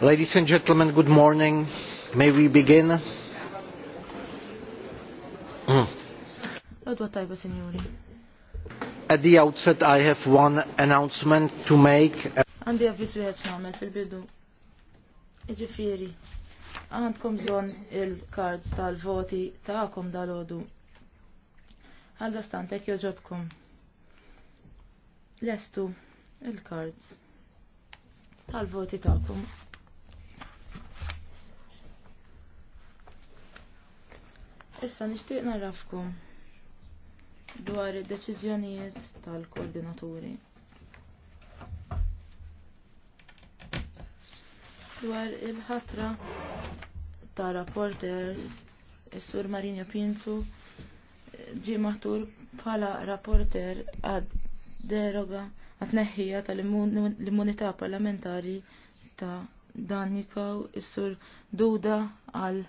Ladies and gentlemen, good morning. May we begin? Hmm. At the outset, I have one announcement to make. Għandi avvisu jħed namel fil-bidu. Iġifiri, għandkom zon il-kards tal-voti ta'kom dal-ħodu. Għalda stantek joġobkom. Lestu il-kards tal-voti tagħkom. Issa nixtieq narafkom dwar id-deċiżjonijiet tal-koordinaturi. Dwar il-ħatra ta' rapporters is-Sur Marinho Pintu ġie maħtur bħala rapporter għad deroga għat-neħħija tal-immunità parlamentari ta' Danikaw is-sur Duda għal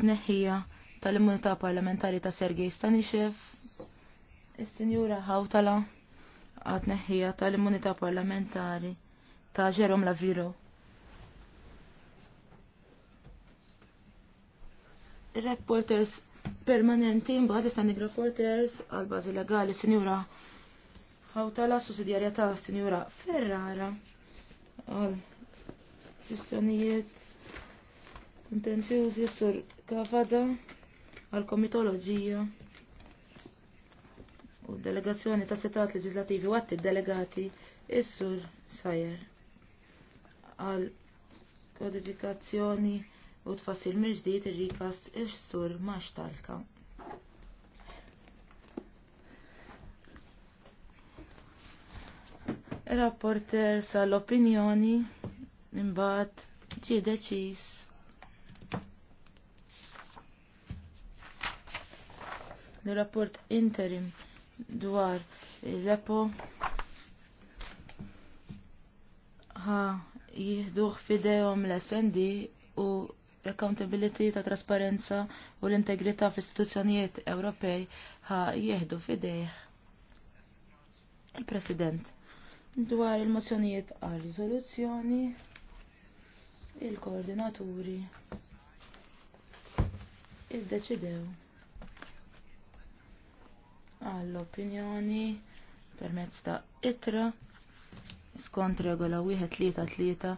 tneħħija tal-immunità parlamentari ta' Sergej Stanishev, is-Sinjura Hawtala għat tneħħija tal-immunità parlamentari ta' Jerome Laviro. Reporters permanenti, mbagħad istan reporters għal bażi legali, Sinjura talas-sussidjarja ta' Sinjura Ferrara għal kistjonijiet intenzjużi sur Kavada għal komitoloġija u delegazzjoni ta' setat leġislativi u għatti delegati is-sur Sajer għal kodifikazzjoni u tfassil mirġdijt ir-rikas is-sur Maxtalka. Rapporter sal-opinjoni imbagħad ġie deċiż. Il-rapport interim dwar l-EPO ha jihduħ fidejhom l-SND u l-accountability ta' trasparenza u l-integrità fl-istituzzjonijiet Ewropej ha jieħdu fidejh il-President dwar il-mozzjonijiet għal riżoluzzjoni il-koordinaturi iddeċidew għall-opinjoni permezz ta' itra skont regola wieħed 3 tlieta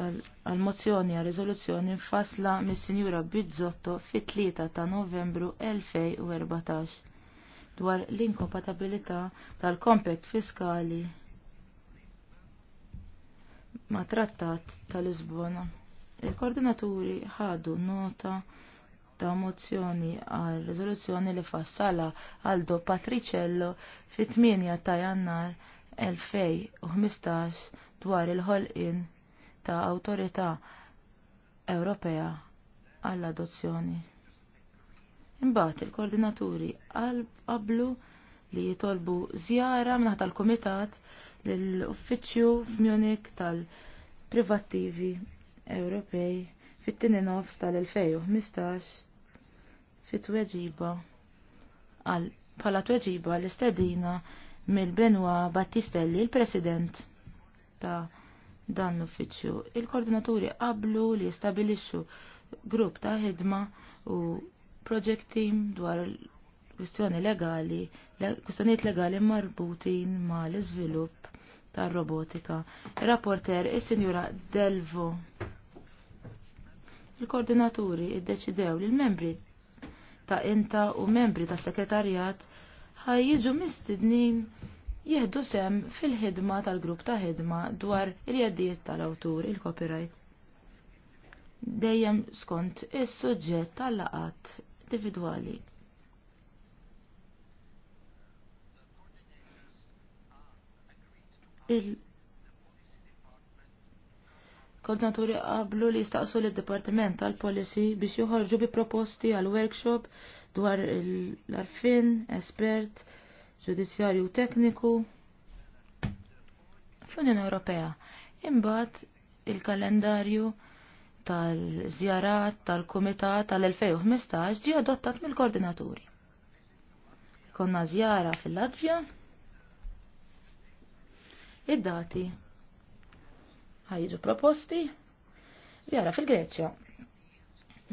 tal-mozzjoni għal riżoluzzjoni fasla mis-Sinjura Bizzotto fit-3 ta' Novembru 2014 dwar l-inkompatibilità tal-kompet fiskali ma' trattat tal-Lisbona. Il-koordinaturi ħadu nota ta' mozzjoni għal riżoluzzjoni li fassala Aldo Patricello fit-8 ta' jannar 2015 dwar il-ħolqien ta' Awtorità Ewropea għall-adozzjoni. Imbagħad il-koordinaturi qablu li jitolbu żjara minħata tal kumitat l-uffiċċju f'Munich tal-Privattivi Ewropej fit-tieni nofs tal-2015 fit-tweġiba għal bħala tweġiba l-istedina mill-Benwa Battistelli, il-President ta' dan l-uffiċċju. Il-koordinaturi qablu li jistabilixxu grupp ta' ħidma u project team dwar kwistjoni legali, kwistjonijiet legali marbutin ma' l-iżvilupp tar-robotika. Rapporter is-Sinjura Delvo. Il-koordinaturi id-deċidew li l-membri ta' inta u membri ta' sekretarjat ħaj jiġu mistidnin jieħdu sem fil-ħidma tal-grupp ta' ħidma dwar il-jeddijiet tal-awtur il-copyright. Dejjem skont is-suġġett tal-laqat individwali. il-koordinaturi qablu li jistaqsu l-Departiment tal-Policy biex joħorġu bi proposti għal workshop dwar l-arfin, espert, ġudizzjarju tekniku fl-Unjoni Ewropea. Imbagħad il-kalendarju tal-żjarat tal-Kumitat tal-2015 ġie adottat mill-koordinaturi. Konna żjara fil-Latvja, id-dati ħajġu proposti zjara fil-Greċja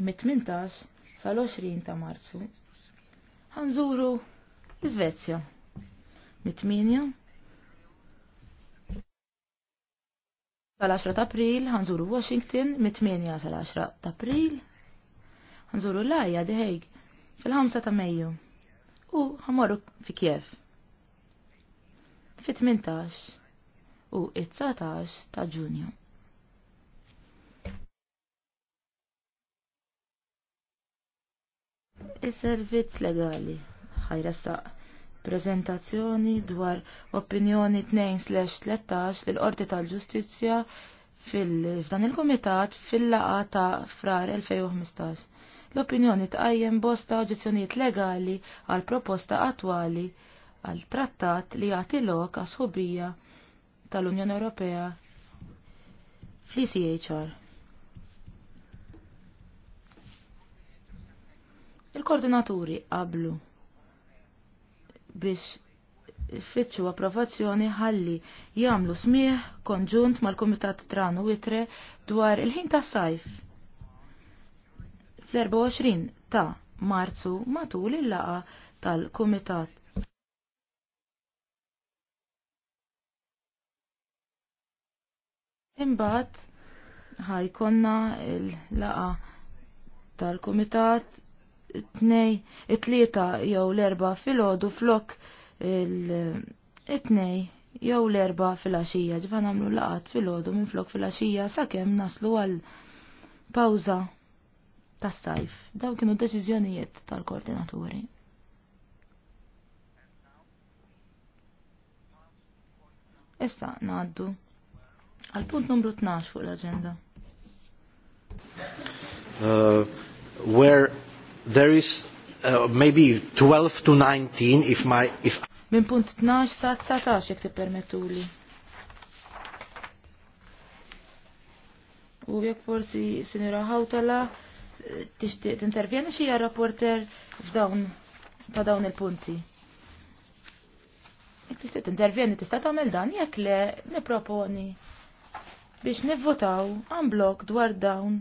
mit-18 sal-20 ta' Marzu ħanżuru l-Svezja mit-8 sal-10 ta' april, ħanżuru Washington, mit-8 sal-10 ta' april, ħanżuru l-Ajja diħejg fil-5 ta' Mejju u ħamorru fi Kiev. Fit-18 u it-19 ta' Ġunju. Is-servizz legali ħajressaq prezentazzjoni dwar opinjoni 2/13 l-Qorti tal-Ġustizzja f'dan il-Kumitat fil-laqa ta' frar 2015. L-opinjoni tqajjem bosta oġezzjonijiet legali għal proposta attwali għal trattat li jagħti lok għas tal-Unjoni Ewropea fl-ECHR. Il-koordinaturi qablu biex fitxu approvazzjoni ħalli jagħmlu smieħ konġunt mal-Kumitat Tranu Witre Itre dwar il-ħin ta' sajf fl-24 ta' Marzu matul il-laqa tal-Kumitat Imbagħad ħajkonna l-laqa tal-kumitat it nej it-tlieta jew l-erba' filgħodu flok il nej jew l-erba' fil-għaxija, ġifa nagħmlu laqat filgħodu minn flok fil-għaxija sakemm naslu għal pawża tas sajf. Daw kienu deċiżjonijiet tal-koordinaturi. Issa ngħaddu. Għal punt numru 12 fuq l-agenda. Uh, where there is uh, maybe 12 to 19 if my if Min punt 12 sa 19 jek tippermetuli. U jekk forsi sinjora Hawtala eh, tixtieq tintervjeni xi rapporter f'dawn ta' dawn il-punti. Jekk tixtieq tintervjeni tista' tagħmel dan jekk le nipproponi biex nivvotaw blok dwar dawn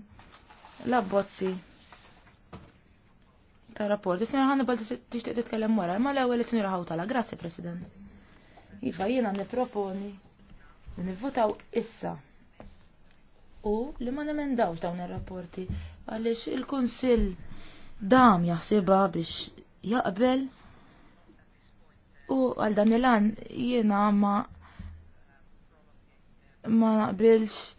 l-abbozzi ta' rapport. Is-sinjora Hannibal tixtieq titkellem wara, ma l-ewwel is-sinjora Hawtala. Grazzi, President. Iva, jiena nipproponi li nivvotaw issa u li ma nemendawx dawn ir-rapporti għaliex il-Kunsill dam jaħsibha biex jaqbel u għal dan il-an jiena ma ma naqbilx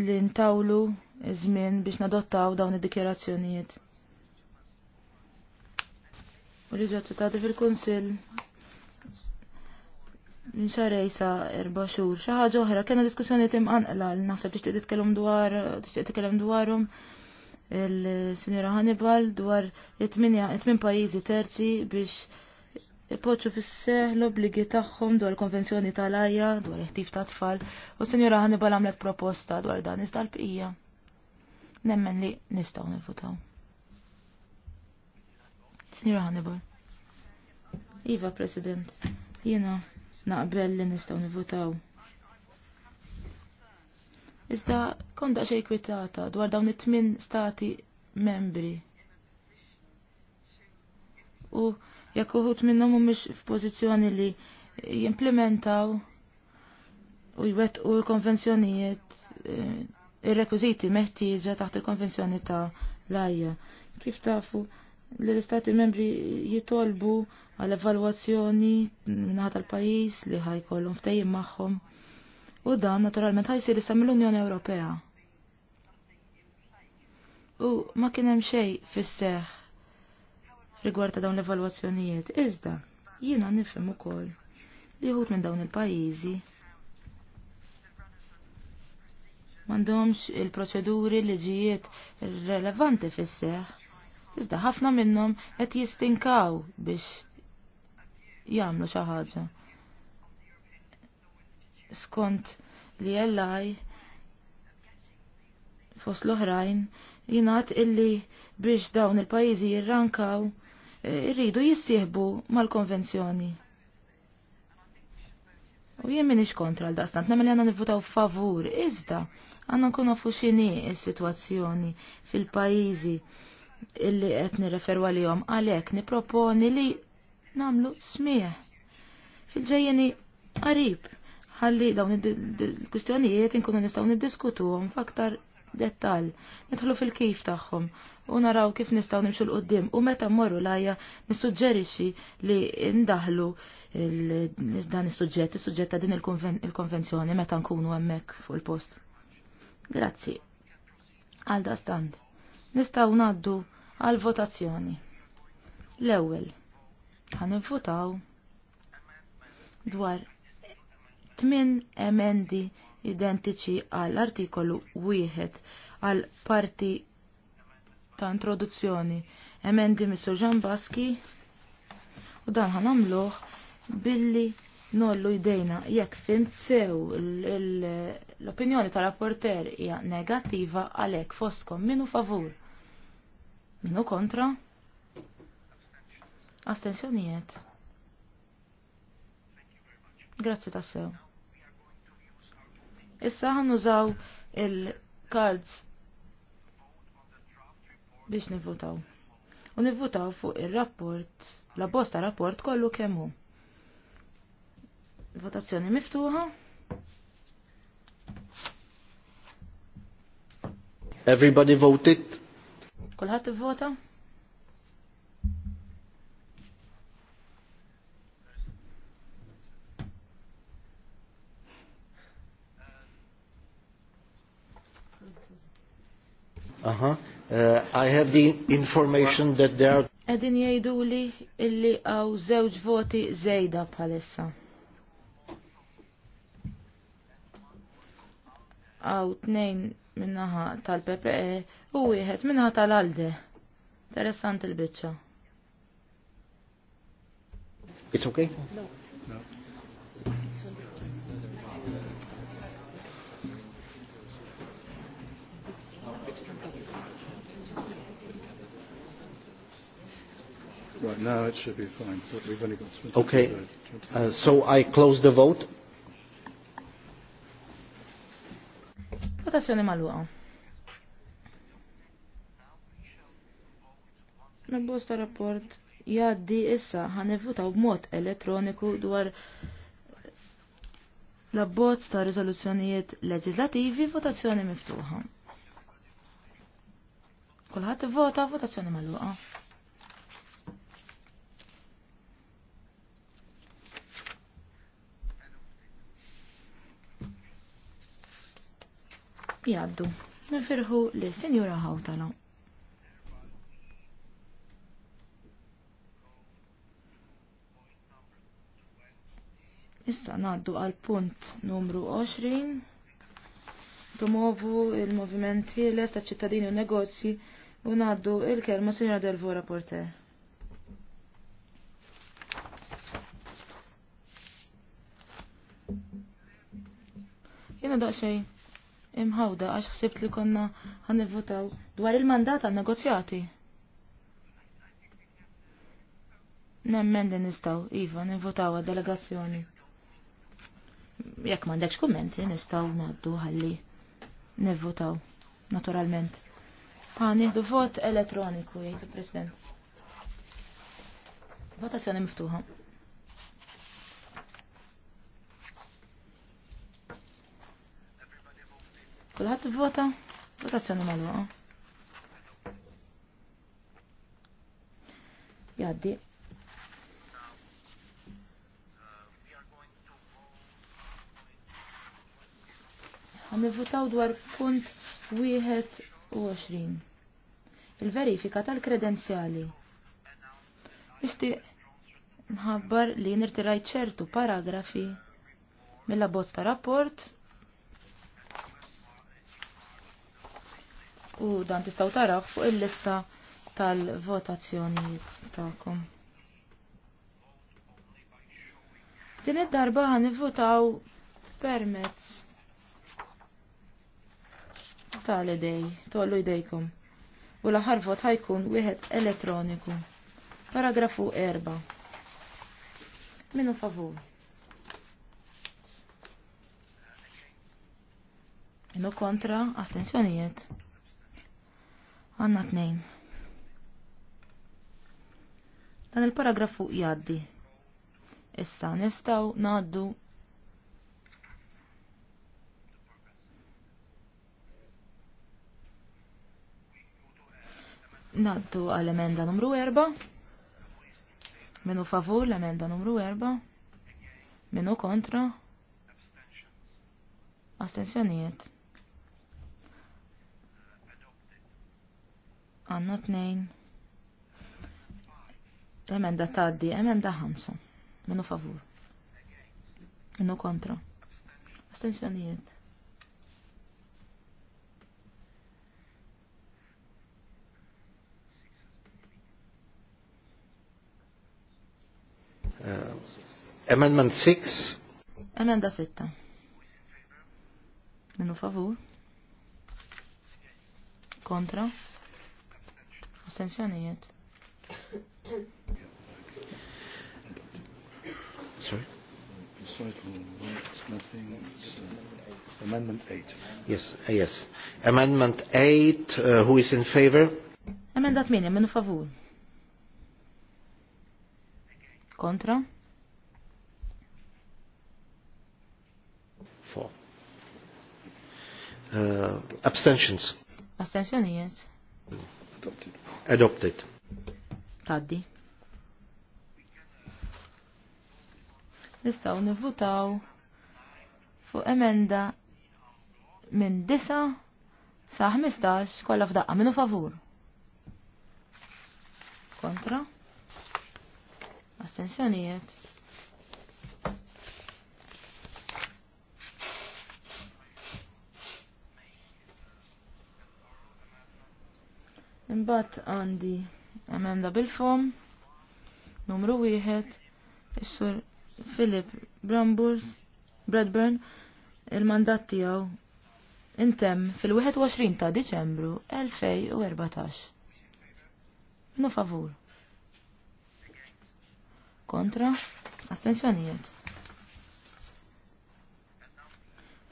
li ntawlu iż-żmien biex nadottaw dawn id-dikjerazzjonijiet. U li ġaċċettati fil-Kunsill minn xarejsa erba xur. Xaħġa ħaġa oħra kena diskussjoni timqanqla li naħseb t titkellem dwar t titkellem dwarhom il-Sinjora Hannibal dwar it-tmin pajjiżi terzi biex il-poċu fisseħ l-obligi tagħhom dwar konvenzjoni tal-ajja dwar iħtif ta' tfal u sinjura ħanibal għamlet proposta dwar dan iżda l-bqija. Nemmen li nistgħu nivutaw. Sinjura Hannibal. Iva, President, jiena naqbel li nistgħu nifutaw. Iżda konda xej kwitata dwar dawn it-tmin stati membri u jekk uħut minnhom mhumiex f'pożizzjoni li jimplementaw u jwettqu l-konvenzjonijiet eh, ir-rekwiżiti meħtieġa taħt il-konvenzjoni ta' lajja. Kif tafu li l-istati membri jitolbu għal evalwazzjoni minnaħat tal pajjiż li ħajkollhom ftejjim magħhom. U dan naturalment ħajsir issa mill-Unjoni Ewropea. U ma kien hemm xejn fis-seħħ rigward dawn l-evalwazzjonijiet. Iżda, jiena nifhem ukoll li jħut minn dawn il-pajjiżi m'għandhomx il-proċeduri liġijiet relevanti fis-seħ. Iżda ħafna minnhom qed jistinkaw biex jagħmlu xi ħaġa. Skont li jellaj fost l-oħrajn jingħad illi biex dawn il-pajjiżi jirrankaw irridu jissieħbu mal-konvenzjoni. U jien minix kontra l dastant nemmen li għanna nivvutaw favur, iżda għanna nkunu nafu xini il-situazzjoni fil-pajizi illi qed nirreferu għalihom għalhekk niproponi li namlu smieħ fil-ġejjeni qarib ħalli dawn il-kwistjonijiet inkunu nistgħu niddiskutuhom f'aktar detall, nidħlu fil-kif tagħhom u naraw kif nistaw nimxu l-qoddim u meta morru lajja nissuġġerixi li ndaħlu dan is-suġġett, is-suġġett ta' din il-konvenzjoni meta nkunu hemmhekk fuq il-post. Grazzi. Għal stand. Nistaw naddu għal votazzjoni. L-ewwel ħan votaw dwar tmin emendi identiċi għall artikolu wieħed għal parti ta' introduzzjoni. Emendi Mr. Jean Baski u dan ħanamluħ billi nollu jdejna jekk fint sew l-opinjoni ta' rapporter hija negattiva għalhekk fostkom minu favur. Minu kontra? Astensjonijiet. Grazzi tassew. Issa ħannużaw il-cards biex nivvutaw. U nivvutaw fuq il-rapport, la bosta rapport kollu kemmu. Votazzjoni miftuħa. Everybody voted. Kulħadd ivvota? Aha. Uh -huh. Uh, I have the information that there are... Edin jajdu li illi għaw zewġ voti zejda bħalissa. Għaw t-nejn minnaħa tal-PPE u jħed minnaħa tal-ALDE. Interessant il-bicċa. It's okay? No. no. It's okay. Right, now it should be fine. But we've only got okay. Uh, so I close the vote. Votazzjoni maluqa. Nabbosta rapport jaddi issa ħanivvutaw b'mod elettroniku dwar l-abbozz ta' riżoluzzjonijiet leġislativi votazzjoni miftuħa. Kulħadd ivvota votazzjoni magħluqa. jgħaddu. Nifirħu li Sinjura Hawtala. Issa naddu għal punt numru 20. Promovu il-movimenti l ta' ċittadini u negozji u naddu il-kelma Sinjora Delvo Rapporter. Jena daqxej imħawda għax ħsibt li konna ħanivvotaw dwar il-mandat għal negozjati. Nemmen li nistaw, Iva, nivvotaw għad delegazzjoni. Jekk mandekx kummenti, nistaw naddu ħalli nivvotaw, naturalment. Ħani, vot elettroniku, jgħid il-President. Votazzjoni miftuħa. Kulħadd ivvota? Votazzjoni magħluqa. Jaddi. votaw dwar punt 21. Il-verifika tal-kredenzjali. Ixti nħabbar li nirtirajt ċertu paragrafi mill-abbozz ta' rapport u dan tistaw taraw fuq il-lista tal-votazzjonijiet tagħkom. Din id-darba nivvotaw permezz tal-idej, tollu idejkom. U l-aħħar vot ħajkun wieħed elettroniku. Paragrafu 4. Minu favur. Minu kontra astenzjonijiet? Għanna tnejn. Dan il-paragrafu jaddi. Issa nistaw naddu Naddu għal-emenda numru 4. Menu favur l-emenda numru 4. Menu kontra. Astensjonijiet. għanna t tnejn. Emenda taddi, emenda ħamsa. Minu favur. Minu kontra. Astensjonijiet. Uh, amendment 6. Emenda 6. Minu favur. Kontra. Astensjonijiet. Sorry? Recital 1, it's uh, amendment 8. Yes, uh, yes. Amendment 8, uh, who is in favor? Emendat min, minn favur. Kontra? Four. Uh, abstentions. Abstentions, yes. Adopted. Adopted. Taddi. Nistaw nivvutaw fuq emenda minn disa sa 15 kollha f'daqqa minnu favur. Kontra. Astensjonijiet. Imbat għandi emenda bil-fom, numru wieħed, is-sur Philip Bramburs, Bradburn, il-mandat tiegħu intemm fil-21 ta' Diċembru 2014. No favur. Kontra, astensjonijiet.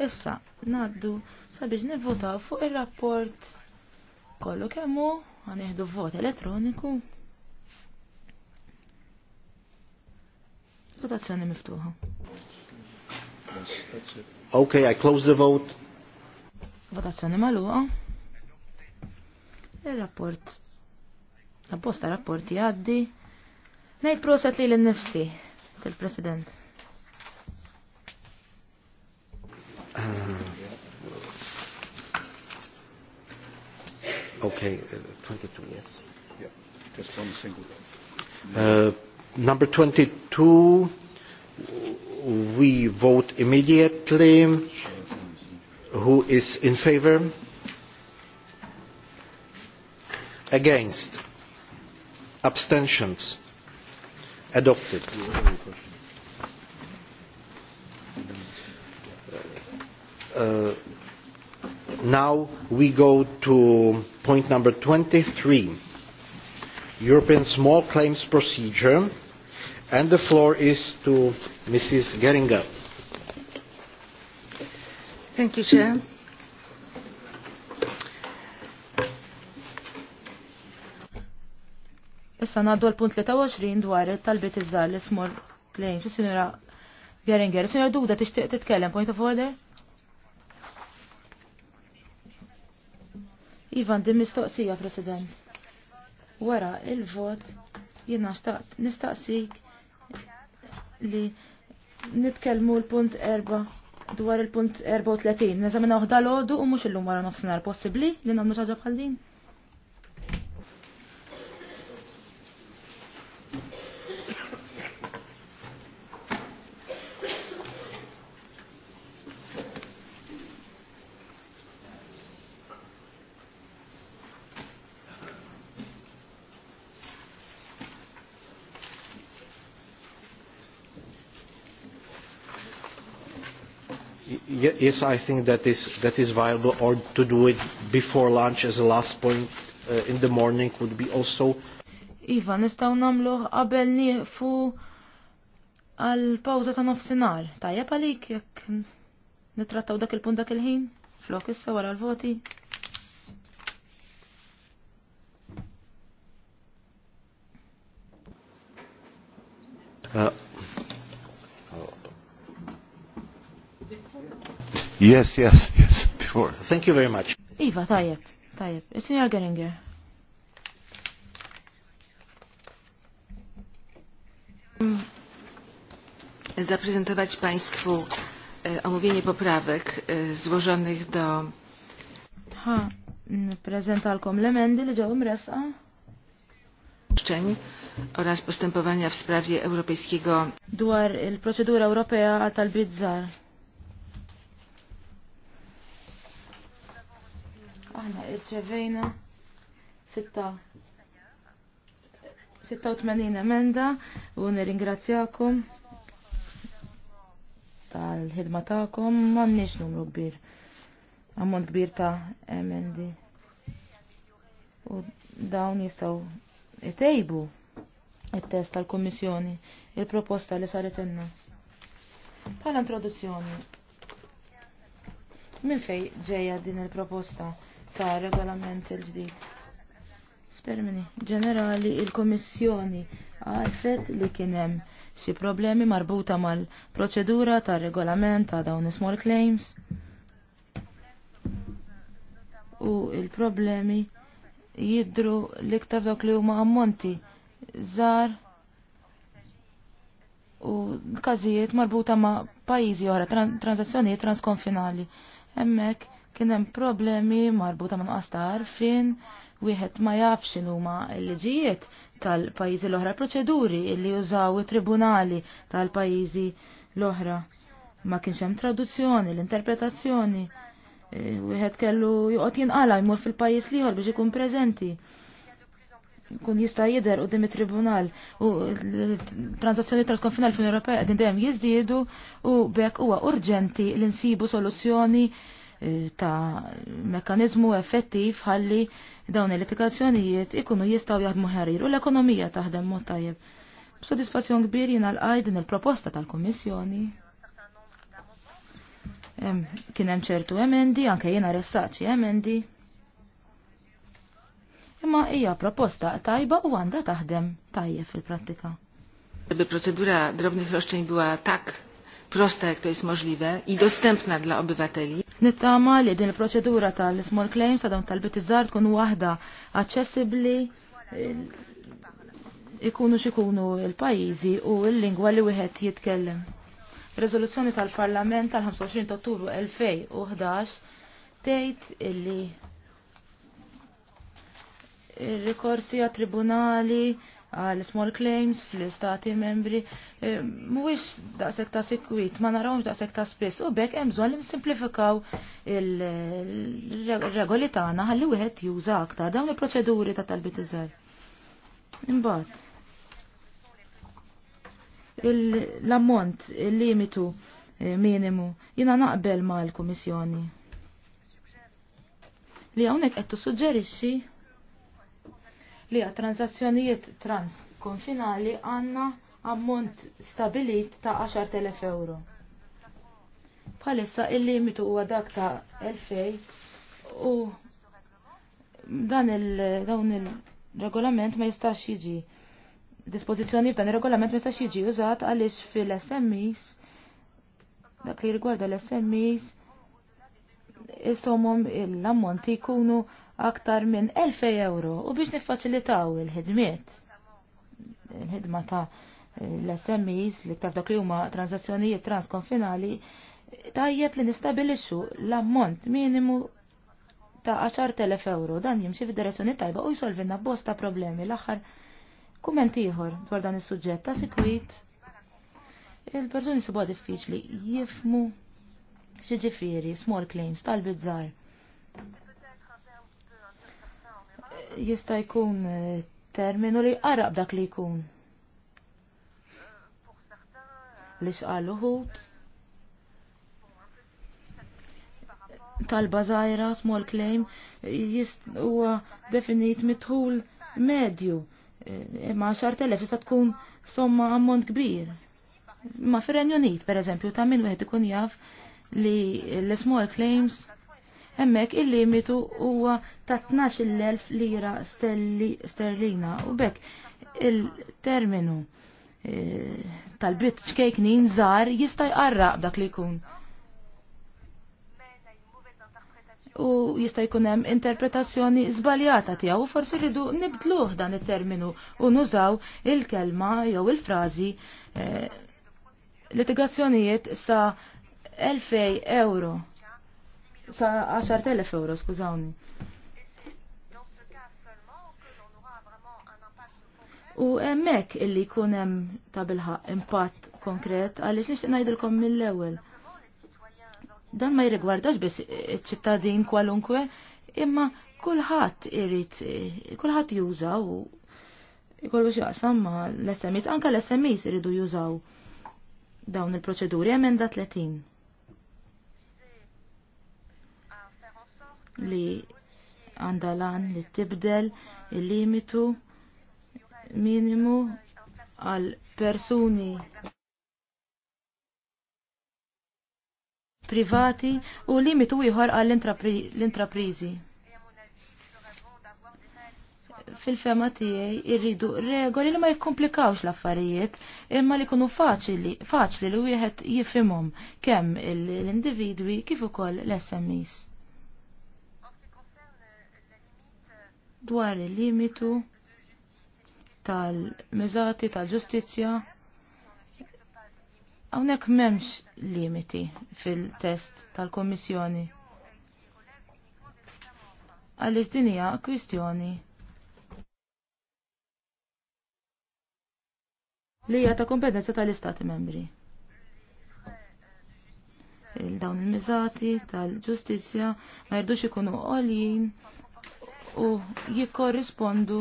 Issa, naddu sabiex nivvotaw fuq ir rapport kollu kemmu għanieħdu vot elettroniku. Votazzjoni miftuħa. Okay, I close the vote. Votazzjoni maluqa. Il-rapport. Apposta rapporti jaddi. Nejt proset li l-nifsi, til-president. Uh. Ah. Okay, uh, 22, yes. Yeah, just one single one. Uh, number 22, we vote immediately. Who is in favor? Against? Abstentions? Adopted. Uh, Now we go to point number 23, European Small Claims Procedure, and the floor is to Mrs. Geringer. Thank you, Chair. Issa naddu l-punt li tawaxrin dwar talbiet iż-żar l-ismor claims. Sinjora Geringer, sinjora Duda tixtieq titkellem point of order? Ivan, din mistoqsija, President. Wara il-vot jiena xtaqt nistaqsik li nitkellmu l-punt erba' dwar il-punt 34. nizamina uħda l-ħodu u mux il-lum wara nofsinhar possibbli li nagħmlu ħaġa bħal din. Yes, I think, that is, that is viable, or to do it before lunch as a last point uh, in the morning would be also. Iva, nistaw namlu qabel nifu għal pawza ta' nofsinhar. Tajjeb għalik jekk nitrattaw dak il-punt dak il-ħin, flok issa wara l-voti. Yes, yes, yes, before. Thank you very much. Iva, tajjeb, tajjeb. Il-Signor Geringer. Mm. Zaprezentować Państwu e, omówienie poprawek e, złożonych do... Ha, prezentalkom lemendy li ġew imresqa roszczeń oraz postępowania w sprawie europejskiego dwar il-procedura Ewropea tal talbiet żgħar. aħna irċevejna 86 emenda u nirringrazzjakom tal-ħidma tagħkom m'għandniex numru kbir. Ammont kbir ta' emendi. U dawn jistgħu itejbu it-test tal-Kummissjoni, il-proposta li saret inna. Bħala introduzzjoni. Minn fej ġejja din il-proposta? ta' regolament il-ġdid. F'termini ġenerali, il-Komissjoni għarfet li kien hemm xi problemi marbuta mal-proċedura ta' regolament ta' dawn small claims u il-problemi jidru l-iktar dok li huma ammonti żgħar u każijiet marbuta ma' pajjiżi oħra, transazzjonijiet transkonfinali. Hemmhekk kien hemm problemi marbuta ma' nuqqas ta' arfin, wieħed ma jafx huma l-liġijiet tal-pajjiżi l-oħra, proċeduri li jużaw it-tribunali tal-pajjiżi l-oħra. Ma kienx hemm traduzzjoni, l-interpretazzjoni. E, wieħed kellu joqgħod jinqala jmur fil-pajjiż liħor biex ikun preżenti kun jista' jidher qudiem it tribunal u transazzjoni transkonfinali fl-Ewropea qegħdin dejjem jiżdiedu u bekk huwa urġenti li nsibu soluzzjoni ta' mekanizmu effettiv ħalli dawn il-litigazzjonijiet ikunu jistaw jaħdmu ħarir u l-ekonomija taħdem mod tajjeb. B'sodisfazzjon kbir jien l din il-proposta tal-Kummissjoni. Kien hemm ċertu emendi, anke jiena ressaqt xi emendi. Imma hija proposta tajba u għandha taħdem tajjeb fil-prattika. Procedura drobnych roszczeń była tak prosta jak to jest możliwe i dostępna dla obywateli. Nittama li din il-proċedura tal-small claims għadhom tal-bit iżżar tkun waħda aċċessibbli eh, ikunu xikunu il-pajjiżi u l-lingwa li wieħed jitkellem. Rezoluzzjoni tal-Parlament tal-25 Ottubru 2011 tgħid illi ir-rikorsi għat tribunali għal small claims fl-istati membri eh, mhuwiex daqshekk ta' sikwit, ma narawx daqshekk ta' spiss u bekk hemm bżonn li il-regoli tagħna ħalli wieħed juża aktar dawn il-proċeduri ta' talbit iżgħar. Imbagħad l-ammont, il-limitu eh, minimu, jina naqbel ma' l-Kummissjoni li hawnhekk qed tissuġġerixxi li għat transazzjonijiet transkonfinali għanna ammont stabilit ta' 10.000 euro. Bħalissa il-limitu huwa dak ta' 2000 u dan il dawn il-regolament ma jistax jiġi. Dispożizzjoni f'dan il-regolament ma jistax jiġi użat għaliex fil-SMEs dak li rigwarda l-SMEs isomhom l-ammonti jkunu aktar minn 1000 euro u biex niffaċilitaw il-ħidmiet il-ħidma ta' l-SMEs li ktar dak li huma transazzjonijiet transkonfinali tajjeb li nistabilixxu l-ammont minimu ta' 10,000 euro dan jimxi fid-direzzjoni tajba u jsolvinna bosta problemi l-aħħar kumment ieħor dwar dan is-suġġett ta' sikwit il-persuni sibuha diffiċli jifmu xiġifieri small claims tal-bizzar jista' jkun eh, terminu li qarab dak li jkun. Lix qal uħud. talba zaħira, small claim, huwa definit mitħul medju. Eh, Ma xar telef jista tkun somma ammont kbir. Ma fir Unit, per eżempju, ta' minn wieħed ikun jaf li l-small claims Hemmhekk il-limitu huwa ta' 12,000 lira sterlina u bekk il-terminu eh, tal-bit ċkejknin zar jista' jqarraq dak li jkun. U jista' jkun hemm interpretazzjoni żbaljata tiegħu u forsi rridu nibdluh dan it-terminu u nużaw il-kelma jew il-frażi eh, litigazzjonijiet sa' 2000 euro sa 10.000 euro, skużawni. U emmek illi jkun hemm ta' bilħa impatt konkret għaliex nixtieq ngħidilkom mill-ewwel. Dan ma jirigwardax biss iċ-ċittadin kwalunkwe, imma kulħadd irid kulħadd jużaw, u jkollu ma l-SMEs, anke l-SMEs iridu jużaw dawn il-proċeduri emenda 30. li għandalan li tibdel il-limitu minimu għal persuni privati u limitu ieħor għal l-intraprizi. Fil-fema tiegħi irridu regoli li ma jikkomplikawx l-affarijiet imma li jkunu faċli li li wieħed jifimum kemm l-individwi kif ukoll l-SMEs. dwar il-limitu tal-mizati tal-ġustizja. Hawnhekk m'hemmx limiti fil-test tal komissjoni Għaliex din hija kwistjoni li hija ta' kompetenza tal-Istati membri. Il-dawn il-miżati tal-ġustizja ma jirdux ikunu għoljin u jikorrispondu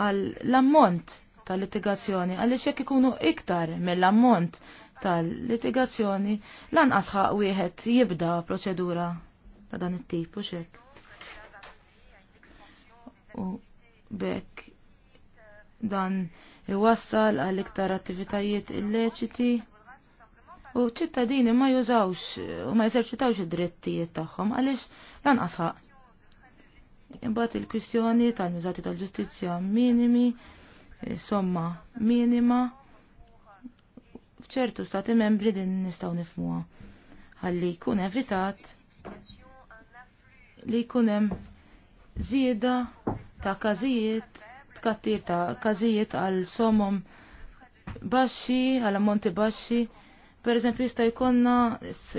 għal l-ammont tal-litigazzjoni għaliex jekk ikunu iktar mill-ammont tal-litigazzjoni lanqas ħaq wieħed jibda proċedura ta' dan it-tip u xek. U bekk dan iwassal għal iktar attivitajiet illeċiti u ċittadini ma jużawx u ma jeżerċitawx id-drittijiet tagħhom għaliex lanqas ħaq. Imbagħad il-kwistjoni tal-miżati tal-ġustizzja minimi, eh, somma minima, f'ċertu stati membri din nistgħu nifmuha. Ħalli jkun evitat li jkun hemm żieda ta' każijiet, tkattir ta' każijiet għal somom baxxi, għal ammonti baxxi. Per eżempju jista' jkollna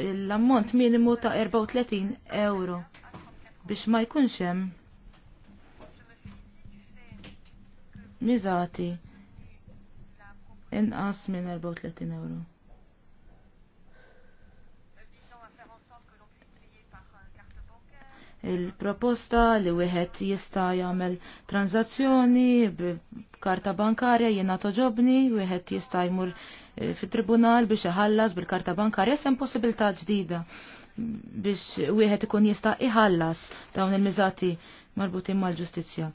l-ammont minimu ta' 34 euro biex ma jkunx hemm miżati inqas minn 34 euro. Il-proposta li wieħed jista' jagħmel tranzazzjoni b'karta bankarja jiena toġobni, wieħed jista' jmur eh, fit-tribunal biex iħallas bil-karta bankarja sem possibilità ġdida biex wieħed ikun jista' iħallas dawn il-miżati marbutin mal-ġustizzja.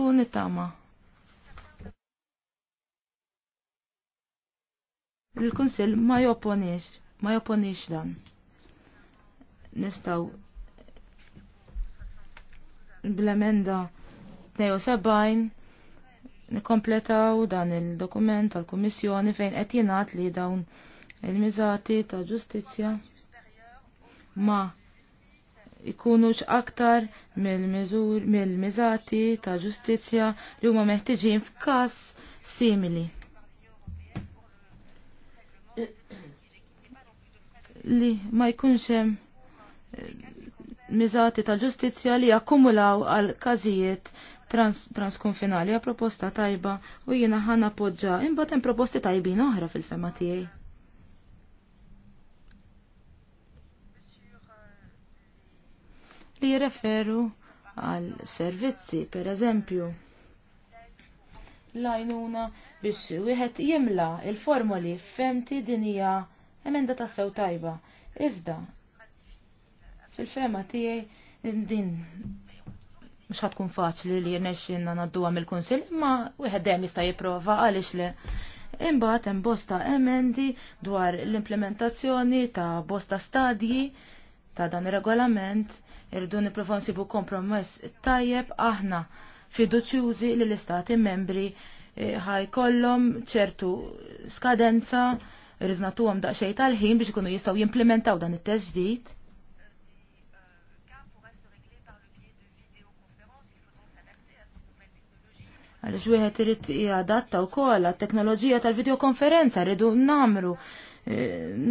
U nittama' Il-Kunsill ma jopponix, ma jopponix dan. Nistaw bl-emenda 72 nikompletaw dan il-dokument tal-Kummissjoni fejn qed jingħat li dawn il-miżati ta' ġustizzja ma ikunux aktar mill-miżati ta' ġustizzja li huma meħtieġin f'każ simili. li ma jkunx hemm eh, miżati ta' ġustizzja li akkumulaw għal każijiet trans transkonfinali għal proposta tajba u jiena ħana podġa imbagħad hemm proposti tajbin oħra fil-fema tiegħi. Li jirreferu għal servizzi, per eżempju, lajnuna biex wieħed jimla il-formoli femti dinija hija Emenda ta' sew tajba. Iżda, fil-fema tiegħi din mhux ħatkun faċli li jirnexxinna għam mill konsil imma wieħed dejjem jista' jipprova għaliex le. Imbagħad hemm bosta emendi dwar l-implementazzjoni ta' bosta stadji ta' dan ir-regolament irdu niprofon nsibu kompromess tajjeb aħna fiduċjużi li l-istati membri eh, ħajkollhom ċertu skadenza irrid nagħtuhom daqsxejn tal-ħin biex ikunu jistgħu jimplementaw dan it-test ġdid. Għaliex wieħed irid jadatta wkoll għat-teknoloġija tal-videokonferenza rridu namru e,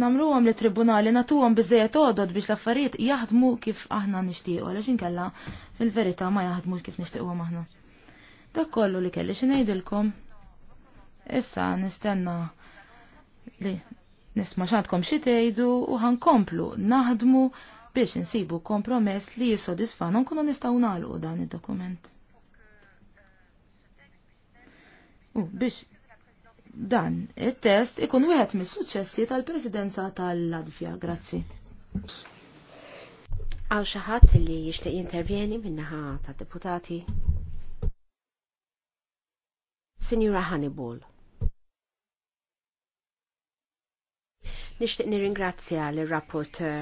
namru għam li tribunali natu għam bizzejet għodod biex laffariet jaħdmu kif aħna nishtiqo, għalax inkella fil-verita ma jahdmu kif nishtiqo aħna. Dak kollu li kelli xinajdilkom. Issa nistenna li nisma xadkom xi tgħidu u ħankomplu naħdmu biex insibu kompromess li jissodisfana nkunu nistgħu nagħlqu dan id-dokument. U biex dan it-test ikun wieħed mis-suċċessi tal-Presidenza tal-Latvja. Grazzi. Għaw xi ħadd li jixtieq intervjeni minnaħa naħa tad-deputati. Signora Hannibal. Nixtieq nirringrazzja l-rapporter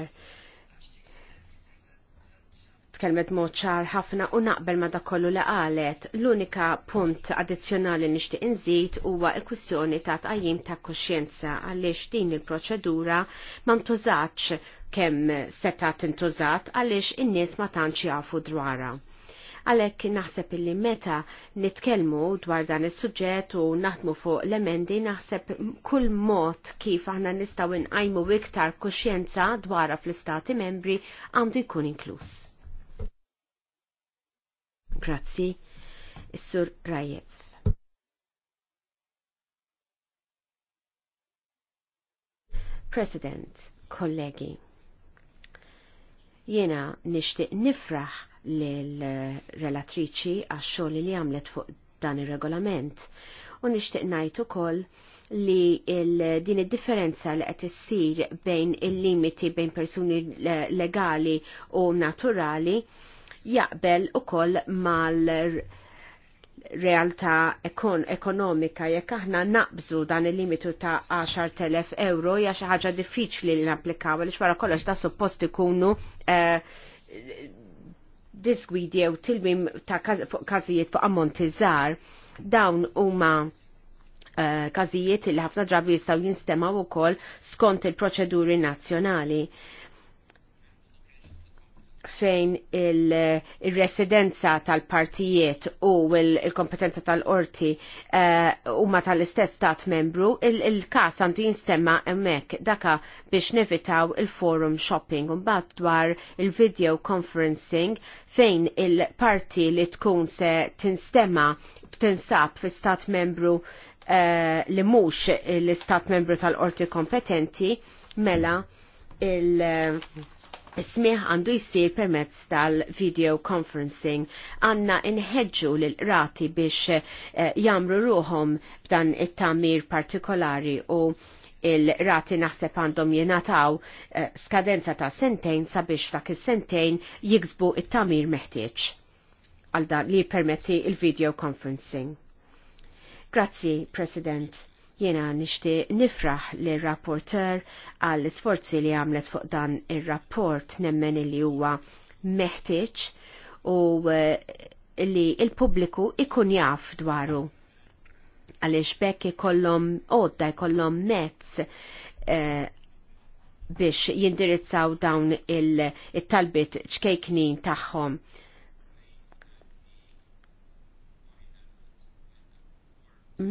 tkellmet mod ċar ħafna u naqbel ma dakollu li qalet. L-unika punt addizzjonali nixtieq nżid huwa l-kwistjoni ta' tqajjim ta' koxjenza għaliex din il-proċedura ma ntużatx kemm seta' tintużat għaliex in-nies ma tantx jafu dwarha. Għalhekk naħseb illi meta nitkellmu dwar dan is-suġġett u naħdmu fuq l-emendi naħseb kull mod kif aħna nistaw nqajmu iktar kuxjenza dwar fl-istati membri għandu jkun inkluż. Grazzi, Is-Sur Rajev. President, kollegi, jena nishtiq nifraħ l-relatriċi għax-xogħol li għamlet fuq dan ir-regolament. U nixtieq ngħid ukoll li din id-differenza li qed issir bejn il-limiti bejn persuni legali u naturali jaqbel ukoll mal realtà ekon ekonomika jekk aħna naqbżu dan il-limitu ta' 10.000 euro hija xi ħaġa diffiċli li napplikaw għaliex wara kollox da suppost ikunu eh, disgwidi jew tilwim ta' każijiet fuq ammonti żgħar dawn huma eh, każijiet li ħafna drabi jistgħu jinstemaw ukoll skont il-proċeduri nazzjonali fejn il-residenza il tal-partijiet u il-kompetenza il tal-orti eh, huma uh, tal-istess stat membru, il-kas il għandu jinstemma emmek daka biex nevitaw il-forum shopping un bat dwar il-video conferencing fejn il-parti li tkun se tinstemma tinsab fi stat membru uh, li mux l-istat membru tal-orti kompetenti mela il- uh, Smieħ għandu jisir permezz tal-video conferencing. Għanna inħedġu l-rati biex eh, jamru ruħom b'dan it-tamir partikolari u il-rati naħseb għandhom jenataw eh, skadenza ta' sentejn sabiex dak is-sentejn jiksbu it-tamir meħtieġ għal dan li permetti il-video conferencing. Grazzi, President. Jena nishti nifraħ li rapporter għall sforzi li għamlet fuq dan il-rapport nemmen li huwa meħtieġ u eh, li il-pubbliku ikun jaf dwaru. Għalix bekk ikollhom odda jkollhom mezz eh, biex jindirizzaw dawn il-talbit ċkejknin tagħhom.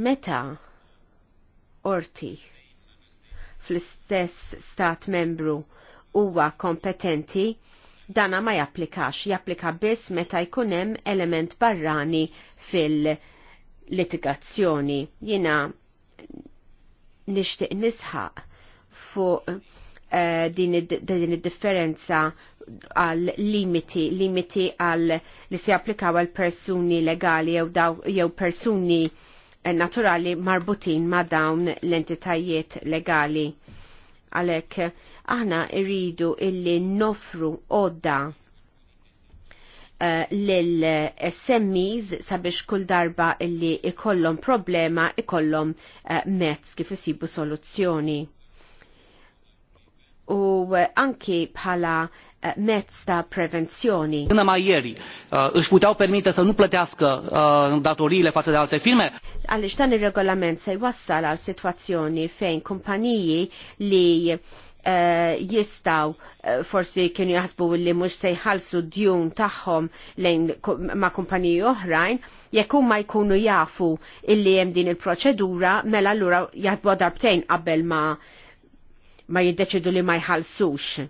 Meta orti fl-istess stat membru huwa kompetenti, dana ma japplikax, japplika biss meta jkunem element barrani fil-litigazzjoni. Jina nishtiq nisħaq fuq uh, din id-differenza għal limiti, limiti għal li se applikaw għal persuni legali jew persuni naturali marbutin ma' dawn l-entitajiet legali. Għalek, aħna irridu illi nofru odda Uh, eh, l-SMEs sabiex kull darba illi ikollom problema ikollhom uh, mezz kif isibu soluzzjoni u anki bħala eh, mezz ta' prevenzjoni. Până ma' jeri, eh, își puteau permite să nu plătească eh, datoriile față firme. Għaliex dan ir-regolament se jwassal għal sitwazzjoni fejn kumpaniji li jistaw forsi kienu jaħsbu li mux se jħalsu djun taħħom lejn ma' kumpaniji oħrajn, jekk ma jkunu jafu illi hemm din il-proċedura mela allura jasbu darbtejn qabel ma' ma jiddeċidu li ma jħalsux.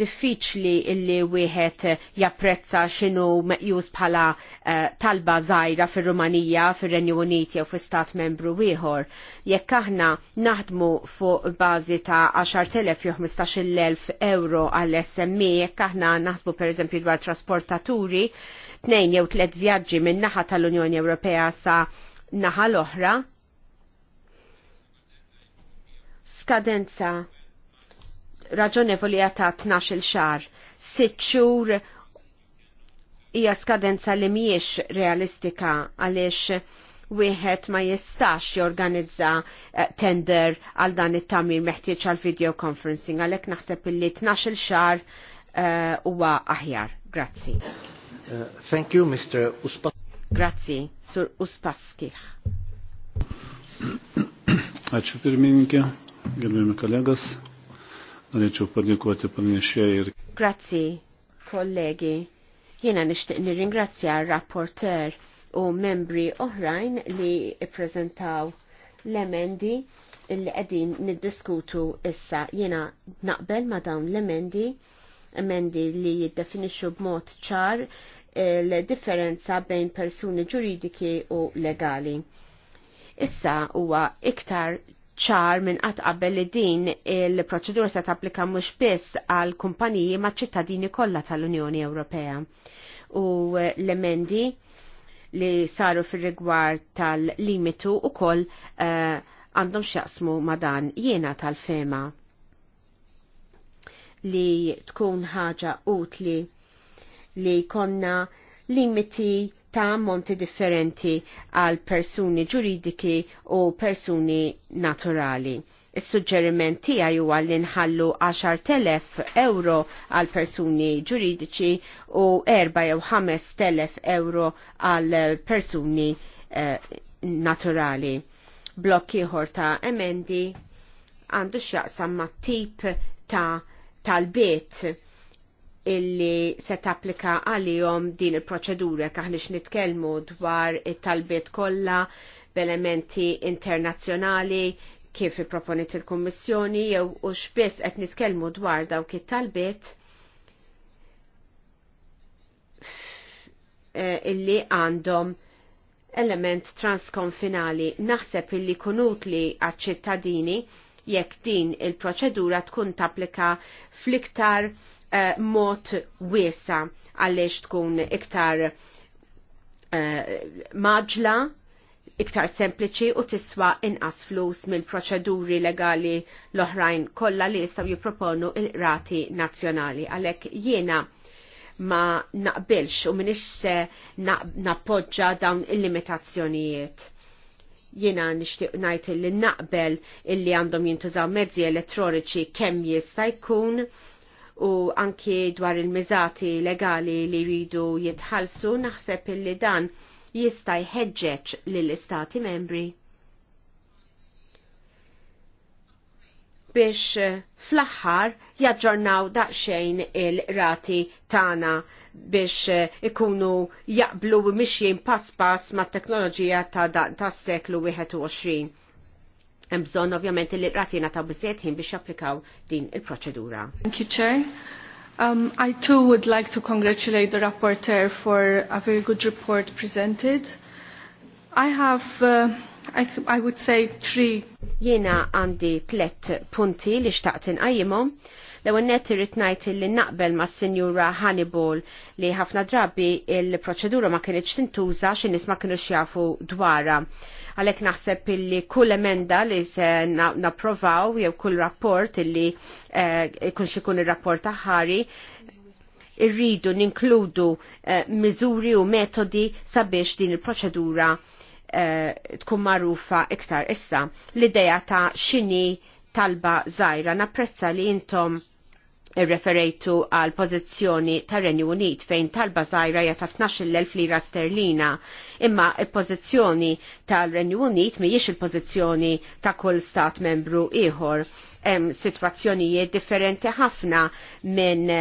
Diffiċli illi wieħed japprezza xinu meqjus bħala uh, talba żgħira fir-Rumanija, fir-Renju Unit jew fl-Istat membru ieħor. Jekk aħna naħdmu fuq bażi ta' 10,000 jew 15,000 euro għall SME, jekk aħna naħsbu pereżempju dwar trasportaturi, tnejn jew tliet vjaġġi min naħa tal-Unjoni Ewropea sa naħa l-oħra, Skadenza raġonevoli għata 12 xar, 6 xhur hija skadenza li mhijiex realistika għaliex wieħed ma jistax jorganizza eh, tender għal dan it-tamir meħtieġ għal video conferencing għalhekk naħseb illi 12 xar eh, huwa uh, aħjar. Grazzi. Uh, thank you, Mr. Uspas. Grazzi, Sur Uspaskich. Għadċu pirminkja. Gerbimi kolegas, norėčiau padėkoti pranešėjai ir. Grazzi, kollegi. Jena nishtiq nirringrazzja rapporter u membri oħrajn li prezentaw l-emendi li qegħdin niddiskutu issa. Jena naqbel ma dawn l-emendi, emendi li jiddefinixxu b'mod ċar eh, l-differenza bejn persuni ġuridiki u legali issa huwa iktar ċar minn qatt qabel li din il-proċedura se tapplika mhux biss għal kumpaniji ma' ċittadini kollha tal-Unjoni Ewropea. U l-emendi li saru fir-rigward tal-limitu koll eh, għandhom uh, xjaqsmu ma' dan jiena tal-fema li tkun ħaġa utli li konna limiti ta' monti differenti għal persuni ġuridiki u persuni naturali. Is-suġġeriment tiegħi huwa li nħallu 10,000 euro għal persuni ġuridiċi u 4 jew euro għal persuni eh, naturali. Blokk ieħor ta' emendi għandu x'jaqsam mat tip ta' tal-bit illi se tapplika għalihom din il-proċedura kaħnix nitkellmu dwar it-talbiet kollha b'elementi internazzjonali kif ipproponit il-Kummissjoni jew u xbiss qed nitkellmu dwar dawk it-talbiet eh, illi għandhom element transkonfinali. Naħseb illi kunutli għaċ-ċittadini jekk din il-proċedura tkun tapplika fl-iktar uh, mod wiesa għaliex tkun iktar uh, maġla, iktar sempliċi u tiswa inqas flus mill-proċeduri legali l-oħrajn kollha li jistgħu jipproponu il-rati nazzjonali. Għalhekk jiena ma naqbilx u minix se nappoġġa dawn il-limitazzjonijiet. Jiena nixtieq ngħid li naqbel illi għandhom jintużaw mezzi elettroniċi kemm jista' jkun u anki dwar il-miżati legali li jridu jitħalsu naħseb illi dan jista' jħeġġeġ lill-istati membri biex eh, fl-axħar jaġġornaw daqxejn il-rati tana biex eh, ikunu jaqblu mixjin pass pass ma' teknoloġija ta' da' ta' seklu 21. Hemm bżonn ovvjament li rati ta' biżejjed ħin biex japplikaw din il-proċedura. Thank you, Chair. Um, I too would like to congratulate the rapporteur for a very good report presented. I have uh, I, th I would say three. Jena għandi tlet punti li xtaqt inqajjimhom. L-ewwel nett irrid ngħid li naqbel ma' Sinjura Hannibal li ħafna drabi il-proċedura ma kienx tintuża x'in nies ma kinux jafu dwarha Għalek naħseb illi kull emenda li se naprovaw jew kull rapport illi eh, ikun xikun il-rapport aħari irridu ninkludu eh, miżuri u metodi sabiex din il-proċedura eh, tkun marufa iktar issa. L-ideja ta' xini talba zaħira napprezza li intom referejtu għal pozizjoni tar renju Unit fejn talba zaħira jata 12.000 lira sterlina imma il-pożizzjoni tal-Renju Unit mhijiex il-pożizzjoni ta' kull stat membru ieħor hemm sitwazzjonijiet differenti ħafna minn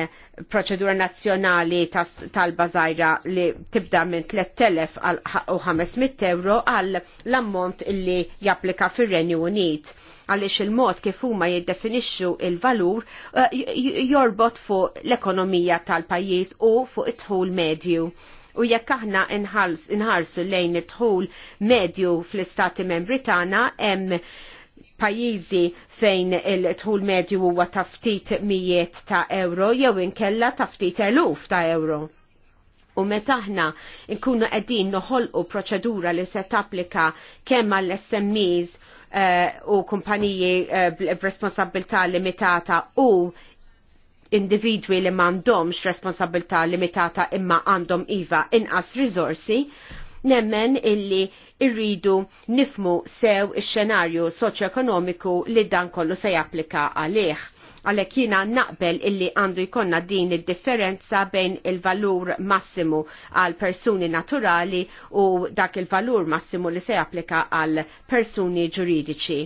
proċedura nazzjonali tal-bażajra li tibda minn 3000 għal 500 euro għal l-ammont li japplika fir-Renju Unit għaliex il-mod kif huma jiddefinixxu il-valur eh, jorbot fuq l-ekonomija tal-pajjiż u fuq it-tħul medju U jekk aħna inħarsu lejn it-tħul medju fl-istati membri tagħna hemm pajjiżi fejn il-tħul medju huwa taftit mijiet ta' euro jew inkella taftit eluf ta' euro. U meta aħna nkunu qegħdin noħolqu proċedura li se tapplika kemm għall smes eh, u kumpaniji eh, b'responsabilità limitata u individwi li mandomx responsabilità limitata imma għandhom iva inqas rizorsi, nemmen illi irridu nifmu sew ix-xenarju soċjoekonomiku li dan kollu se japplika għalih. Għalek jina naqbel illi għandu jkonna din id-differenza bejn il-valur massimu għal persuni naturali u dak il-valur massimu li se japplika għal persuni ġuridiċi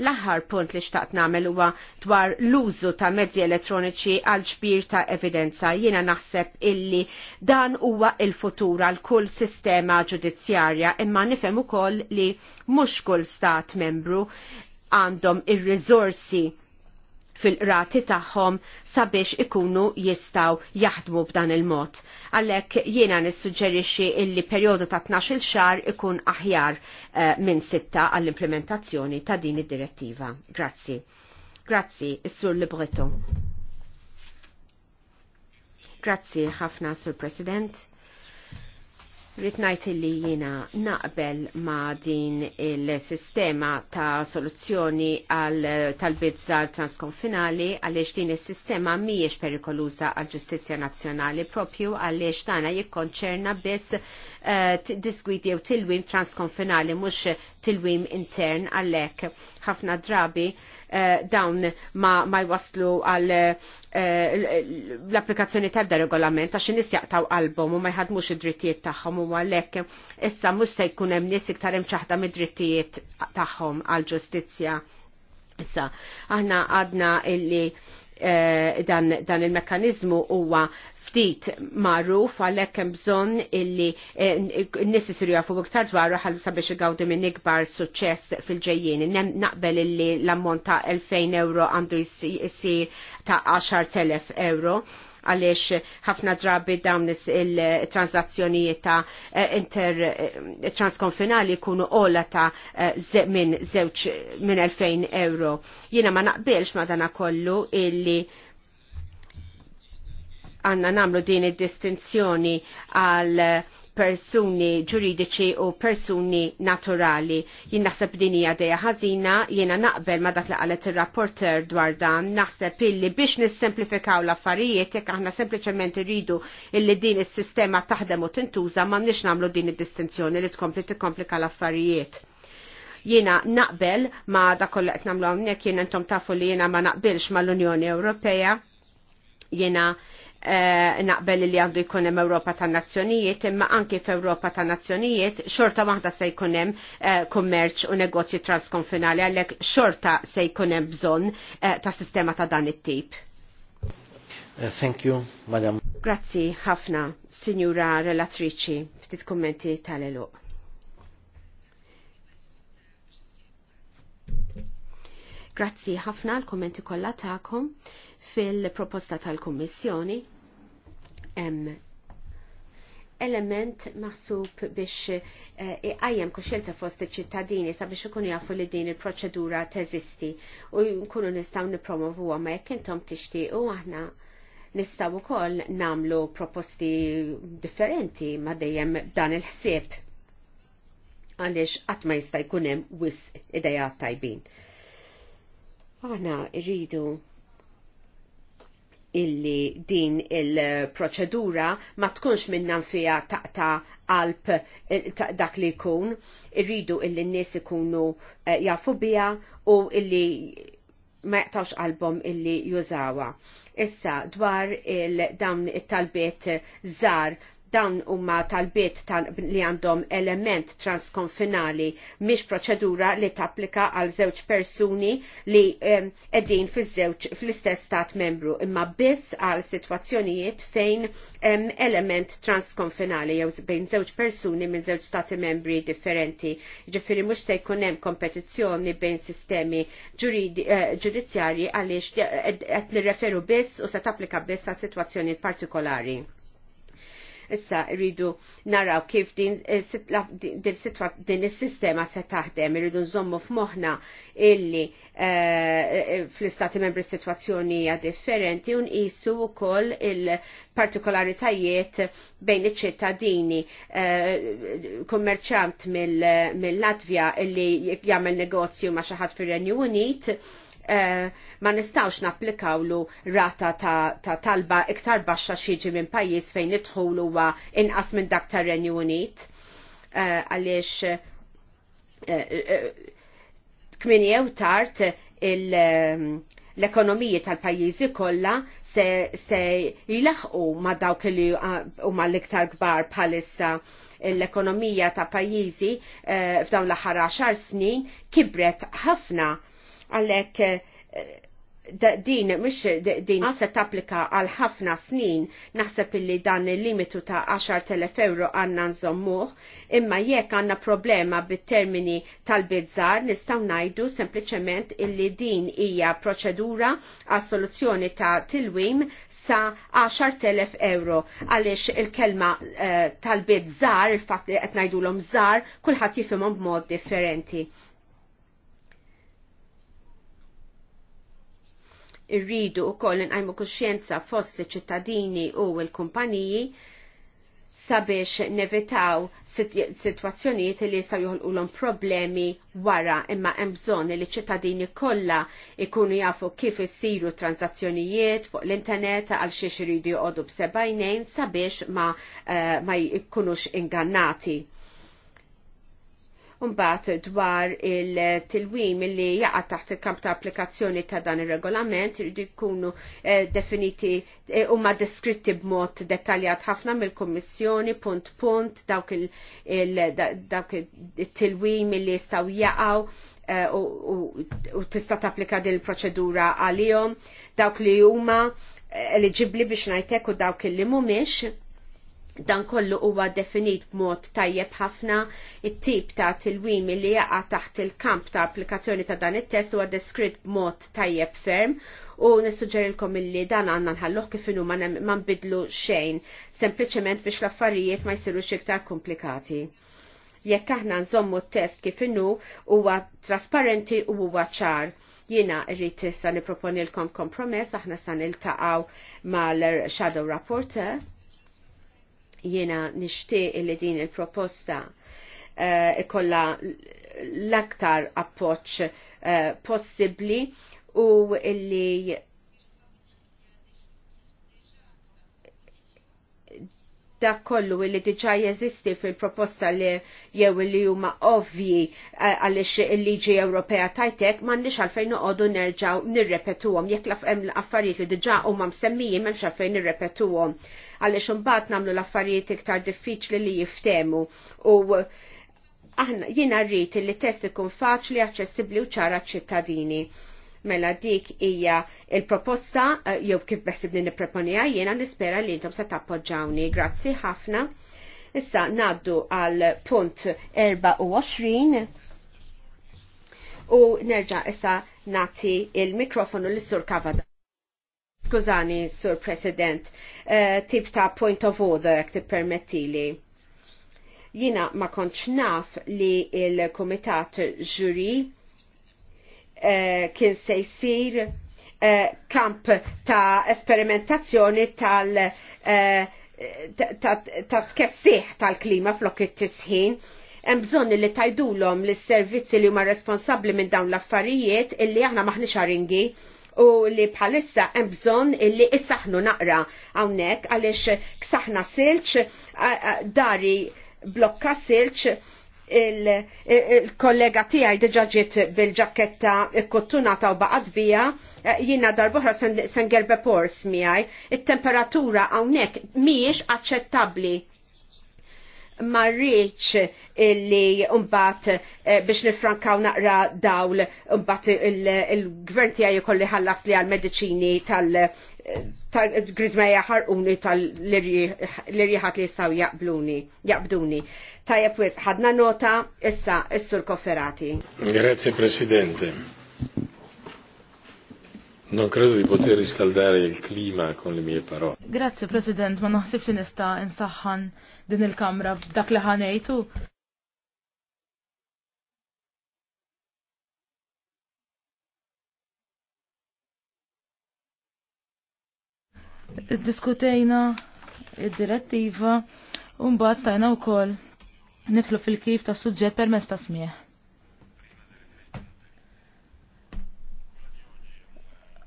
L-aħħar punt li xtaqt nagħmel huwa dwar l-użu ta' mezzi elettroniċi għal ġbir ta' evidenza. Jiena naħseb illi dan huwa il-futur għal kull sistema ġudizzjarja imma nifhem ukoll li mhux kull stat membru għandhom ir-riżorsi fil-rati tagħhom sabiex ikunu jistaw jaħdmu b'dan il-mod. Għalhekk jiena nissuġġerixxi illi perjodu ta' 12 xar ikun aħjar eh, minn sitta għall-implementazzjoni ta' din id-direttiva. Grazzi. Grazzi, is-Sur Libreton. Grazzi ħafna, Sur President. Ritnajt li jina naqbel ma din il-sistema ta' soluzzjoni tal-bizzar transkonfinali għaliex din il-sistema miex perikoluza għal ġustizja nazjonali propju għaliex tana jikkonċerna biss eh, disgwidi u tilwim transkonfinali mux tilwim intern għalek ħafna drabi Eh, dawn ma jwaslu għal eh, l-applikazzjoni da regolament għax nis jaqtaw qalbhom u ma jħadmux id-drittijiet tagħhom u għalhekk issa mhux se jkun hemm nies iktar hemm ċaħda mid-drittijiet tagħhom għal ġustizzja. Issa aħna għadna illi eh, dan, il-mekkanizmu huwa ftit marruf għalhekk hemm bżonn illi eh, n jafu iktar dwaru ħallu sabiex igawdu minn ikbar suċċess fil-ġejjien. Naqbel illi l-ammont ta' 2000 euro għandu jsir ta' 10,000 euro għaliex ħafna drabi dawn il-transazzjonijiet ta' eh, inter eh, transkonfinali kunu ola ta' minn 2000 euro. Jiena ma naqbilx ma dana kollu illi għanna namlu din id-distinzjoni għal persuni ġuridiċi u persuni naturali. Jien naħseb din hija dejja ħażina, jiena naqbel ma dak li qalet ir-rapporter dwar dan, naħseb illi biex nissemplifikaw l-affarijiet jekk aħna sempliċement irridu illi din is-sistema taħdem u tintuża m'għandniex nagħmlu din id-distinzjoni li tkompli tikkomplika l-affarijiet. Jiena naqbel ma dak kollu qed nagħmlu hawnhekk jien intom tafu li jiena ma naqbilx mal-Unjoni Ewropea. Jiena Eh, naqbel li għandu jkun hemm Ewropa ta' nazzjonijiet, imma anki f'Ewropa ta' nazzjonijiet xorta waħda se jkun hemm eh, kummerċ u negozji transkonfinali għalhekk xorta se jkun hemm bżonn eh, ta' sistema ta' dan it-tip. Thank you, madam. Grazzi ħafna, signora Relatriċi, ftit kummenti tal-eluq. Grazzi ħafna l-kommenti kollha tagħkom fil-proposta tal-Kummissjoni M. element maħsub biex eh, iqajjem e, kuxjenza fost iċ-ċittadini sabiex ikunu jafu li din il-proċedura teżisti u nkunu nistgħu nippromovuha ma jekk intom tixtiequ aħna nistgħu wkoll namlu proposti differenti ma dejjem dan il-ħsieb għaliex qatt ma jista' jkun hemm wisq idejat tajbin. Aħna rridu illi din il-proċedura ma tkunx minnan fija taqta qalb eh, dak li jkun, irridu illi n-nies ikunu eh, jafu bija u illi ma jaqtawx qalbhom illi jużawa. Issa dwar il-dawn it-talbiet eh, żar Dawn huma talbiet tal li għandhom element transkonfinali miex proċedura li tapplika għal żewġ persuni li qegħdin fil żewġ fl-istess stat membru imma biss għal sitwazzjonijiet fejn em, element transkonfinali jew bejn żewġ persuni minn żewġ stati membri differenti. Ġifieri mhux se jkun hemm kompetizzjoni bejn sistemi eh, ġudizzjarji għaliex eh, qed nirreferu biss u se tapplika biss għal sitwazzjonijiet partikolari. Issa rridu naraw kif din eh, din is-sistema se taħdem, irridu nżommu f'moħħna illi eh, eh, fl-istati membri situazzjoni hija differenti u nqisu wkoll il-partikolaritajiet bejn iċ-ċittadini kummerċant mill-Latvja illi jagħmel negozju ma' xi ħadd fir-Renju Unit Eh, ma nistawx napplikawlu rata ta' talba iktar baxxa xieġi minn pajjiż fejn idħul huwa inqas minn dak tar-Renju Unit eh, għaliex eh, kmini jew tard ehm, l-ekonomiji tal-pajjiżi kollha se, se jilaħqu ma dawk li huma l-iktar kbar bħalissa l-ekonomija ta' pajjiżi f'dawn l-aħħar 10 snin kibret ħafna għalek eh, din mux din se tapplika għal ħafna snin naħseb illi dan il-limitu ta' 10.000 euro għanna nżommuħ imma jekk għanna problema bit-termini tal-bizzar nistaw najdu sempliciment illi din hija proċedura għal soluzzjoni ta' tilwim sa 10.000 euro għalix il-kelma uh, tal-bizzar il-fat li għetnajdu l omżar zar kullħat jifimom b'mod differenti irridu u koll inqajmu kuxjenza fost ċittadini u l-kumpaniji sabiex nevitaw situazzjonijiet li jistaw joħolqulhom problemi wara imma hemm bżonn li ċittadini kollha ikunu jafu kif isiru tranzazzjonijiet fuq l-internet għal xiex iridu joqogħdu b'sebajnejn sabiex ma, uh, ma jkunux ingannati. Mbagħad dwar il-tilwim li jaqa' taħt il-kamp ta' applikazzjoni ta' dan ir-regolament irridu jkunu eh, definiti huma eh, deskritti b'mod dettaljat ħafna mill-Kummissjoni punt punt dawk il-tilwim il, li jistgħu jaqgħu eh, u, tista' tapplika din il-proċedura għalihom dawk li huma eligibli biex ngħidlek u dawk li mhumiex dan kollu huwa definit b'mod tajjeb ħafna it-tip ta' tilwim li jaqa taħt il-kamp ta' applikazzjoni ta' dan it-test huwa deskritt b'mod tajjeb ferm u nissuġġerilkom illi dan għandna nħalluh kif inhu ma nbidlu xejn, sempliċement biex l-affarijiet ma jsirux iktar komplikati. Jekk aħna nżommu t-test kif inhu huwa trasparenti u huwa ċar jina rrid issa niproponilkom kompromess, aħna sa niltaqgħu mal-Shadow rapporter. Jiena nixtieq li din il-proposta eh, ikolla l-aktar appoċ eh, possibbli u illi dak kollu li diġa jeżisti fil-proposta li jew li huma ovvji eh, għaliex il-liġi Ewropea tajtek m'għandniex għalfejn noqogħdu nerġgħu nirrepetuhom jekk hemm l-affarijiet li diġa huma msemmijin m'hemmx għalfejn nirrepetuhom għaliex imbagħad nagħmlu l-affarijiet iktar diffiċli li jiftemu u aħna jiena rrid li test ikun faċli, aċċessibbli u ċara ċittadini. Mela dik hija il-proposta eh, jew kif beħsibni nipproponija jiena nispera li intom se tappoġġawni. Grazzi ħafna. Issa naddu għal punt 24 u nerġa' issa nati il-mikrofonu l-sur Kavada skużani, Sur President, uh, tip ta' point of order, jek tippermettili. Jina ma konċ naf li il-Komitat Ġuri uh, kien se jisir uh, eh, kamp ta' esperimentazzjoni tal- ta' tkessiħ tal-klima flok it-tisħin hemm bżonn li tajdulhom lis servizzi li huma responsabbli minn dawn l-affarijiet illi aħna maħniex ringi u li bħalissa hemm bżonn illi issaħnu naqra hawnhekk għaliex ksaħna silċ dari blokka silċ il-kollega il tijaj deġaġiet bil-ġaketta ta' u baqat bija, eh, jina darbohra sen gerbe pors miħaj, il-temperatura għawnek miex aċċettabli marriċ illi umbat eh, biex nifrankaw naqra dawl umbat il-gvern tijaj jikolli ħallas li għal-medicini tal-grizmeja ħarquni tal-lirjiħat li jistaw jaqbduni. Tajab, ħadna nota issa issur kofferati. Grazie, Presidente. Non credo di poter riscaldare il clima con le mie parole. Grazie President, ma naħsibx li nista' insaħħan din il-kamra b'dak li ħanejtu. Diskutejna id-direttiva u mbagħad stajna wkoll nidħlu fil-kif ta' suġġett permezz ta' smieħ.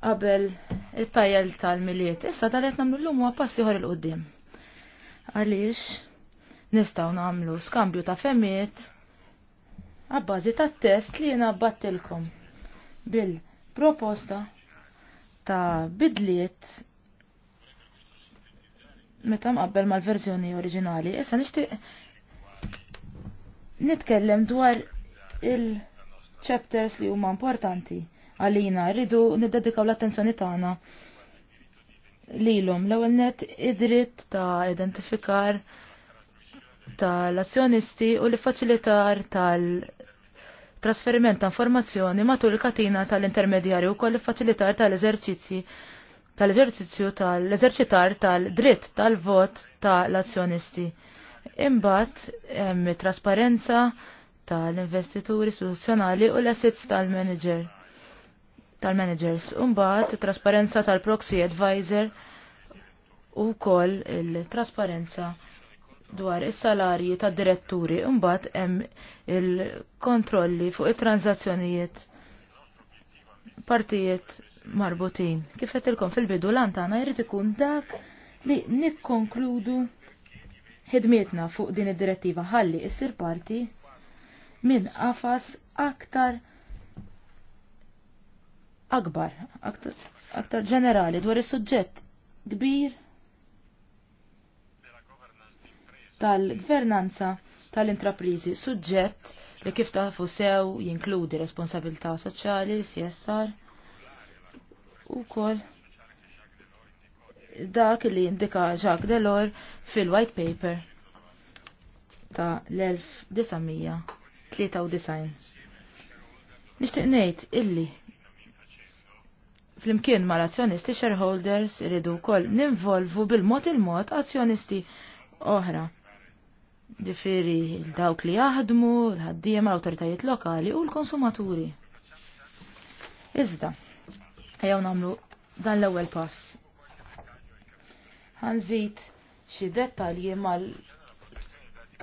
qabel il-tajjel tal-miliet. Issa tal et namlu l-lum huwa passi ħor il-qoddim. Għaliex nistaw namlu skambju ta' femiet għabbażi ta' test li jena battilkom bil-proposta ta' bidliet meta mqabbel mal-verżjoni oriġinali. Issa nixtieq nitkellem dwar il-chapters li huma importanti għalina, rridu niddedikaw l-attenzjoni tagħna lilhom. L-ewwel net id-dritt ta' identifikar tal-azzjonisti u li faċilitar tal-trasferiment ta' informazzjoni matul il katina tal-intermedjarju u koll faċilitar tal-eżerċizzi tal-eżerċizzju tal-eżerċitar tal-dritt tal-vot tal-azzjonisti. Imbagħad trasparenza tal-investituri istituzzjonali u l-assets tal-manager tal-managers. Umbat, trasparenza tal-proxy advisor u koll il-trasparenza dwar is salarji tad diretturi imbagħad hemm il-kontrolli fuq it transazzjonijiet partijiet marbutin. Kif qed ilkom fil-bidu lantana jrid ikun dak li nikkonkludu ħidmietna fuq din id-direttiva ħalli issir parti minn qafas aktar akbar, aktar ġenerali dwar is-suġġett kbir tal-gvernanza tal-intraprizi, suġġett li kif tafu sew jinkludi responsabilità soċjali, CSR, u kol dak li indika Jacques Delors fil-white paper ta' l-1993. Nishtiq ngħid illi Flimkien mal-azzjonisti shareholders iridu wkoll ninvolvu bil-mod il-mod azzjonisti oħra. Ġifieri l-dawk li jaħdmu, l-ħaddiema, l-awtoritajiet lokali u l-konsumaturi. Iżda, jew nagħmlu dan l-ewwel pass. Ħanżid xi dettalji mal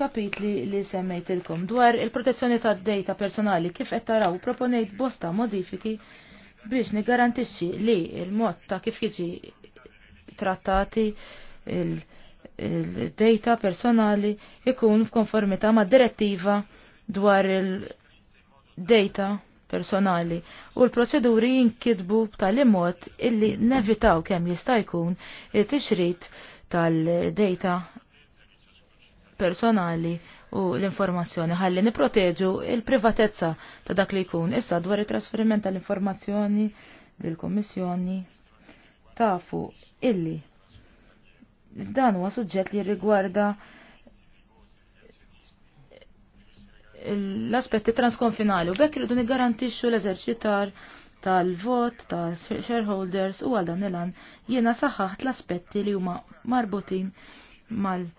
kapitli li semmejtilkom dwar il-protezzjoni tad data personali kif qed taraw proponejt bosta modifiki biex nigarantixxi li il-mod ta' kif jiġi trattati il-data personali ikun f'konformità ma' direttiva dwar il-data personali u l-proċeduri jinkidbu b'tali mod illi nevitaw kemm jista' jkun it-tixrid tal-data personali u l-informazzjoni ħalli niproteġu il-privatezza ta' dak li jkun issa dwar it-trasferiment tal-informazzjoni lill-Kummissjoni tafu illi dan huwa suġġett li rigwarda l-aspetti transkonfinali u bekk irridu niggarantixxu l-eżerċitar tal-vot ta' shareholders u għal dan il-an jiena saħħaħt l-aspetti li huma marbutin mal-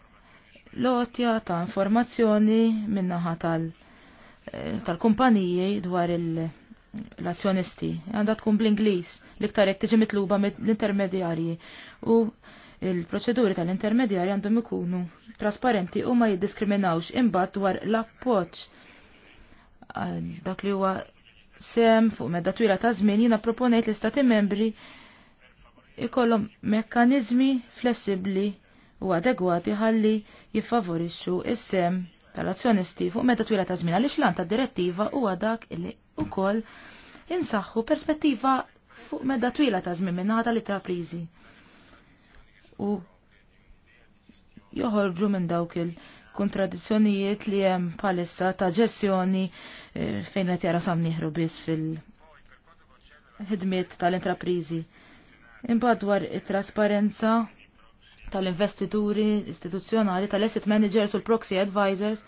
lotja ta' informazzjoni minnaħa eh, tal-kumpaniji tal dwar l-azzjonisti. Għandha tkun bl-Ingliż l-iktar tiġi mitluba l-intermedjarji u il-proċeduri tal-intermedjarji għandhom ikunu trasparenti u ma jiddiskriminawx imbagħad dwar l-appoġġ għal dak li huwa sem fuq medda twila ta' żmien jiena proponejt l-istati membri ikollhom mekkaniżmi flessibbli u adegwati ħalli jiffavorixxu is-sem tal-azzjonisti fuq meta twila ta' żmien għaliex lanta direttiva huwa dak illi wkoll insaħħu perspettiva fuq meta twila ta' żmien minn ħata l-intrapriżi. U joħorġu minn dawk il-kontradizzjonijiet li hemm palissa ta' ġessjoni e, fejn qed jara sam nieħru biss fil-ħidmiet tal-intrapriżi. Imbagħad dwar it-trasparenza tal-investituri istituzzjonali, tal-asset managers u l-proxy advisors.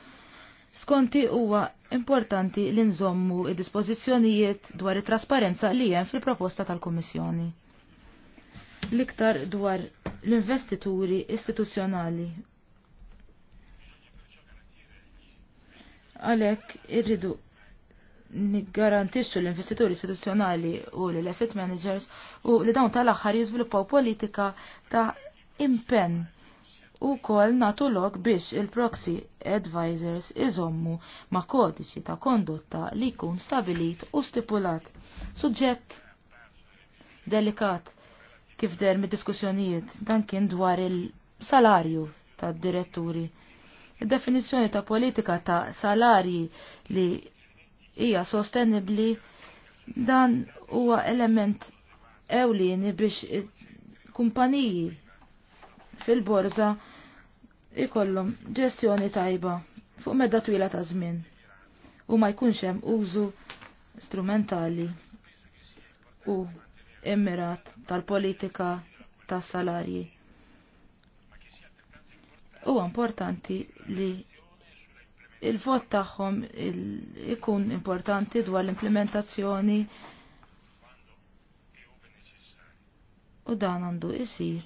Skonti huwa importanti li nżommu id-dispożizzjonijiet dwar it-trasparenza li hemm fil-proposta tal-Kummissjoni. L-iktar dwar l-investituri istituzzjonali. Għalhekk irridu niggarantixxu l-investituri istituzzjonali u l-asset managers u li dawn tal-aħħar jizvilupaw politika ta' impenn u kol natu lok biex il-proxy advisors iżommu ma kodiċi ta' kondotta li kun stabilit u stipulat. Suġġett delikat kif der mid-diskussjonijiet dan kien dwar il-salarju ta' diretturi. Id-definizzjoni ta' politika ta' salarji li hija sostenibli dan huwa element ewlieni biex kumpaniji fil-borza ikollhom ġestjoni tajba fuq medda twila ta' żmien u ma jkunx hemm użu strumentali u immirat tal-politika tas-salarji. Huwa importanti li il-vot tagħhom ikun importanti dwar l-implementazzjoni u dan għandu isir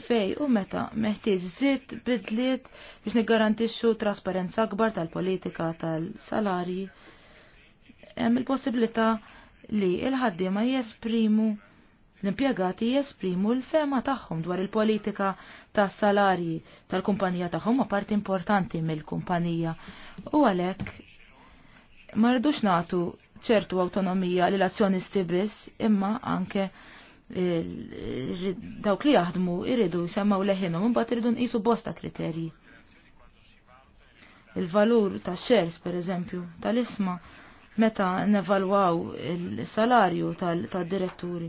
fej u meta meħtieġ żied bidliet biex niggarantixxu trasparenza akbar tal-politika tal-salarji. Hemm il-possibilità li l-ħaddiema jesprimu l-impjegati jesprimu l-fema tagħhom dwar il-politika tas-salarji tal-kumpanija tagħhom ma parti importanti mill-kumpanija. U għalhekk ma rridux nagħtu ċertu awtonomija l azzjonisti biss imma anke dawk li jaħdmu irridu jsemmaw leħinhom imbagħad iridu nqisu bosta kriterji. Il-valur ta' shares pereżempju tal-isma meta nevalwaw il-salarju tal-diretturi.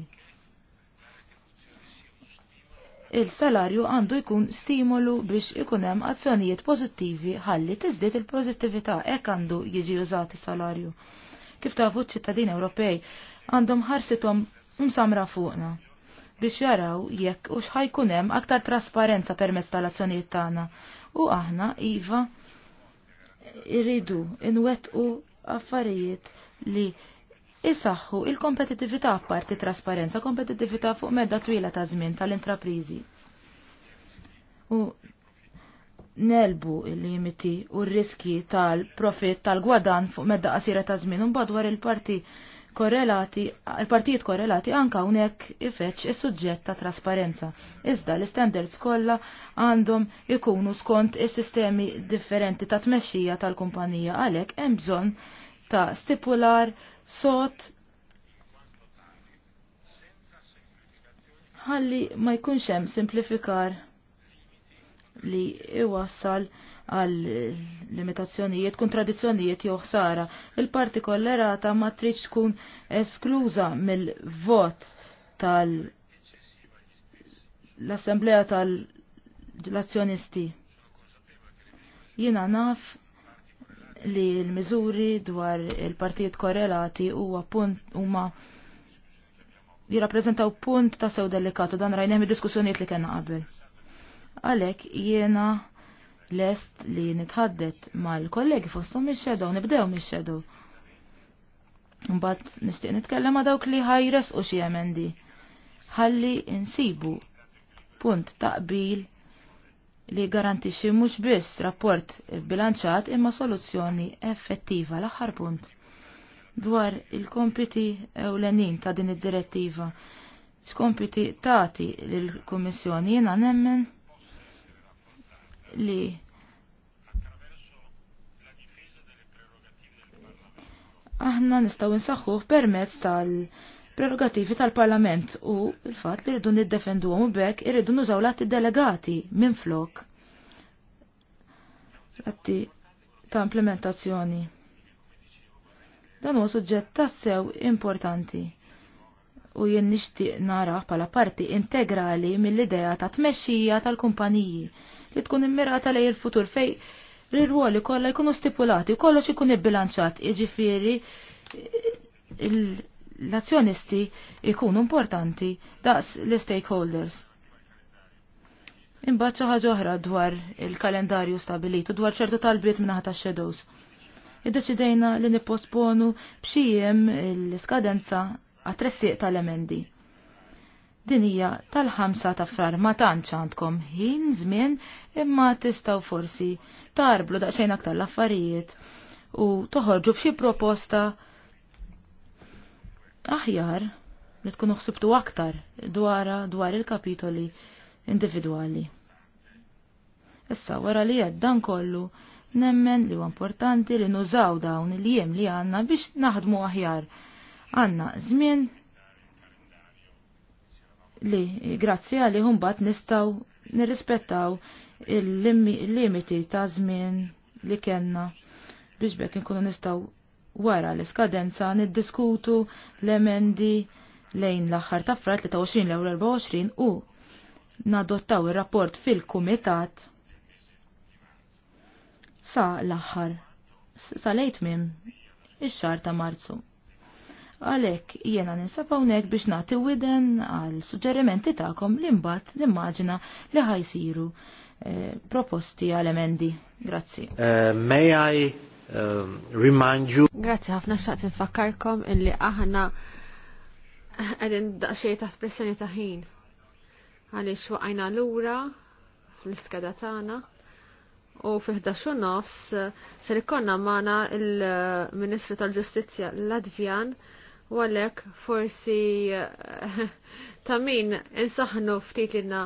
Il-salarju għandu jkun stimolu biex ikun hemm azzjonijiet pożittivi ħalli tiżdied il-pożittività hekk għandu jiġi użat is-salarju. Kif tafu ċ-ċittadini Ewropej għandhom ħarsithom msamra fuqna biex jaraw jekk u xħajkun hemm aktar trasparenza permezz tal-azzjonijiet tagħna. U aħna iva irridu u affarijiet li isaħħu il-kompetitività apparti trasparenza, kompetitività fuq medda twila ta' żmien tal-intraprizi. U nelbu il-limiti u r-riski tal-profit tal-gwadan fuq medda qasira ta' żmien u badwar il parti korrelati, il-partijiet korrelati anka unek ifeċ is-suġġett ta' trasparenza. Iżda l-standards kollha għandhom ikunu skont is-sistemi differenti ta' tmexxija tal-kumpanija għalhekk hemm bżonn ta' stipular sot ħalli ma jkunx hemm simplifikar li iwassal għal limitazzjonijiet, kontradizzjonijiet jew ħsara. Il-parti kollerata ma tridx tkun eskluża mill-vot tal assemblea tal-azzjonisti. Jina naf li l-miżuri dwar il-partijiet korrelati huwa punt huma jirrappreżentaw punt ta' sew delikatu dan rajnem diskussjonijiet li kena qabel. Għalhekk jiena lest li nitħaddet mal-kollegi fostom mis-xedow, nibdew mis-xedow. Mbatt nishtiq nitkellem ma' dawk li ħajres u xi emendi. Ħalli insibu punt taqbil li garantixi mhux biss rapport bilanċat imma soluzzjoni effettiva l-aħħar punt dwar il-kompiti ewlenin ta' din id-direttiva. Skompiti tagħti lill-Kummissjoni jiena nemmen li aħna nistaw nsaħħuh permezz tal-prerogativi tal-Parlament u il-fat li rridu niddefendu u bekk irridu nużaw l-atti delegati minn flok. L-atti ta' implementazzjoni. Dan huwa suġġett tassew importanti u jien nixtieq naraħ bħala parti integrali mill-idea ta' tmexxija tal-kumpaniji li tkun immirata lej il-futur fej l kolla kollha jkunu stipulati, kollox ikun bilanċat jiġifieri l-azzjonisti jkunu importanti daqs l-stakeholders. Imbagħad xi ħaġa oħra dwar il-kalendarju stabilit u dwar ċertu talbiet minn ta' shadows. Iddeċidejna li nipposponu b'xijem l-iskadenza għat tal-emendi. Din hija tal-ħamsa ta' frar ma tantx għandkom ħin żmien imma tistgħu forsi tarblu daqsxejn aktar l-affarijiet u toħorġu b'xi proposta aħjar li tkun uħsibtu aktar dwara dwar il-kapitoli individwali. Issa wara li dan kollu nemmen li huwa importanti li nużaw dawn il-jiem li għanna biex naħdmu aħjar. Għanna żmien li grazzi għalli humbat nistaw nirrispettaw il-limiti ta' żmien li kenna biex bekk nkunu nistaw wara l-iskadenza niddiskutu l-emendi lejn l-aħħar ta' frat 23 l-24 u nadottaw ir-rapport fil-kumitat sa l-aħħar sa lejt minn ix-xar ta' Marzu. Għalek jiena ninsab hawnhekk biex nagħti widen għal suġġerimenti tagħkom li mbagħad nimmaġina li ħajsiru eh, proposti għal emendi. Grazzi. Uh, may I uh, remind you? Grazzi ħafna xaqt infakkarkom illi aħna għedin daqxej ta' pressjoni ta' ħin. Għaliex waqajna lura fl-iskeda tagħna u fiħda xo nofs eh, ser ikonna mana il-Ministru tal-Ġustizzja Latvjan u għalek forsi eh, ta' min insaħnu ftit lina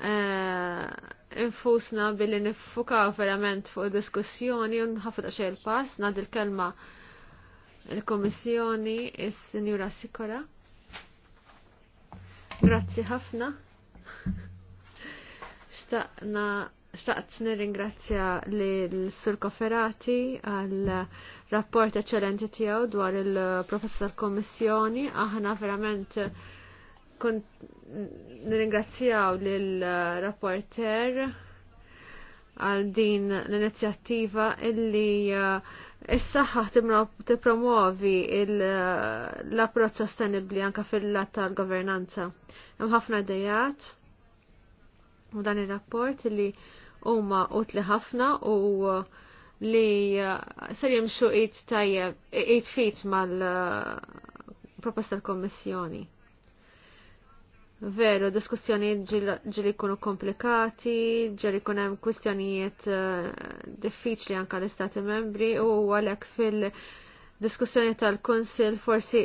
eh, infusna billi nifukaw verament fuq diskussjoni un ħafu ta' xejn pass nad il-kelma il-Komissjoni is-Sinjura Sikora. Grazzi ħafna. Xtaqna Staqt nirringrazzja li l-Sur Koferati għal rapport eccellenti tiegħu dwar il-professor kommissjoni Aħna verament nirringrazzjaw lill-rapporter għal din l-inizjattiva illi uh, Is-saħħa tippromuovi uh, l-approċċ sostenibbli anke fil-lat tal-governanza. Hemm ħafna dejjat u dan il-rapport li huma utli ħafna u uh, li uh, ser jimxu id tajjeb, id fit mal-proposta uh, l-Kommissjoni. Veru, diskussjoni ġili kunu komplikati, ġili kunem kustjonijiet diffiċli anka l-Istati membri u għalek fil- diskussjoni tal-Konsil forsi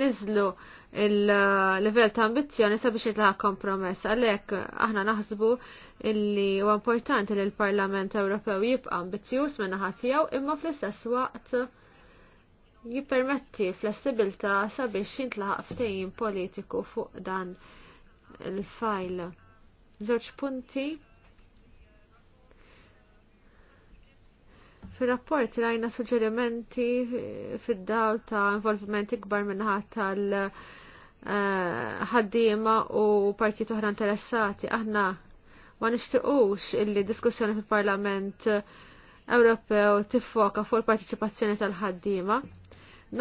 nizlu il-level ta' ambizjoni sabiex jitlaħ kompromess. Għalek, aħna naħsbu illi u importanti li l-Parlament Ewropew jibqa' ambizjus minn tiegħu imma fl-istess waqt jippermetti flessibilta sabiex jintlaħaq ftejn politiku fuq dan il-fajl. Żewġ punti Fil-rapport rajna suġġerimenti fid-dawl ta' involvimenti kbar minnaħat tal- Eh, ħaddiema u partijiet oħra interessati. Aħna ma nixtiequx illi diskussjoni fil-Parlament Ewropew tiffoka fuq il-partiċipazzjoni tal-ħaddiema.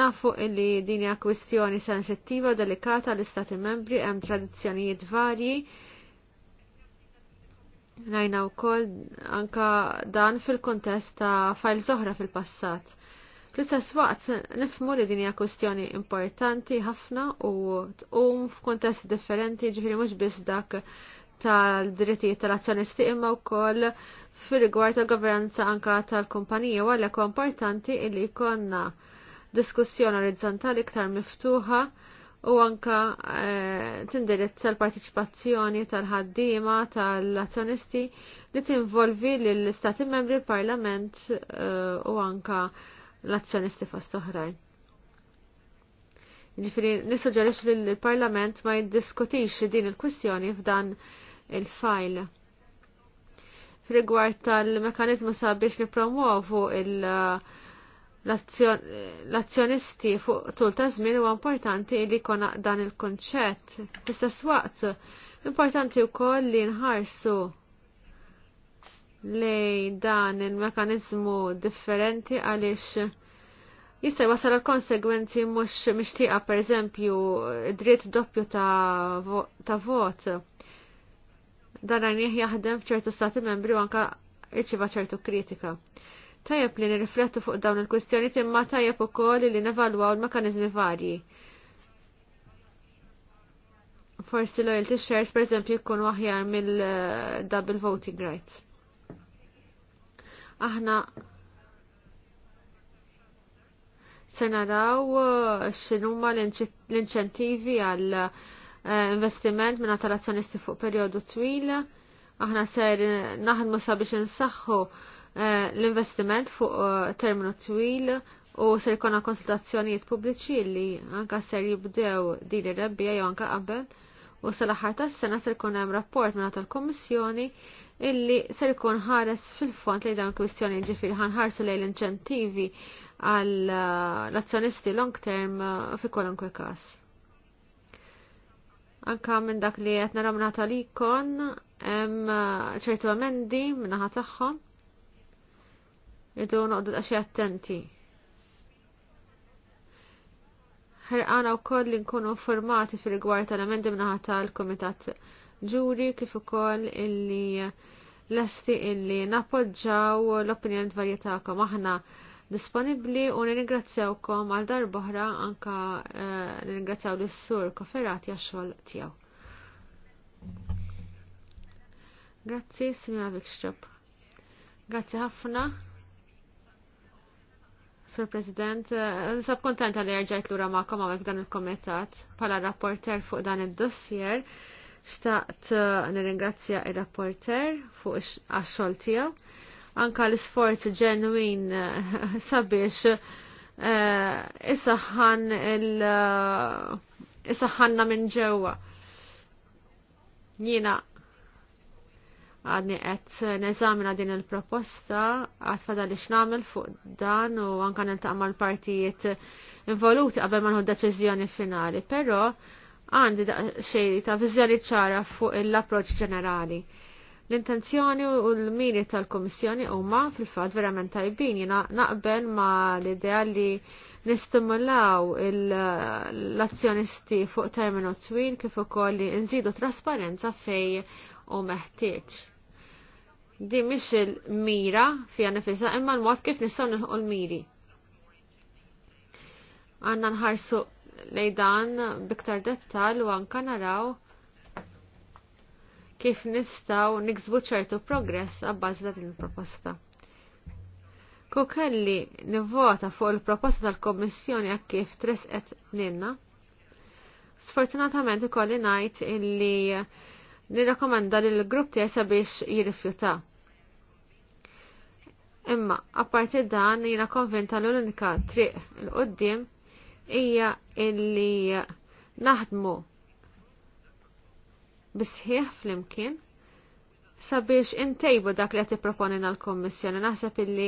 Nafu illi din hija kwistjoni sensittiva u delikata l istati membri hemm tradizzjonijiet varji. Rajna wkoll anka dan fil-kuntest ta' fajl oħra fil-passat. Fl-istess waqt nifmu li din hija importanti ħafna u tqum f'kuntest differenti ġifiri mhux biss dak tal-drittijiet tal-azzjonisti imma wkoll fil-rigward tal-governanza anka tal-kumpanija u għalhekk importanti li jkollna diskussjoni orizzontali iktar miftuħa u anka eh, tindirizza tal partiċipazzjoni tal-ħaddiema tal-azzjonisti li tinvolvi lill istati membri l-Parlament eh, u anka l-azzjonisti fost oħrajn. Ġifiri, nissuġġerix li l-Parlament ma jiddiskutix din il-kwistjoni f'dan il-fajl. Rigward tal-mekanizmu sabiex nipromuovu l-azzjonisti fuq tul ta' żmien huwa importanti li jkun dan il-konċett. Fl-istess waqt, importanti wkoll li nħarsu lej dan il-mekanizmu differenti għaliex jista' wasal għal konsegwenzi mhux mixtieqa pereżempju dritt doppju ta', vot. Dan għan jaħdem f'ċertu stati membri u anka irċiva ċertu kritika. Tajab li nirriflettu fuq dawn il-kwistjoni imma tajab u koll li nevalwaw il-mekanizmi varji. Forsi loyalty shares, per eżempju, jkunu aħjar mill-double voting rights. Aħna se naraw uh, x'inhuma l-inċentivi għal uh, investiment minna tal-azzjonisti fuq perjodu twil. Aħna ser naħdmu sabiex insaħħu uh, l-investiment fuq terminu twil u ser jkollna konsultazzjonijiet pubbliċi li anka ser jibdew din ir-rebbija jew anka qabel u sal-aħħar tas-sena ser jkun hemm rapport minn tal-Kummissjoni illi ser ikun ħares fil-font li dan kwistjoni ġifiri ħanħarsu lejn l-inċentivi għal uh, l-azzjonisti long term uh, fi kwalunkwe kas. Anka minn dak li qed nara minn ikon hemm uh, ċertu emendi minnaħa tagħhom. Irdu noqdu daqsxejn attenti. Ħerqana wkoll li nkunu formati fil-rigward tal-emendi minnaħa tal-Kumitat ġuri kif ukoll illi lesti illi napoġġaw l-opinjoni varjetakom. aħna disponibbli u nirringrazzjawkom għal darbohra anka eh, nirringrazzjaw lis-sur koferati għax-xogħol tiegħu. Grazzi, Signora Vikstrop. Grazzi ħafna. Sur President, eh, nsab kontenta li rġajt l-ura ma'kom għamek dan il-komitat pala rapporter fuq dan il-dossier. Xtaqt uh, nirringrazzja il-rapporter fuq għax-xogħol tiegħu. Anka l-isforz ġenwin uh, sabiex uh, isaħħan isaħħanna minn ġewwa. Jiena għadni għed neżamina din il-proposta, għad fadal li xnamil fuq dan u għankan il-taqma l-partijiet involuti għabel ma deċizjoni finali, pero għandi xej ta' vizjoni ċara fuq l-approċ ġenerali. L-intenzjoni u l-miri tal-Komissjoni huma fil-fatt verament tajbin jina naqbel ma l-idea li nistimulaw l-azzjonisti fuq terminu twin kif ukoll li nżidu trasparenza fej u meħtieġ. Di mhix il-mira fija nifisha imma l-mod kif nistgħu nilħu l-miri għanna nħarsu lejdan biktar dettal u anka naraw kif nistaw nikzbu ċertu progress għabbaż ta' din il-proposta. Ku kelli nivvota fuq il-proposta tal-Kommissjoni għak kif tresqet lilna. Sfortunatament li ngħid illi nirrakomanda li l-grupp tiegħi biex jirrifjuta. Imma apparti dan jiena konvinta l-unika triq il-qoddim hija illi naħdmu bisħieħ flimkien sabiex intejbu dak li għati proponin għal kommissjoni Naħseb illi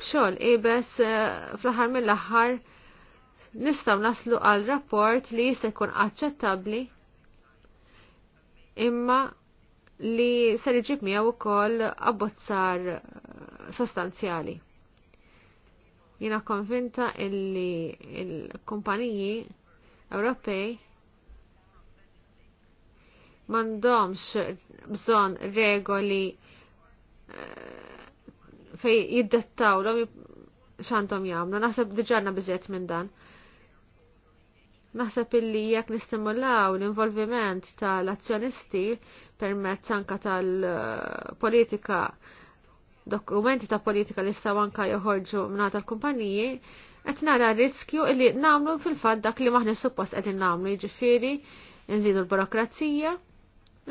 b'xogħol ibes eh, fl-aħħar mill-aħħar nistgħu naslu għal rapport li jista' jkun aċċettabbli imma li ser jġib miegħu wkoll abbozzar eh, sostanzjali. Jina konvinta illi il-kumpaniji Ewropej mandomx bżon regoli eh, fej jiddettaw l xantom jamlu. Naħseb diġarna bizziet minn dan. Naħseb illi jekk nistimulaw l-involviment tal-azzjonisti permezz anka tal-politika eh, dokumenti ta' politika li staw anka joħorġu minna tal-kumpaniji, qed nara riskju li namlu fil-fatt dak li maħna suppost qegħdin namlu, jiġifieri nżidu l-burokrazija,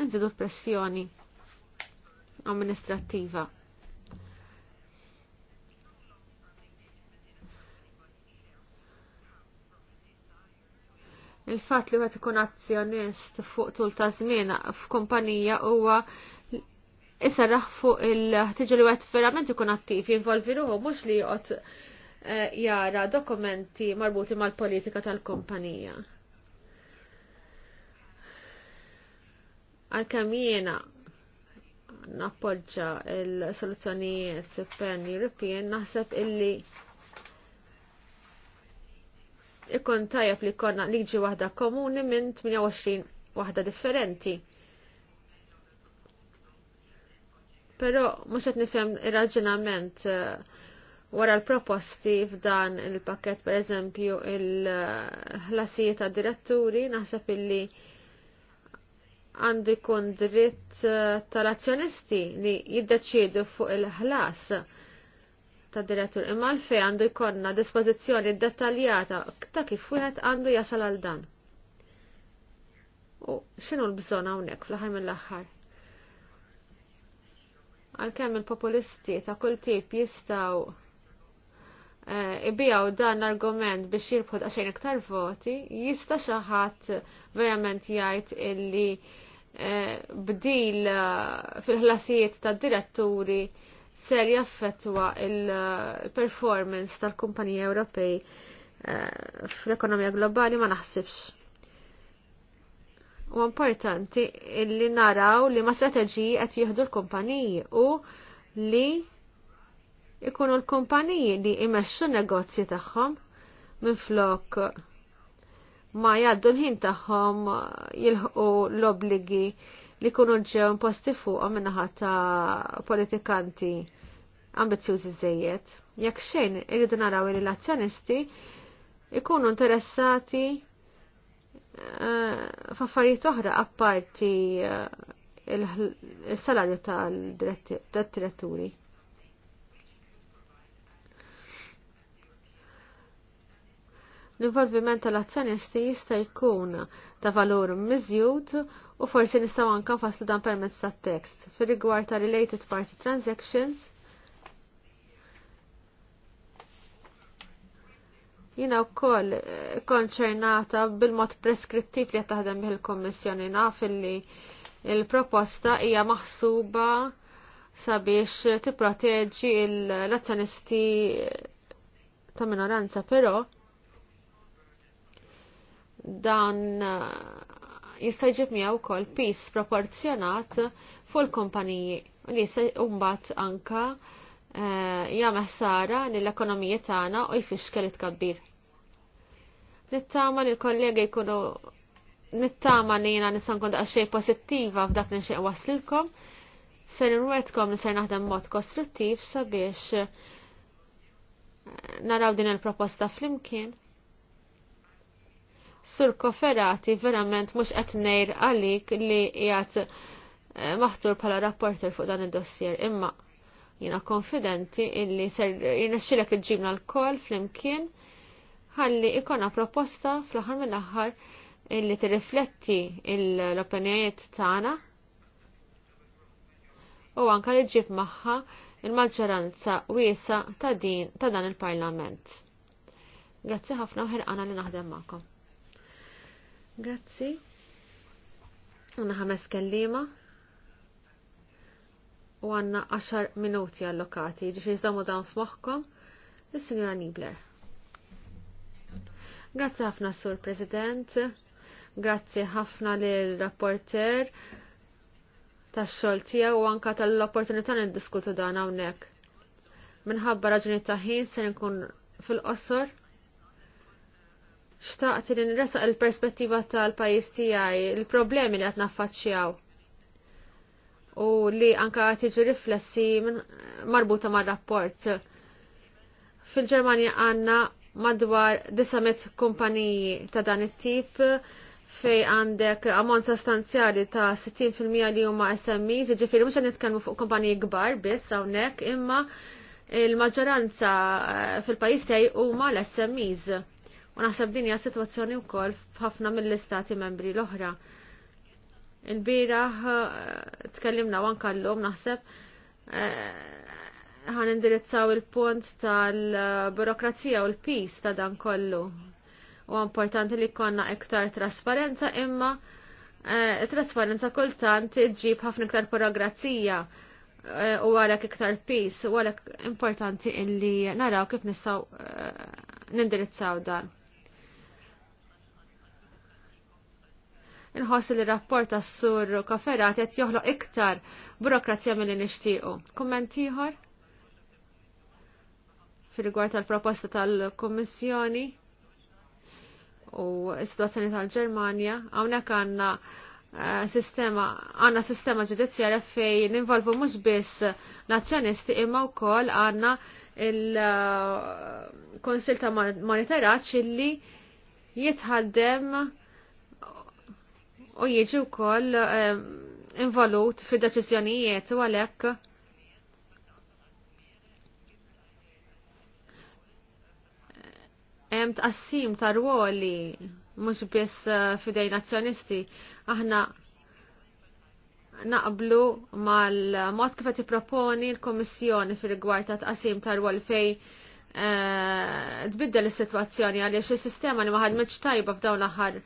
nżidu l-pressjoni amministrattiva. Il-fatt li għet ikun azzjonist fuq tul ta' żmien f'kumpanija huwa issa raħ fuq il-ħtiġa li għed verament ikun attiv jinvolvi ruħu mux li jgħot eh, jara dokumenti marbuti mal-politika tal-kompanija. Għal-kem jiena nappoġġa il-soluzzjonijiet Pen European naħseb illi ikun tajab li konna liġi wahda komuni minn 28 wahda differenti però mhux qed nifhem ir eh, wara l-proposti f'dan il-pakket pereżempju il-ħlasijiet ta' diretturi naħseb illi għandu jkun dritt eh, tal-azzjonisti li jiddeċiedu fuq il-ħlas ta' direttur imma l-fej għandu jkollna dispożizzjoni dettaljata ta' kif wieħed għandu jasal għal dan. U x'inhu l-bżonn hawnhekk fl-aħħar l aħħar Għalkemm il-populisti ta' kull tip jistgħu eh, ibijaw dan l-argument biex jirbħod daqsxejn iktar voti, jista' xi ħadd verament jgħid illi eh, bdil eh, fil-ħlasijiet tad diretturi ser jaffettwa il-performance tal-kumpaniji Ewropej fl-ekonomija globali ma naħsibx. U importanti illi naraw li ma strateġiji qed jieħdu l-kumpaniji u li ikunu l-kumpaniji li imessu negozji tagħhom minn flok ma jgħaddu l-ħin tagħhom jilħqu l-obligi li kunu ġew imposti fuqhom minnaħa ta' politikanti ambizzjużi żejjed. Jekk xejn irridu naraw il-relazzjonisti ikunu interessati Eh, f'affarijiet oħra apparti eh, il-salarju tal-diretturi. L-involviment tal-azzjonisti jista' jkun ta' valur miżjud u forsi nistgħu anke nfasslu dan permezz tat-text. Fir-rigward ta' related party transactions, Jina u koll eh, konċernata bil-mod preskrittiv li taħdem bil kommissjoni naf li il-proposta hija maħsuba sabiex tipproteġi l-azzjonisti ta' minoranza, però dan eh, jista' jġib miegħu wkoll pis proporzjonat fuq il-kumpaniji li jista' mbagħad anke. Eh, jagħmel ħsara lill-ekonomija tagħna u jfixkel it-tkabbir. Nittama li l-kollega jkunu nittama li jiena nista' nkun xejn pożittiva f'dak li nxejn waslilkom, se nirwedkom li se naħdem mod kostruttiv sabiex eh, naraw din il-proposta flimkien. Sur koferati verament mhux qed ngħid għalik li qiegħed eh, maħtur bħala rapporter fuq dan id-dossier imma Jina konfidenti illi ser il-ġibna l-kol fl-imkien ħalli ikona proposta fl-aħħar mill-aħħar illi tirrifletti l opinijiet tagħna u anka li ġib magħha il-maġġoranza wiesa ta' din ta' dan il-Parlament. Grazzi ħafna u għana li naħdem magħkom. Grazzi. Għanna ħames kellima u għanna 10 minuti allokati, ġifir zamu dan f'moħkom, il signora Nibler. Grazzi ħafna, Sur President, grazzi ħafna l-rapporter tax-xogħol tiegħu u anka tal-opportunità n-diskutu dan hawnhekk. Minħabba raġuni ta' ħin se nkun fil-qosor. Xtaqti li nresaq il-perspettiva tal-pajjiż tiegħi, il-problemi li qed naffaċċjaw u li anka tiġi riflessi marbuta mar rapport Fil-Ġermanja għanna madwar 900 kumpaniji ta' dan it-tip fej għandek ammon sostanzjali ta' 60% li huma SMEs, ġifiri mhux nitkellmu fuq kumpaniji kbar biss hawnhekk, imma il-maġġoranza eh, fil-pajjiż tiegħi huma l-SMEs. U naħseb din hija sitwazzjoni wkoll f'ħafna mill-istati membri l-oħra. Il-biraħ eh, tkellimna wanka l naħseb eh, ħan indirizzaw il-punt tal-burokrazija u l-pis ta' dan kollu. U importanti li konna iktar trasparenza imma e, trasparenza kultant ġib ħafna iktar burokrazija u għalek iktar pis u għalek importanti illi naraw kif nistaw nindirizzaw dan. Inħoss li rapport tas sur Koferat qed joħloq iktar burokrazja milli nixtiequ. Kumment ieħor? Fil-rigward tal-proposta tal-Kummissjoni u s-situazzjoni tal-Ġermanja, hawnhekk għandna eh, sistema għanna sistema ġudizzjarja fej ninvolvu mhux biss nazzjonisti imma wkoll għandna il-Konsil eh, ta' Monitoraġġ illi jitħaddem u jiġi wkoll ehm, involut fi deċiżjonijiet u għalhekk hemm tqassim ta' ruoli mhux biss eh, fidejn nazzjonisti, aħna naqblu mal-mod kif qed proponi l-Kummissjoni fir-rigward ta' tqasim ta' rwol fej eh, tbiddel is-sitwazzjoni għaliex is-sistema li ma ħadmitx tajba f'dawn l-aħħar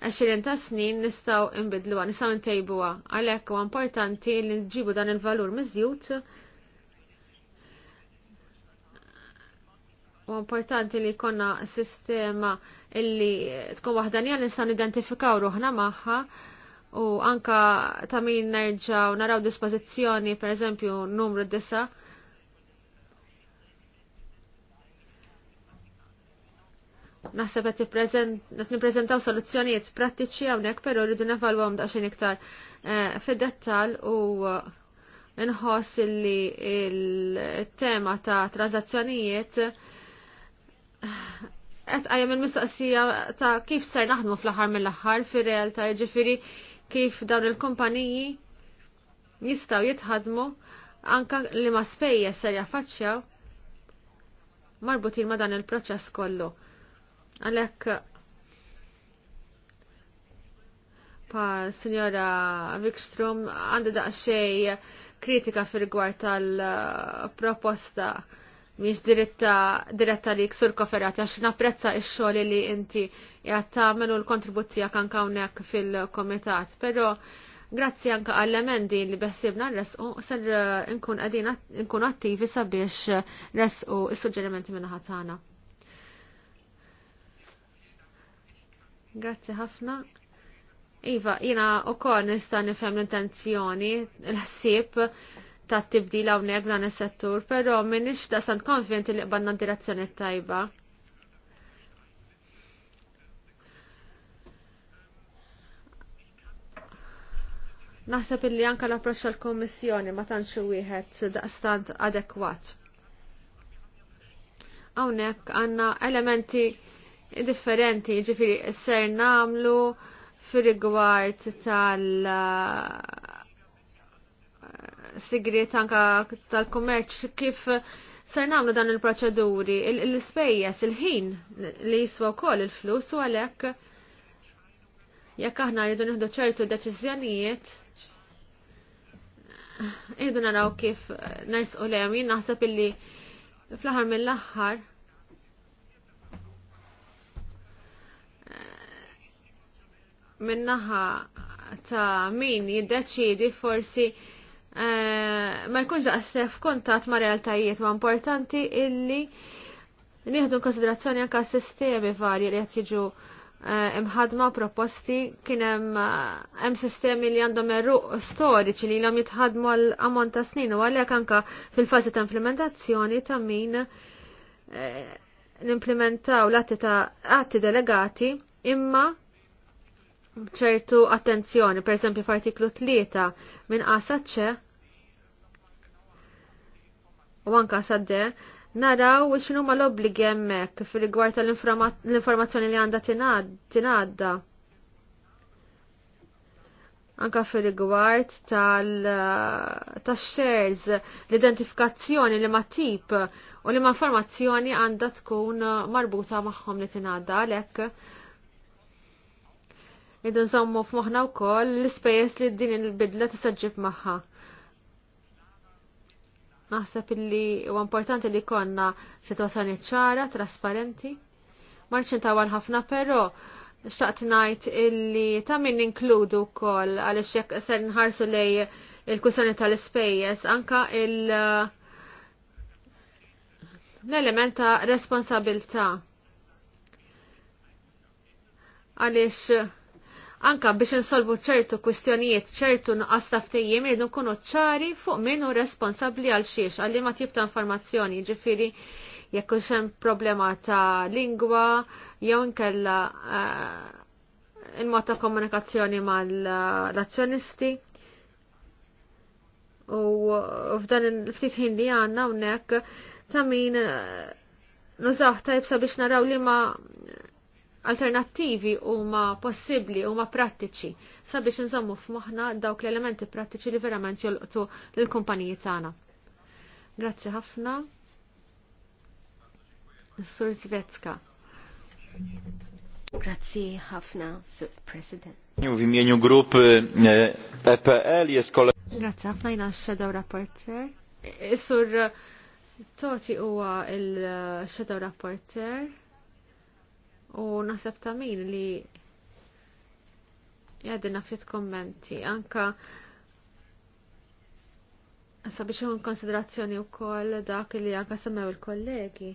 20 ta' snin nistaw imbidluwa, nistaw intejbuwa. Għalek u importanti li nġibu dan il-valur mizjut. U importanti li konna sistema illi tkun wahdanija li nistaw identifikaw ruħna maħħa u anka ta' min nerġaw naraw dispozizjoni, per eżempju, numru disa'. Naħseb qed nippreżentaw soluzzjonijiet prattiċi hawnhekk però rridu nevalwhom daqsxejn iktar eh, fid-dettall u eh, nħoss li il-tema ta' transazzjonijiet eh, qed qajjem il-mistaqsija ta' kif ser naħdmu fl-aħħar mill-aħħar fir-realtà jiġifieri kif dawn il-kumpaniji jistgħu jitħadmu anka li ma spejja ser jaffaċċjaw marbutin ma dan il-proċess kollu. Għalhekk pa Sinjora Wikstrom għandha daqsxej kritika fil-gwar tal-proposta miex diretta, diretta li ksur koferati, għax napprezza il-xoli li inti jgħattamelu l-kontribut tijak anka fil-komitat. Pero grazzi anka għall-emendi li bessibna resqu, ser nkun attivi sabiex resqu s sugġerimenti minna ħatana. Grazzi ħafna. Iva, jina u kol nista nifem l-intenzjoni, l-ħsib ta' tibdil hawnhekk dan is-settur, però da' daqstant konvinti li banna direzzjoni tajba. Naħseb illi anka l-approċċ għall-Kummissjoni ma tantx wieħed daqstant adekwat. Hawnhekk għandna elementi differenti, ġifiri, ser namlu fil-rigward tal eh, sigriet anka tal-kommerċ kif ser namlu dan il-proċeduri, l-spejjes, il-ħin li jiswa wkoll il-flus u għalhekk jekk aħna rridu nieħdu ċertu deċiżjonijiet irridu naraw kif nersqu lejhom jien naħseb illi fl-aħħar mill-aħħar minnaħa ta' min jiddeċidi forsi eh, ma jkunx daqsef kontat ma' realtajiet ma' importanti illi nieħdu konsiderazzjoni anka sistemi varji li qed jiġu eh, imħadma proposti kien eh, hemm sistemi li għandhom erruq storiċi li l jitħadmu għal ammont ta' snin u għalhekk anka fil-fażi ta' implementazzjoni ta' min nimplementaw l-atti delegati imma ċertu attenzjoni, per esempio f'artiklu 3 minn A saċċe u anka sadde naraw x'inhu ma l-obbligi hemmhekk fir-rigward tal-informazzjoni li għandha tingħadda. Anka fir-rigward tal-shares, l-identifikazzjoni li ma tip u li ma informazzjoni għandha tkun marbuta magħhom li tingħadda għalhekk Idu nżommu f'moħħna wkoll l-ispejjeż li din il-bidla tista' ġib magħha. Naħseb illi huwa importanti li konna sitwazzjoni ċara, trasparenti. Marċin tawal ħafna però xtaqt ngħid illi ta' min inkludu wkoll għaliex jekk ser nħarsu lej il-kwissjoni tal-ispejjeż anka il- l-element ta' responsabilta' għaliex Anka biex insolvu ċertu kwistjonijiet ċertu nuqqas taftejjem irridu nkunu ċari fuq min hu responsabbli għal xiex għal ma tip informazzjoni ġifiri jekk hemm problema ta' lingwa jew nkella eh, il-mod ta' komunikazzjoni mal-razzjonisti. U f'dan il-ftit ħin li għandna hawnhekk ta' min eh, nużaw tajbsa biex naraw li ma alternattivi huma possibbli huma prattiċi sabiex nżommu f'moħħna dawk l-elementi prattiċi li verament jolqtu lill-kumpaniji tagħna. Grazzi ħafna. Sur Zvezka. Grazzi ħafna, Sur President. W imieniu grupy EPL jest kolej. Grazie, ħafna jina shadow rapporter. E, Sur Toti huwa il-shadow rapporter. U naħseb ta' min li jaddi ftit kommenti anka sabiex un konsiderazzjoni u koll dak li anka semmew il-kollegi.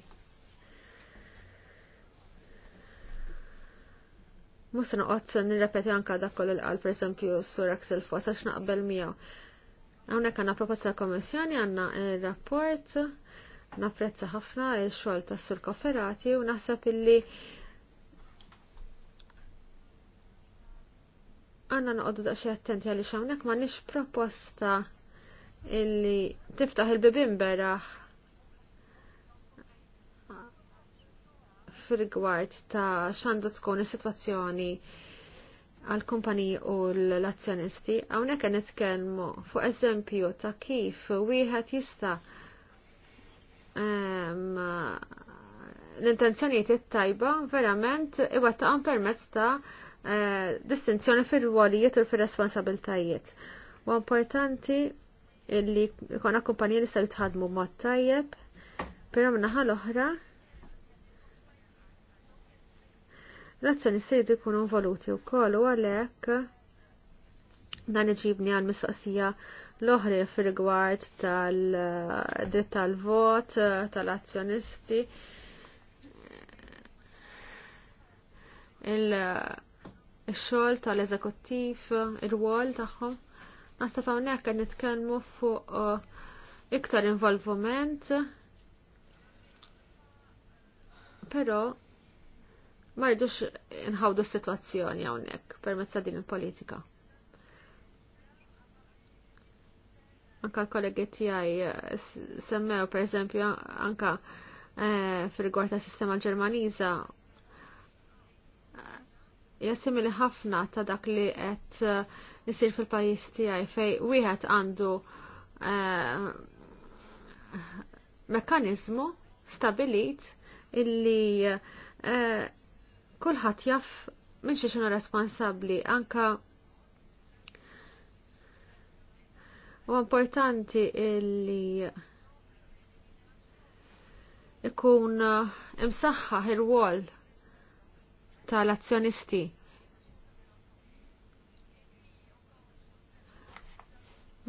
Musa noqgħod nirrepeti anka dak il-għal, qal pereżempju sur Axel Foss għax naqbel miegħu. Hawnhekk għandna proposta tal għanna għandna rapport napprezza ħafna il-xogħol tas-sur Koferati u naħseb illi għanna noqdu daqxie attenti għalli xawnek ma nix proposta illi tiftaħ il-bibin beraħ fil-gwart ta' xandu tkun is-sitwazzjoni għal kumpaniji u l-azzjonisti, għawnek għan nitkelmu fuq eżempju ta' kif wieħed jista' ehm, l-intenzjonijiet tajba verament iwettaqhom permezz ta' Eh, distinzjoni fir-rwolijiet u fir-responsabiltajiet. U importanti illi jkun kumpanija li se jitħadmu mod tajjeb, però minnaħa l-oħra l-azzjonisti jkunu involuti wkoll u għalek dan iġibni għal mistoqsija l-oħri fil-rigward tal-dritt tal-vot, tal-azzjonisti. il- ix-xogħol tal-eżekuttiv, ir-wol tagħhom. Naħseb hawnhekk qed nitkellmu fuq uh, iktar involvement. Però ma rridux s-sitwazzjoni hawnhekk permezz ta' din il-politika. Anka l-kollegi tiegħi semmew eżempju, anka eh, fil-rigward sistema Ġermaniża jassimili ħafna ta' dak li qed eh, isir fil-pajjiż tiegħi fej wieħed għandu eh, mekkanizmu stabilit illi eh, kulħadd jaf minn xi xinu responsabbli anka U importanti illi ikun imsaħħaħ il-wol tal-azzjonisti.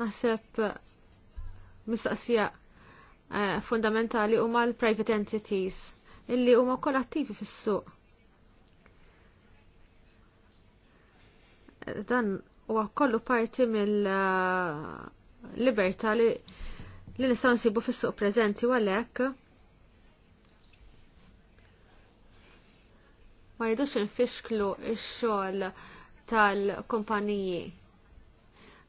Naħseb mistaqsija eh, fundamentali huma l-private entities illi huma wkoll attivi fis-suq. Dan huwa kollu parti mill-libertà eh, li li nistgħu nsibu fis-suq preżenti u għalhekk ma rridux infixklu x-xogħol tal-kumpaniji.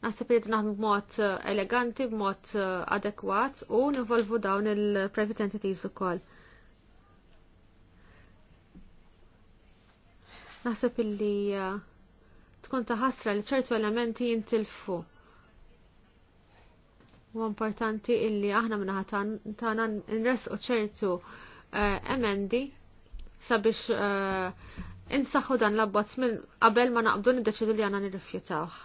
Naħseb li naħdmu b'mod eleganti, b'mod adekwat u nivolvu dawn il-private entities ukoll. Naħseb illi uh, tkun taħasra li ċertu elementi jintilfu. U importanti illi aħna minna ħatan nresqu ċertu uh, emendi sabiex eh, insaħħu dan l-abbozz minn qabel ma naqbdu niddeċidu li għana nirrifjutawh.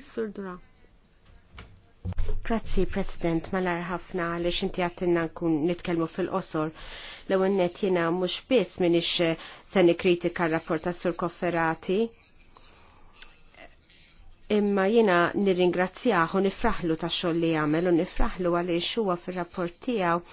Is-sur Dura. Grazzi, President, malar ħafna li xinti għattinna nkun nitkelmu fil-qosor. L-ewwel nett jiena mhux biss minix eh, se nikkritika r-rapport ta' Sur Kofferati, imma jena nirringrazzjah u nifraħlu ta' xogħol li għamel u nifraħlu għaliex huwa fir-rapport tiegħu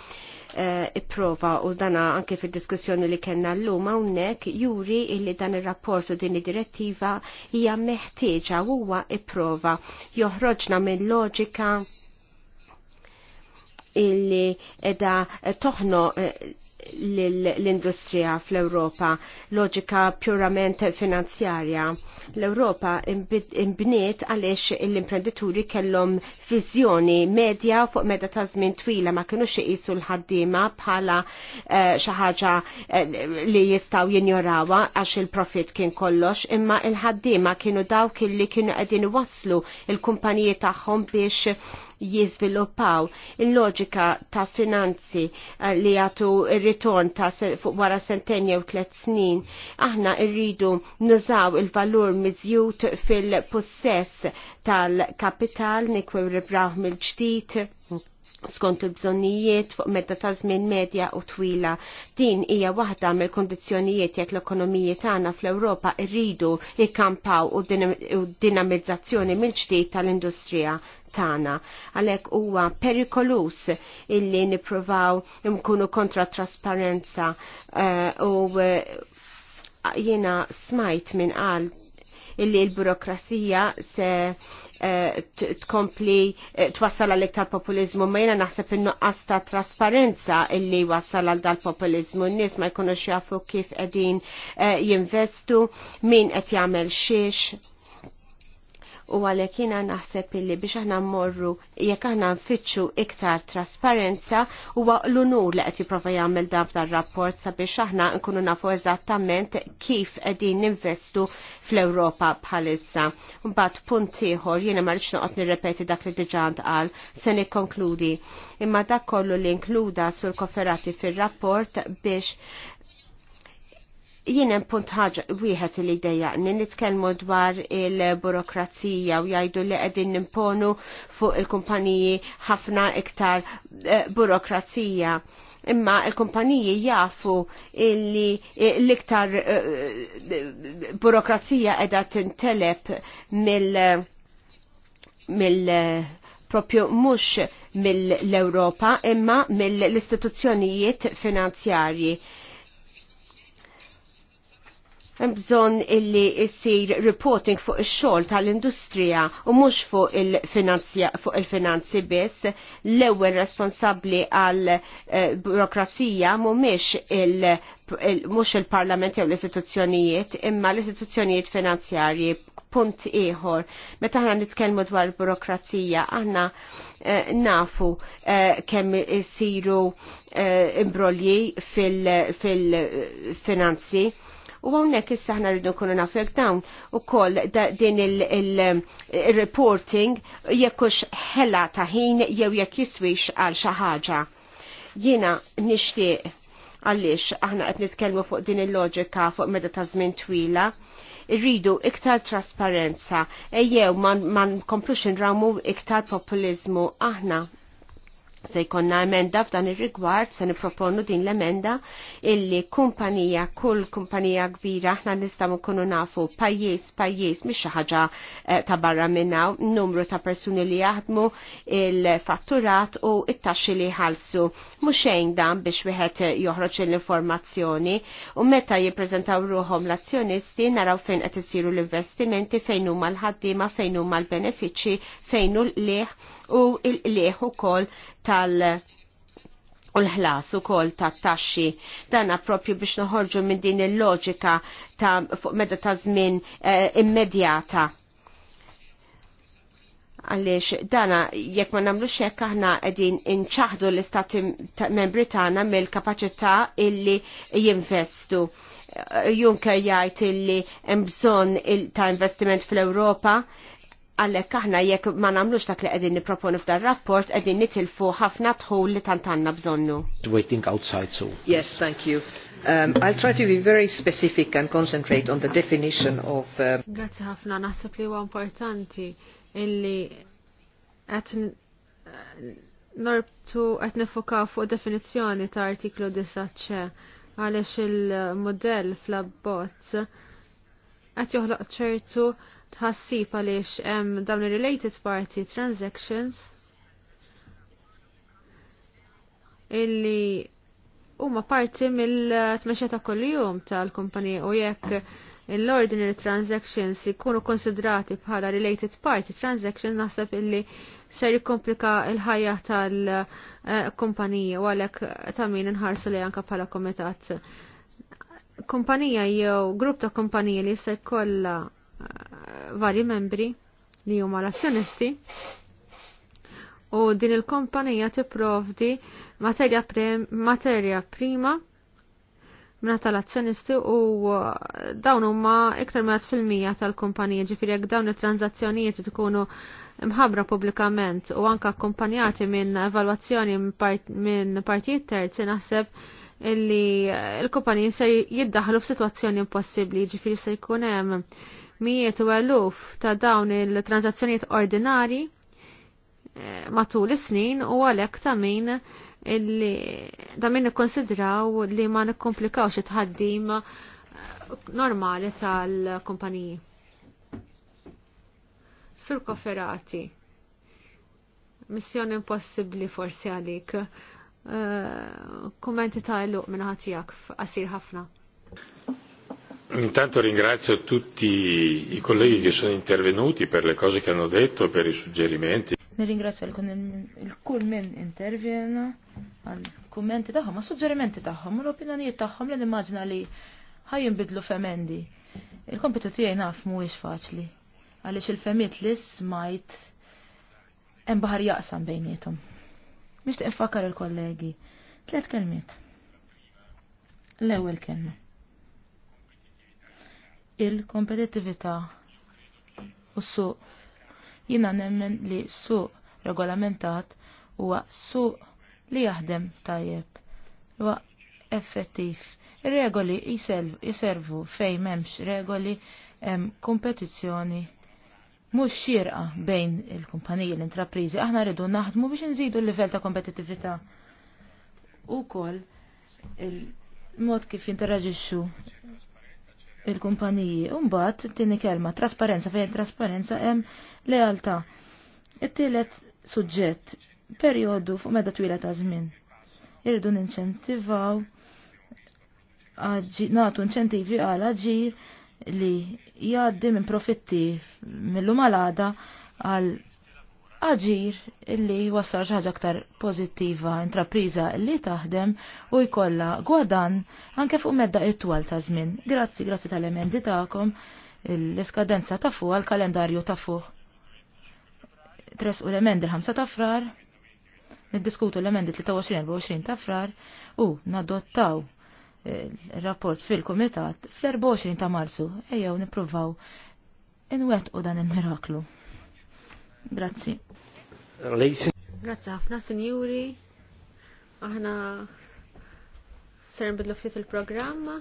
Eh, ipprova u dana anke fil-diskussjoni li kena l-lum hawnhekk juri illi dan ir-rapport u din id-direttiva hija meħtieġa u huwa ipprova joħroġna minn loġika illi edha toħno eh, l-industrija fl-Europa, loġika purament finanzjarja. L-Europa imbniet għaliex l-imprenditori kellhom viżjoni medja fuq meda ta' żmien twila ma kienux iqisu l-ħaddiema bħala eh, xi ħaġa eh, li jistgħu jinjorawa għax il-profit kien kollox, imma il-ħaddiema kienu dawk li kienu qegħdin waslu il-kumpaniji tagħhom biex jizviluppaw. Il-loġika ta' finanzi eh, li għatu il-ritorn ta' wara sentenja u tlet snin, aħna irridu nużaw il-valur miżjut fil-possess tal-kapital nikwew ribraħ mill-ġdid skont il-bżonnijiet fuq medda ta' żmien medja u twila. Din hija waħda mill-kondizzjonijiet jekk l-ekonomiji tagħna fl-Ewropa rridu jikkampaw u dinamizzazzjoni mill-ġdid tal-industrija tagħna. Għalhekk huwa perikolus illi nippruvaw nkunu kontra trasparenza eh, u eh, jiena smajt minn qal illi l-burokrasija se Eh, tkompli eh, twassal għal iktar populizmu ma jena naħseb in-nuqqas ta' trasparenza illi wassal għal dal-populizmu n-nies ma jkunux jafu kif qegħdin eh, jinvestu min qed jagħmel xiex u għalhekk naħseb illi biex aħna mmorru jekk aħna nfittxu iktar trasparenza huwa l-unur li qed jipprova jagħmel dan f'dar-rapport sabiex aħna nkunu nafu eżattament kif qegħdin ninvestu fl-Ewropa bħalissa. Mbagħad punt ieħor jiena ma rridx noqgħod nirrepeti dak li diġà ntqal se nikkonkludi. Imma dak kollu li inkluda sur koferati fir-rapport biex Jien hemm punt ħaġa wieħed li dejjaqni nitkellmu dwar il-burokrazija u jgħidu li qegħdin nimponu fuq il-kumpaniji ħafna iktar eh, burokrazija imma il-kumpaniji jafu illi eh, l-iktar eh, burokrazija edha tinteleb mill mill propju mux mill-Europa imma mill-istituzzjonijiet finanzjarji bżon illi jisir reporting fuq ix-xogħol tal-industrija u mhux fuq il-finanzi il biss. L-ewwel responsabbli għal eh, burokrazija mhumiex il, il mhux il-Parlament jew l-istituzzjonijiet imma l-istituzzjonijiet finanzjarji punt ieħor. Meta aħna nitkellmu dwar burokrazija aħna eh, nafu eh, kemm isiru eh, imbrolji fil-finanzi. Fil, fil finanzi U għonek issa ħna rridu nkunu nafek dawn u koll din il-reporting il jekkux ħela ta' ħin jew jekk jiswix għal xi ħaġa. Jiena nixtieq għaliex aħna qed nitkellmu fuq din il-loġika fuq meta ta' żmien twila irridu iktar trasparenza ejjew ma nkomplux nramu iktar populizmu aħna Se jkonna emenda f'dan ir-rigward se niproponu din l-emenda illi kumpanija kull kumpanija kbira aħna nistgħu nkunu nafu pajjiż pajjiż mhix xi ħaġa eh, ta' barra minnaw numru ta' persuni li jaħdmu il-fatturat u it-taxxi li jħallsu. Mhux xejn dan biex wieħed joħroġ l-informazzjoni u meta jippreżentaw ruhom l-azzjonisti naraw fejn qed isiru l-investimenti fejn huma l-ħaddiema fejn huma l-benefiċċji fejn hu l-liħ u il-leħ ukoll tal- u l-ħlas u kol ta' taxxi. Danna propju biex noħorġu minn din il-loġika ta' fuq meda ta' żmien eh, immedjata. Għaliex dana jekk ma namlu xekk aħna qegħdin inċaħdu l-istati membri tagħna mill-kapaċità illi jinvestu. Eh, Junker jgħid illi hemm bżonn ta' investiment fl-Ewropa, għallek aħna jekk ma namlux dak li qegħdin niproponu f'dan rapport qegħdin nitilfu ħafna tħul li tant għandna bżonnu. Waiting outside so. Yes, thank you. Um, I'll try to be very specific and concentrate on the definition of um... Grazzi ħafna naħseb li huwa importanti illi qed norbtu qed nifokaw fuq definizzjoni ta' artiklu 9 ċe għaliex il-modell fl-abbozz qed joħloq ċertu tħassib għaliex hemm dawn ir-related party transactions illi huma parti mill-tmexxa ta' kuljum tal-kumpanija u jekk l-ordinary transactions jkunu konsidrati bħala related party transaction naħseb illi ser jikkomplika l-ħajja tal-kumpanija u għalhekk ta' min inħarsu li anke bħala komitat. Kumpanija jew grupp ta' kumpanija li se jkollha Eh, vari membri li huma l-azzjonisti u din il-kompanija tipprovdi materja, materja prima minna tal-azzjonisti u eh, dawn huma iktar minn fil-mija tal-kumpanija ġifieri jekk dawn it-tranzazzjonijiet tkunu mħabra pubblikament u anka akkumpanjati minn evalwazzjoni minn partijiet terzi naħseb illi eh, l-kumpaniji ser jiddaħlu f'sitwazzjoni impossibbli ġifieri se jkun hemm mijiet u eluf ta' dawn il transazzjoniet ordinari eh, matul is-snin u għalhekk ta' min illi ta' min nikkonsidraw li ma nikkomplikawx it-ħaddim eh, normali tal-kumpaniji. Sur Koferati, missjoni impossibbli forsi għalik. Uh, Kummenti ta' l-luq minna ħatijak, għasir ħafna. Intanto ringrazio tutti i colleghi che sono intervenuti per le cose che hanno detto per i suggerimenti. Nirringrazzja interviene, kull commenti da ma kummenti tagħhom, għal-suġġerimenti tagħhom, l-opinjonijiet tagħhom li nimmaġna li bidlo f'emendi. il ti tiegħi naf mhuwiex faċli għaliex il-femiet li smajt hemm baħar jaqsam bejnietom. Mixtieq infakkar il-kollegi. tlet kelmiet. L-ewwel kelma il-kompetittività u s-suq. Jina nemmen li suq regolamentat huwa suq li jaħdem tajjeb huwa effettiv. Ir-regoli jiservu fejn m'hemmx regoli hemm kompetizzjoni mhux xierqa bejn il-kumpaniji l-intrapriżi. Aħna rridu naħdmu biex nżidu l-livell ta' kompetittività. Ukoll il-mod kif jinteraġixxu il-kumpaniji. Umbat, tini kelma, trasparenza, fejn trasparenza hemm lealtà. It-tielet suġġett, periodu fuq medda twila ta' żmien. Irridu ninċentivaw natu inċentivi għal aġir li jgħaddi minn profitti mill-lumalada għal aġir illi wassal ħaġa aktar pozittiva, intrapriża li taħdem u jkollha gwadan anke fuq medda it-twal ta' żmien. Grazzi, grazzi tal-emendi tagħkom, l-iskadenza ta' fuq għal-kalendarju ta' fuq. Tres u l-emendi l-ħamsa ta' frar, niddiskutu l-emendi 23-24 ta' frar u nadottaw il-rapport eh, fil-komitat fl-24 ta' marzu, ejjew nipruvaw in-wet u dan il-miraklu. Grazzi. Grazzi ħafna, sinjuri. Aħna ser nbidlu ftit il-programm.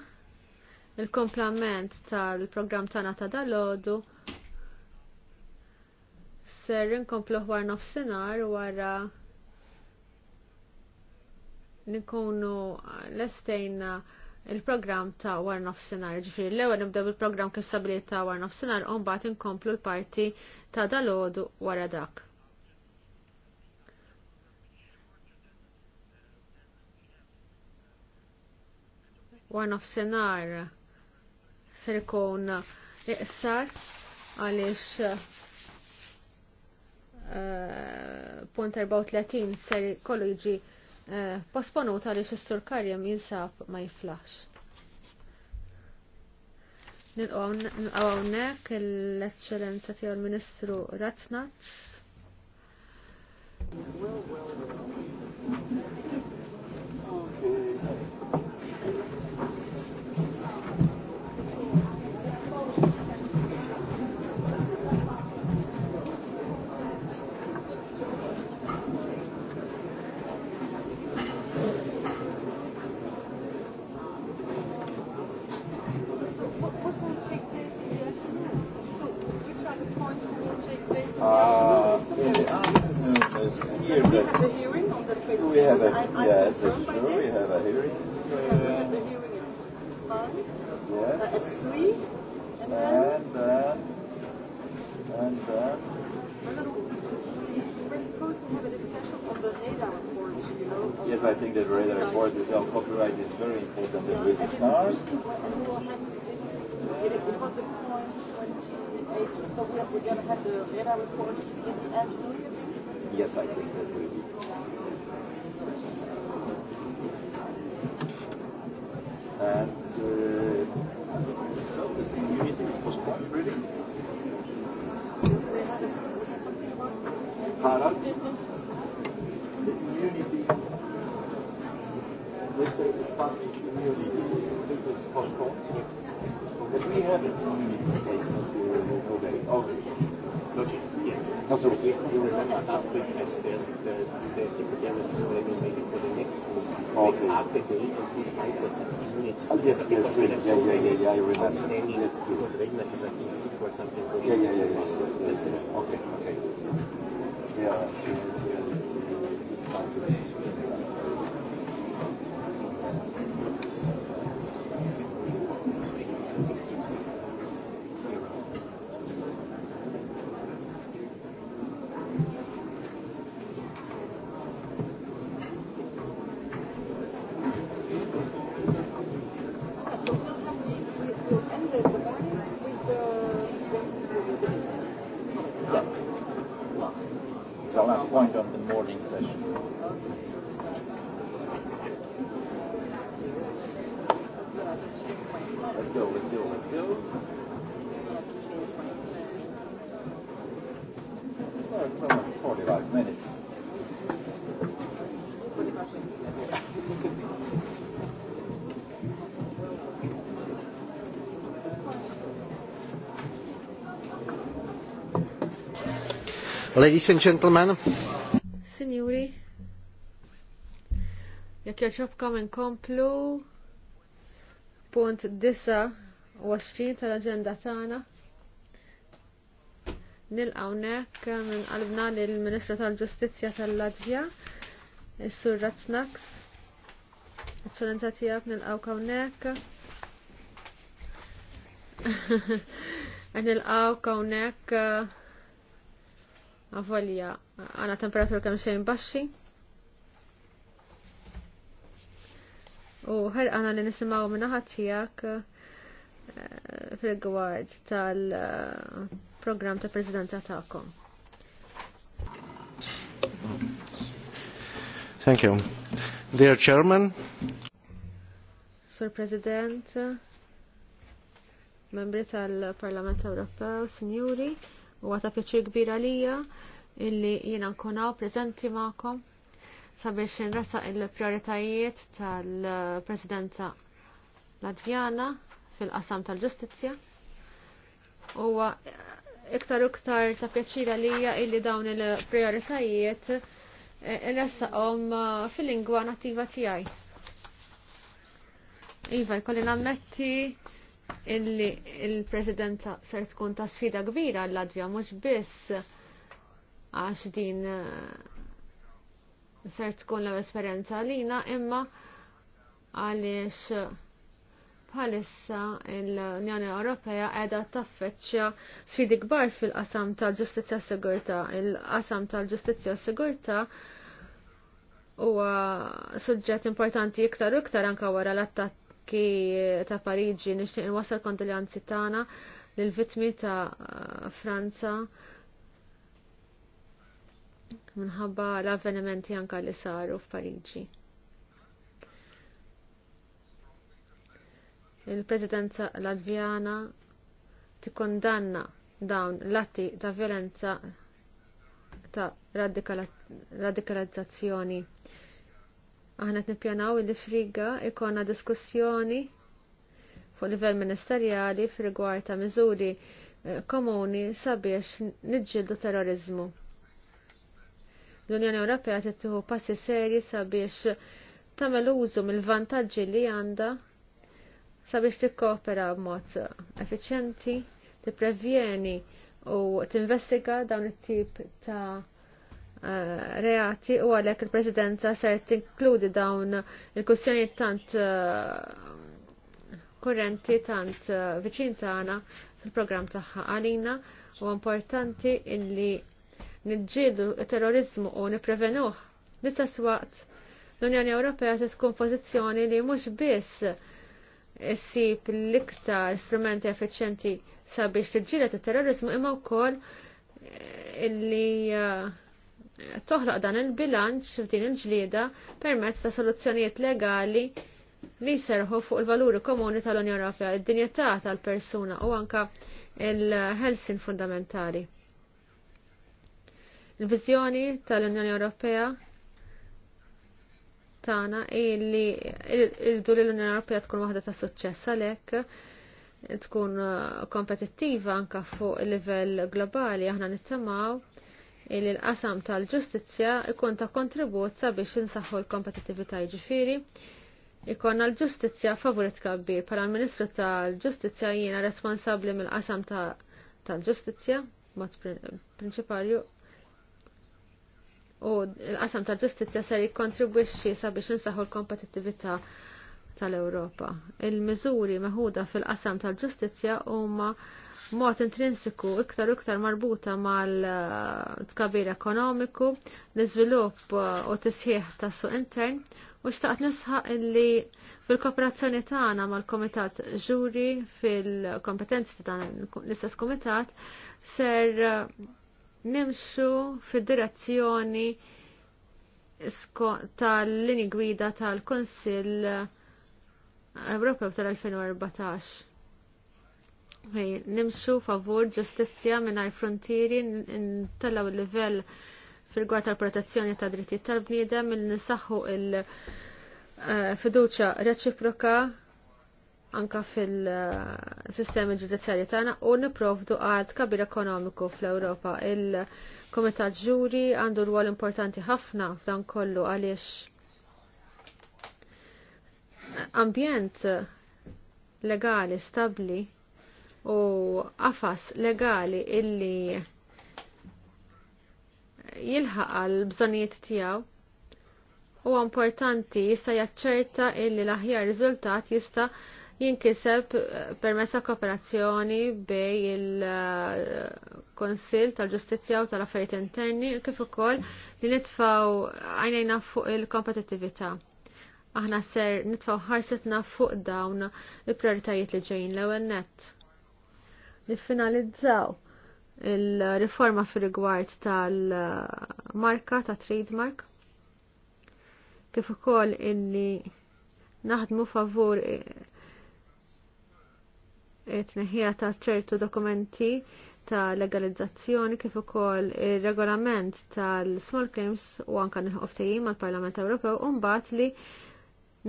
Il-komplement tal-programm tagħna ta' dalodu ser inkomplu war nofsinhar wara nikunu lestejna il-programm ta' War Nofsenar. Ġifiri l-ewwel nibda bil-program kif stabiliet ta' War Nofsenar u bat inkomplu l-parti ta' dalodu wara dak. War Nofsenar ser ikun iqsar għaliex eh, punt 34 ser kollu jiġi Eh, posponuta li xistur karjem jinsab ma jiflax. nil hawnhekk l eccellenza tiegħu l-Ministru Ratzna. we have a, I, yes, it's true, we have a hearing. Uh, yes. uh, and, then, and then, we're supposed to have a discussion on the radar report, you know. Yes, I think that radar report is on copyright is very important that we discuss. we have we're, have the radar report in the afternoon, Yes, I think that will be. And uh, so the senior meeting is postponed, really? Harald? The immunity, Mr. Uspasi, immunity is, postponed. But we have it. Okay. Oh, yes, yes, yes, yeah, yeah, yeah, yeah, I remember. Outstanding, yes, yeah, yeah, yeah, yeah, Okay, okay. Yeah, she is, yeah, it's fine. Ladies and gentlemen. Signori. Jekk jaċabka minn inkomplu punt disa 29 tal-agenda tana. tagħna. Nilqawnek minn qalbna lill-Ministru tal ġustizja tal latvija is-Sur Ratsnaks. Eccellenza tijak tiegħek nilqawk hawnhekk. Nilqawk hawnhekk Għavolja, għana temperatur kemm xejn baxxi. U ħer għana li nisimaw minnaħat tijak eh, fil-gward tal-program ta' prezidenza ta'kom. Thank you. Dear Chairman, Sir President, membri tal-Parlament Ewropew, Signori, U għata pieċir kbira lija illi jina nkunaw prezenti maqom sabiex nrasa il-prioritajiet tal-presidenza Latvjana fil-qasam tal-ġustizja. Huwa iktar u iktar ta' pjaċira lija illi dawn il-prioritajiet eh, om eh, fil-lingwa nattiva tiegħi. Iva, jkolli nammetti illi il president ser tkun ta' sfida kbira l latvja mhux biss għax din eh, ser tkun l esperjenza għalina imma għaliex bħalissa l-Unjoni Ewropea qiegħda taffeċċja sfidi kbar fil-qasam tal-ġustizzja sigurtà. Il-qasam tal-ġustizzja sigurtà huwa suġġett importanti iktar u iktar anka wara l attat attakki ta' Pariġi nixtieq inwassal kondoljanzi tagħna lill-vittmi ta' Franza minħabba l-avvenimenti anka li saru f'Pariġi. Il-Presidenza Latvjana tikkondanna dawn l-atti ta' violenza ta' radikalizzazzjoni. Aħna qed nippjanaw li friga ikonna diskussjoni fuq livell ministerjali f'rigward ta' miżuri eh, komuni sabiex niġġieldu terrorizmu. L-Unjoni Ewropea tittieħu passi serji sabiex tagħmel użu mill-vantaġġi li għandha sabiex tikkopera b'mod effiċjenti, tipprevjeni u tinvestiga dawn it-tip ta' reati u għalhekk il-Presidenza ser tinkludi dawn il kussjoni tant eh, kurrenti tant eh, viċin tagħna fil-programm tagħha għalina u importanti illi niġġieldu terrorizmu u nipprevenuh l-istess waqt l-Unjoni Ewropea se tkun pożizzjoni li mhux biss issib l-iktar strumenti effiċjenti sabiex tiġġieled it-terrorizmu imma wkoll eh, illi uh, toħloq dan il-bilanċ f'din il-ġlieda permezz ta' soluzzjonijiet legali li serħu fuq il-valuri komuni tal-Unjoni Ewropea, id-dinjetà tal-persuna u anka il-ħelsin fundamentali. Il-vizjoni tal-Unjoni Ewropea tagħna li irdu li l-Unjoni Ewropea tkun waħda ta' suċċess għalhekk tkun kompetittiva anka fuq il-livell globali aħna nittamaw il l-qasam tal-ġustizzja ikun ta' kontribut sabiex insaħħu l-kompetitività ġifiri. Ikonna l-ġustizzja favorit kabbir. Pala l-Ministru tal-ġustizzja jiena responsabli mill-qasam tal-ġustizzja, mod prinċipalju. U l-qasam tal-ġustizzja ser jikkontribwixxi sabiex insaħħu l-kompetittività tal-Ewropa. Il-miżuri meħuda fil-qasam tal-ġustizzja huma mod intrinsiku iktar iktar marbuta mal tkabir ekonomiku, l-iżvilupp uh, u tisħiħ tas suq intern u xtaqt nisħaq illi fil-kooperazzjoni tagħna mal-Komitat Ġuri fil-kompetenzi tagħna l-istess Komitat ser uh, nimxu fid-direzzjoni tal-lini gwida tal-Konsil Ewropew tal-2014 nimxu favur ġustizzja mingħajr frontieri n-tallaw il-livell fil-gwar tal-protezzjoni ta' drittijiet tal-bniedem il nisaħħu eh, il-fiduċa reċiproka anka fil-sistemi ġudizzjarji tagħna u niprovdu għad kabir ekonomiku fl-Ewropa. Il-Komitat Ġuri għandu rwol importanti ħafna f'dan kollu għaliex ambjent legali stabli u qafas legali illi jilħaq għal bżonijiet tiegħu huwa importanti jista' jaċċerta illi l-aħjar riżultat jista' jinkiseb eh, permezz ta' kooperazzjoni bej il-Konsil tal-Ġustizzja u tal-Affarijiet Interni kif ukoll li nitfgħu għajnejna fuq il-kompetittività. Aħna ser nitfgħu ħarsetna fuq dawn il-prioritajiet li ġejjin l-ewwel nett niffinalizzaw il-riforma fir rigward tal-marka ta' trademark kif ukoll illi naħdmu favur it-tneħija ta' ċertu dokumenti ta' legalizzazzjoni kif ukoll ir-regolament tal-small claims u anka nħoftejjim mal-Parlament Ewropew u mbagħad li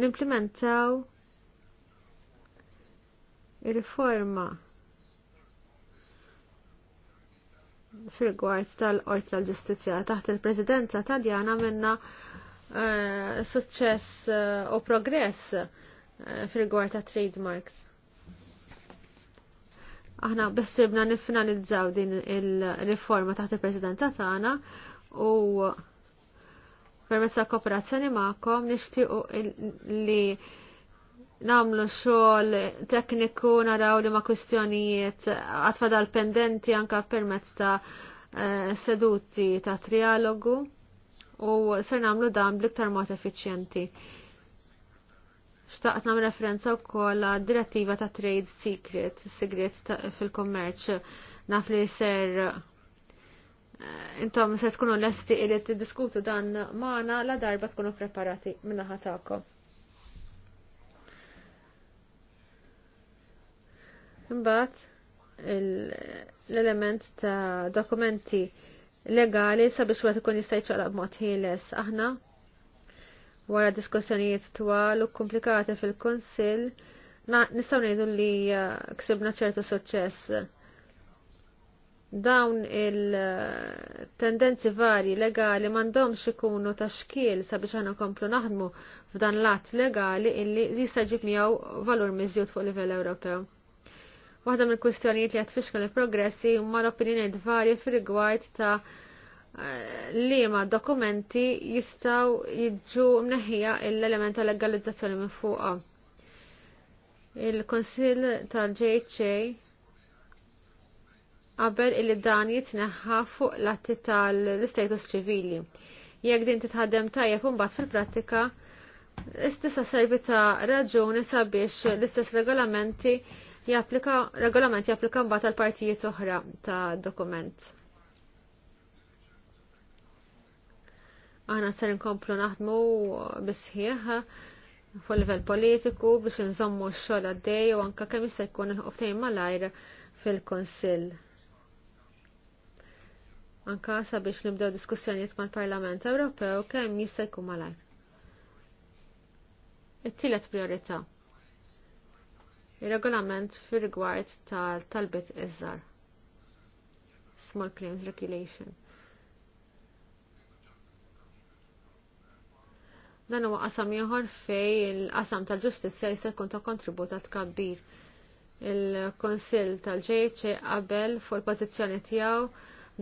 nimplementaw ir-riforma fil-gwart tal-Qorti tal-Ġustizzja taħt il-Presidenza Taljana minna eh, suċċess eh, u progress eh, fil-gwart ta' trademarks. Aħna bessibna nifinalizzaw din il-riforma taħt il-Presidenza tagħna u permessa kooperazzjoni ma'kom nixtiequ li namlu xogħol tekniku naraw li ma kwistjonijiet għatfadal pendenti anka permezz ta' eh, seduti ta' trialogu u ser namlu dan bliktar mod effiċjenti. Xtaqt nam referenza u kolla direttiva ta' trade secret, sigret fil-kommerċ, naf li ser eh, intom se tkunu lesti li t-diskutu dan maħna la darba tkunu preparati minna ħatakom. Imbagħad l-element ta' dokumenti legali sabiex wieħed ikun jista' jċaqlaq b'mod ħieles aħna wara diskussjonijiet twal u komplikati fil-Kunsill nistgħu ngħidu li uh, ksibna ċertu suċċess dawn il-tendenzi varji legali m'għandhomx ikunu ta' xkiel sabiex aħna komplu naħdmu f'dan l-att legali illi jista' jġib miegħu valur miżjud fuq livell Ewropew. Waħda mill kwistjonijiet li għatfixka l-progressi huma l-opinjoniet varji fir-rigward ta' eh, li ma dokumenti jistaw jidġu mneħija l-element tal legalizzazzjoni minn fuqa. Il-Konsil tal-JHA qabel illi dan jitneħħa fuq l-atti tal-istatus ċivili. Jekk din titħaddem tajjeb imbagħad fil-prattika, istessa servi ta' raġuni sabiex l-istess regolamenti japplika regolament japplika mbagħad tal partijiet oħra ta' dokument. Aħna ser inkomplu naħdmu bisħieħ fuq livell politiku biex nżommu x-xogħol għaddej u anke kemm jista' jkun il-ħoftejn malajr fil-Kunsill. Anka sabiex nibdew diskussjonijiet mal-Parlament Ewropew kemm jista' jkun malajr. It-tielet priorità' il-regolament fil-rigward tal talbiet iż-żar. Small Claims Regulation. Dan huwa qasam ieħor fej il-qasam tal-ġustizzja jista' jkun ta' kontribut għal tkabbir. Il-Konsill tal jc qabel fuq il-pożizzjoni tiegħu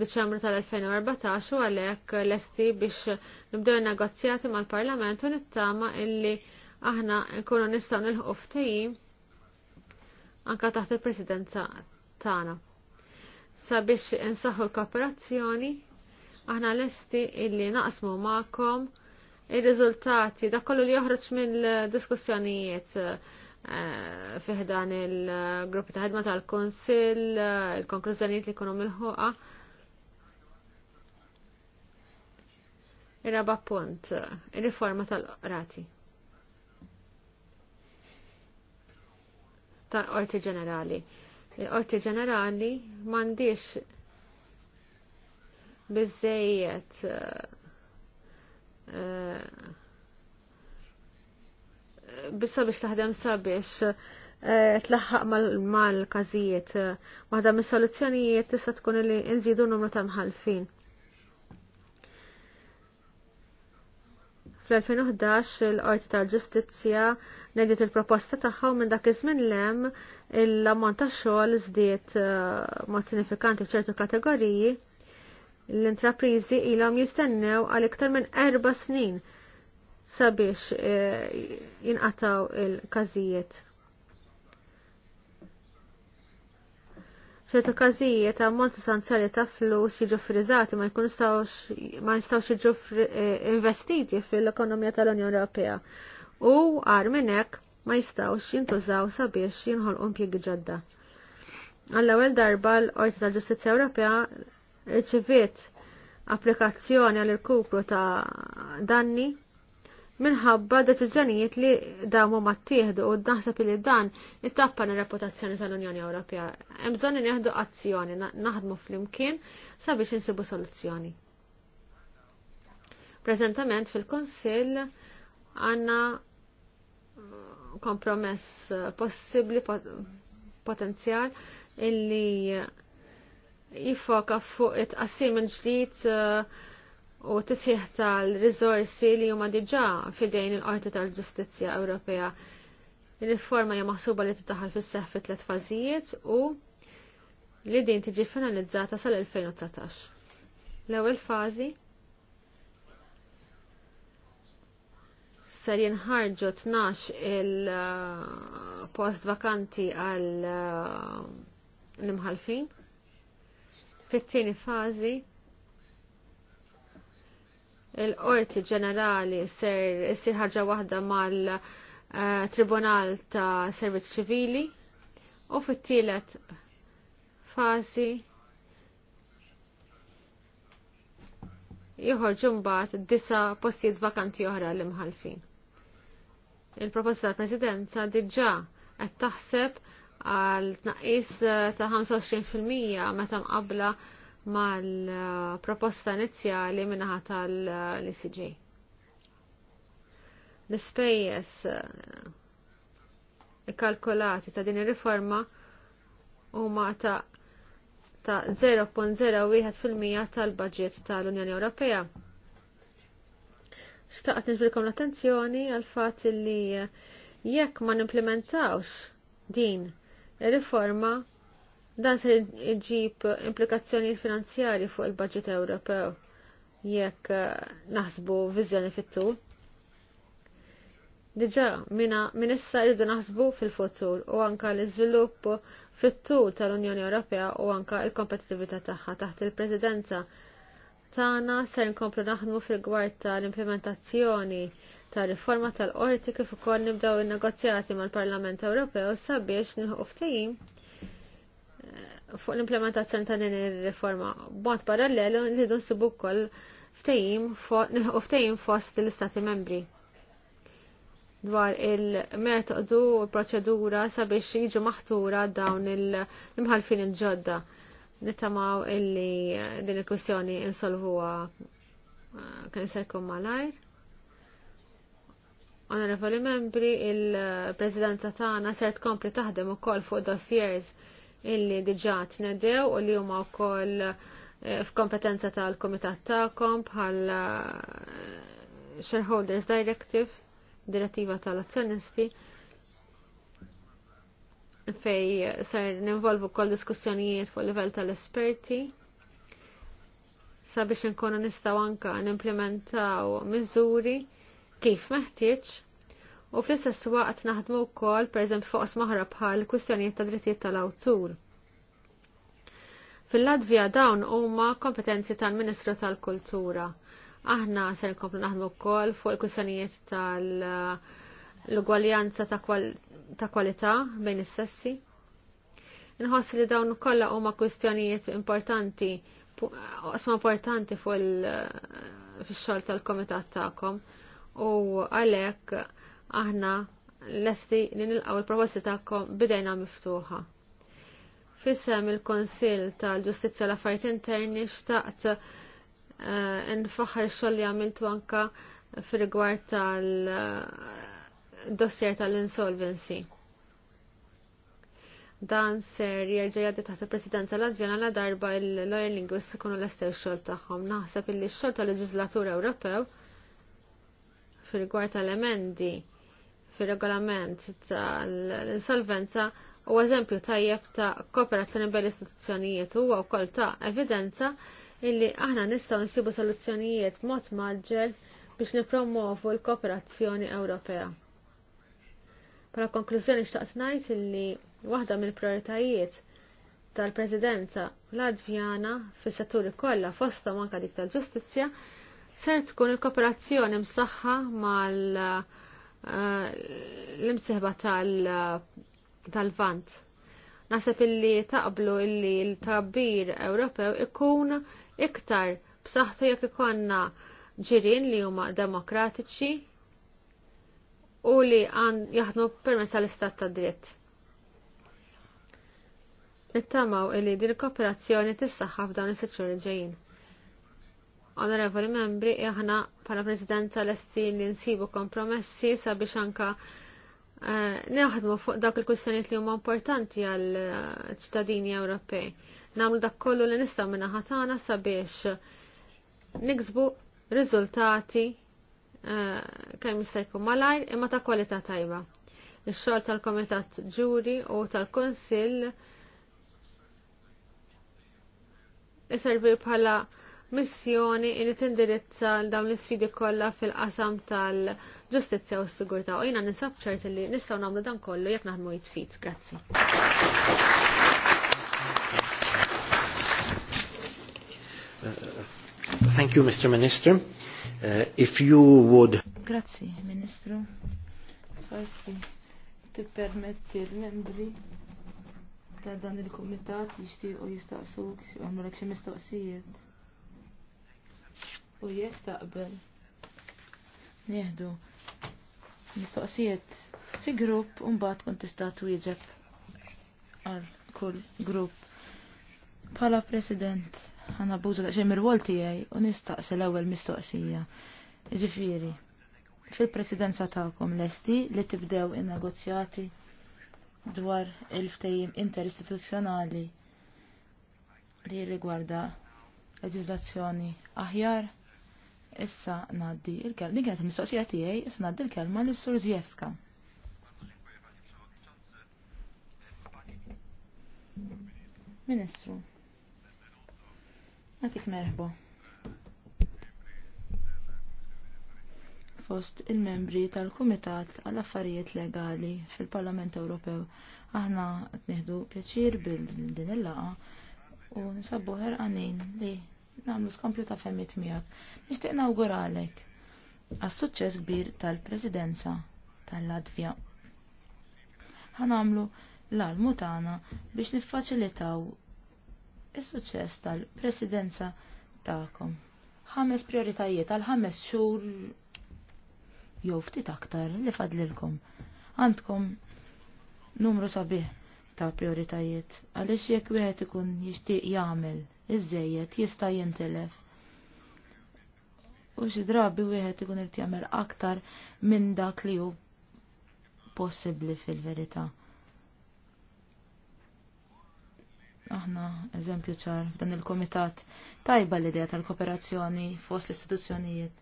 Deċembru tal-2014 u għalhekk lesti biex nibdew negozjati mal-Parlament u nittama illi aħna nkunu nistgħu nilħu ftehim anka taħt il-presidenza tagħna. Sabiex insaħħu l-kooperazzjoni, aħna lesti illi naqsmu magħkom ir-riżultati dak kollu li joħroġ mill-diskussjonijiet eh, fiħdan il-gruppi ta' ħedma tal-Konsil, il-konklużjonijiet li jkunu mill-ħuqa. Ir-raba punt, ir-riforma tal-qrati. ta' orti Ġenerali. Il-Qorti Ġenerali m'għandix bizzejiet bissa eh, eh, biex taħdem sabiex eh, tlaħħaq mal-każijiet. Waħda mis-soluzzjonijiet tista' tkun li nżidu numru ta' mħalfin. Fl-2011 il-Qorti tal-Ġustizzja nedit il-proposta tagħhom minn dak iż-żmien lem l-ammont ta' xogħol żdied eh, mod sinifikanti f'ċertu kategoriji l-intraprizi ilhom jistennew għal iktar minn erba' snin sabiex eh, jinqataw il-każijiet. ċertu każijiet ammont sostanzjali ta' flus jiġu frizzati ma jkun ma jistgħux jiġu eh, investiti fil-ekonomija tal-Unjoni Ewropea u għar minn hekk ma jistawx jintużaw sabiex jinħolqu impjiegi ġodda. Għall-ewwel darba l-Qorti tal-Ġustizzja Ewropea rċiviet applikazzjoni għal irkupru ta' danni minħabba deċiżjonijiet li damu ma ttieħdu u naħseb li dan ittappan ir-reputazzjoni tal-Unjoni Ewropea. Hemm bżonn nieħdu azzjoni naħdmu flimkien sabiex insibu soluzzjoni. Preżentament fil-Kunsill għanna uh, kompromess uh, possibli potenzjal illi jifoka fuq it-qassim il-ġdid uh, u t-sieħ tal-rizorsi li huma diġà fidejn il-Qorti tal-Ġustizzja Ewropea. Il-riforma hija maħsuba li titaħal fis-seħħ fi tliet fażijiet u li din tiġi finalizzata sal-2019. L-ewwel fażi ser jinħarġu 12 il-post vakanti għal uh, l-imħalfin. Fit-tieni fażi il-qorti ġenerali ser issir wahda waħda mal-Tribunal uh, ta' Servizz Ċivili u fit-tielet fażi jħorġu mbagħad disa postijiet vakanti oħra l-imħalfin il-proposta tal-Presidenza diġà qed taħseb għal tnaqqis eh, ta' 25% meta mqabla mal-proposta inizjali minnaħa tal-ECJ. L-ispejjeż eh, ikkalkolati ta' din ir-riforma huma ta' ta' 0.01% tal-budget tal-Unjoni Ewropea Xtaqt nizbilkom l-attenzjoni għal fat li jekk ma nimplementawx din il-riforma dan se jġib implikazzjonijiet finanzjarji fuq il-budget Ewropew jekk eh, naħsbu viżjoni fit-tul. Diġa, minna min issa naħsbu fil-futur u anka l-iżvilupp fit-tul tal-Unjoni Ewropea u anka l kompetitività tagħha taħt il-Presidenza tagħna ser nkomplu naħdmu fil-gwart tal-implementazzjoni ta' riforma tal-qorti kif ukoll nibdew in-negozjati mal-Parlament Ewropew sabiex nilħu ftehim eh, fuq l-implementazzjoni ta' din ir-riforma. B'mod parallelu nridu nsibu wkoll ftehim fost l-Istati Membri dwar il-metodu u proċedura sabiex jiġu maħtura dawn il-imħalfin il-ġodda. il imħalfin il ġodda il il ġodda nittamaw illi din il-kwistjoni insolvuwa eh, kan sekkum malajr. Onorevoli membri, il-Presidenza tagħna ser tkompli taħdem ukoll fuq dossiers illi diġà tnedew u li huma wkoll eh, f'kompetenza tal-Kumitat tagħkom bħal eh, Shareholders Directive, direttiva tal-azzjonisti fej ser ninvolvu kol diskussjonijiet fuq livell tal-esperti sabiex nkunu nistaw anka nimplementaw miżuri kif meħtieġ u fl-istess waqt naħdmu wkoll pereżempju fuq smaħra bħal kwistjonijiet ta' drittijiet tal-awtur. Fil-Latvija dawn huma kompetenzi tal-Ministru tal-Kultura. Aħna se nkomplu naħdmu wkoll fuq il-kwistjonijiet tal-, -kultura l-ugwaljanza ta' kwalità bejn is-sessi. Inħoss li dawn kollha huma kwistjonijiet importanti qosma importanti fuq il-xogħol tal-komitat tagħkom u għalhekk aħna lesti li nilqgħu il-proposti tagħkom bidejna miftuħa. Fissem il-Konsil tal-Ġustizzja l-Affarijiet Interni xtaqt eh, nfaħħar x-xogħol li għamiltu anka fir-rigward tal- dossier tal-insolvency. Dan ser jerġa' jgħaddi taħt il-Presidenza Latvjana la darba il lawyer linguist ikunu l ester xogħol tagħhom. Naħseb illi x-xogħol tal-Leġislatur Ewropew fil-rigward tal-emendi fil-regolament tal-insolvenza u eżempju tajjeb ta' kooperazzjoni bel istituzzjonijiet huwa wkoll ta' evidenza illi aħna nistgħu nsibu soluzzjonijiet mod maġġel biex nipromovu l-kooperazzjoni Ewropea. Pala konklużjoni xtaqt ngħid illi waħda mill-prioritajiet tal-Presidenza Latvjana fis-setturi kollha fosta manka dik tal-ġustizzja ser tkun il-kooperazzjoni msaħħa mal eh, l imsiħba tal-Vant. Nasab illi taqblu illi l-tabbir Ewropew ikun iktar b'saħħtu jekk ikonna ġirien li huma demokratiċi u li għan jaħdmu permess tal-istat ta' dritt. Nittamaw illi din kooperazzjoni tissaħħa dawn is-sitxur ġejjin. Onorevoli membri, aħna bħala Presidenza l-estin li nsibu kompromessi sabiex anka eh, naħdmu fuq dak il-kustanijiet li huma importanti għal eh, ċittadini Ewropej. Namlu dak kollu li nistgħu minna ħatana sabiex niksbu riżultati Eh, kemm jista' jkun malajr imma ta' kwalità tajba. Ix-xogħol tal-Komitat Ġuri u tal-Kunsill iservi bħala missjoni li tindirizza l dawn l-isfidi kollha fil-qasam tal-ġustizzja u s-sigurtà u jiena ninsab ċert li nistgħu nagħmlu dan kollu jekk naħdmu jitfit. Grazzi. Thank you, Mr. Minister. Uh, if you would... Grazzi, Ministru. ti tippermetti l-membri ta' dan il-komitat jishtiqu jistaqsuk si għamlek xi mistoqsijiet. U jekk taqbel nieħdu mistoqsijiet fi grupp u mbagħad kun tista' twieġeb għal kull grupp. Pala President, ħana buza ta' mir-rwol tiegħi u nistaqsi l-ewwel mistoqsija. Ġifiri, fil-presidenza tagħkom lesti li tibdew in-negozjati dwar il-ftehim interistituzzjonali li rigwarda leġiżlazzjoni aħjar issa ngħaddi il-kelma li mistoqsija tiegħi issa naddi il kelma s sur Zjewska. Ministru. Għatik merħba. Fost il-membri tal-Kumitat għall-Affarijiet Legali fil-Parlament Ewropew. Aħna nieħdu pjaċir bil-din il-laqa u nsabbu ħerqanin li namlu skompju ta' femmit miegħek. Nixtieq nawguralek għas-suċċess kbir tal-Presidenza tal-Latvja ħanamlu l-almu tagħna biex niffaċilitaw is-suċċess tal-presidenza tagħkom. Ħames prioritajiet għal ħames xhur jew ftit aktar li fadlilkom. Għandkom numru sabiħ ta' prioritajiet għaliex jekk wieħed ikun jixtieq jagħmel iżejjed jista' jintelef. U xi drabi wieħed ikun irid jagħmel aktar minn dak li hu possibbli fil-verità. Aħna eżempju ċar f'dan il-komitat tajba l-idea tal-kooperazzjoni fost l-istituzzjonijiet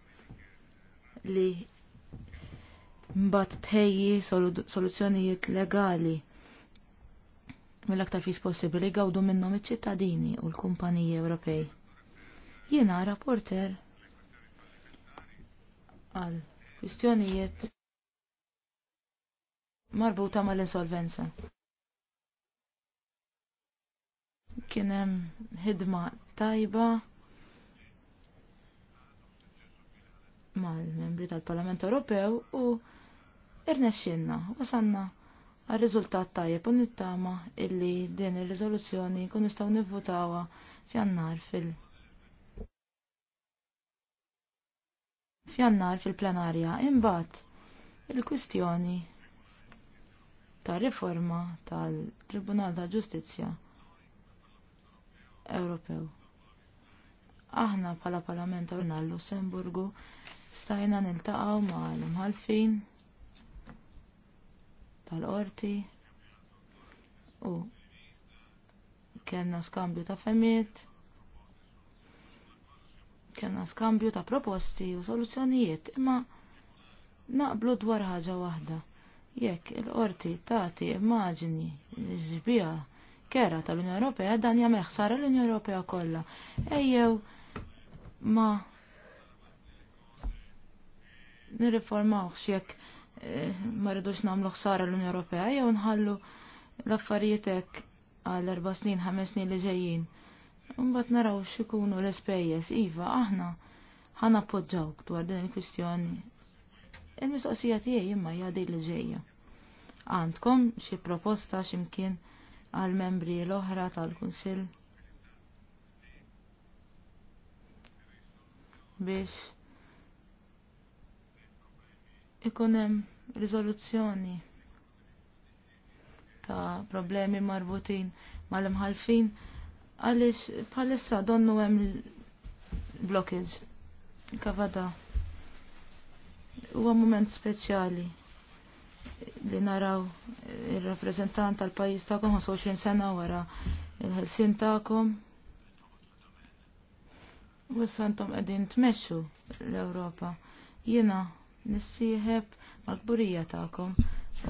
li mbagħad tħejji soluzzjonijiet legali mill-aktar fis possibbli għawdu minnhom iċ-ċittadini u l-kumpaniji Ewropej. Jiena rapporter għal kwistjonijiet marbuta mal-insolvenza. Kien hemm ħidma tajba mal-membri tal-Parlament Ewropew u irnexxinna wasanna għal riżultat tajjeb u nittama illi din ir-riżoluzzjoni kun nistgħu nivvutawha f'jannar fil- f'jannar fil-plenarja imbagħad il-kwistjoni tar riforma tal-Tribunal ta' Ġustizzja. Ewropew. Aħna bħala Parlament Ewropew Lussemburgu stajna niltaqgħu mal mħalfin tal-qorti u kena skambju ta' femiet, kellna skambju ta' proposti u soluzzjonijiet, imma naqblu dwar ħaġa waħda. Jekk il-qorti tagħti immaġini ġbija kera tal-Unjoni Ewropea dan jagħmel ħsara l-Unjoni Ewropea kollha. Ejjew ma nirriformawx jekk eh, ma rridux nagħmlu ħsara l-Unjoni Ewropea jew nħallu l-affarijiet hekk għal erba' snin, ħames snin li ġejjin. Mbagħad naraw x'ikunu l-ispejjeż iva aħna ħana appoġġawk dwar din il-kwistjoni. Il-mistoqsija tiegħi imma hija din li ġejja. Għandkom xi proposta x'imkien għal membri l-oħra tal-Kunsill biex ikun hemm riżoluzzjoni ta' problemi marbutin mal-imħalfin għaliex bħalissa donnu hemm blockage kavada huwa moment speċjali li naraw il-rappresentant tal-pajis ta'kom 25 sena wara il-ħelsin ta'kom. U santom għedin tmexxu l europa Jena nissiħeb mal burija ta'kom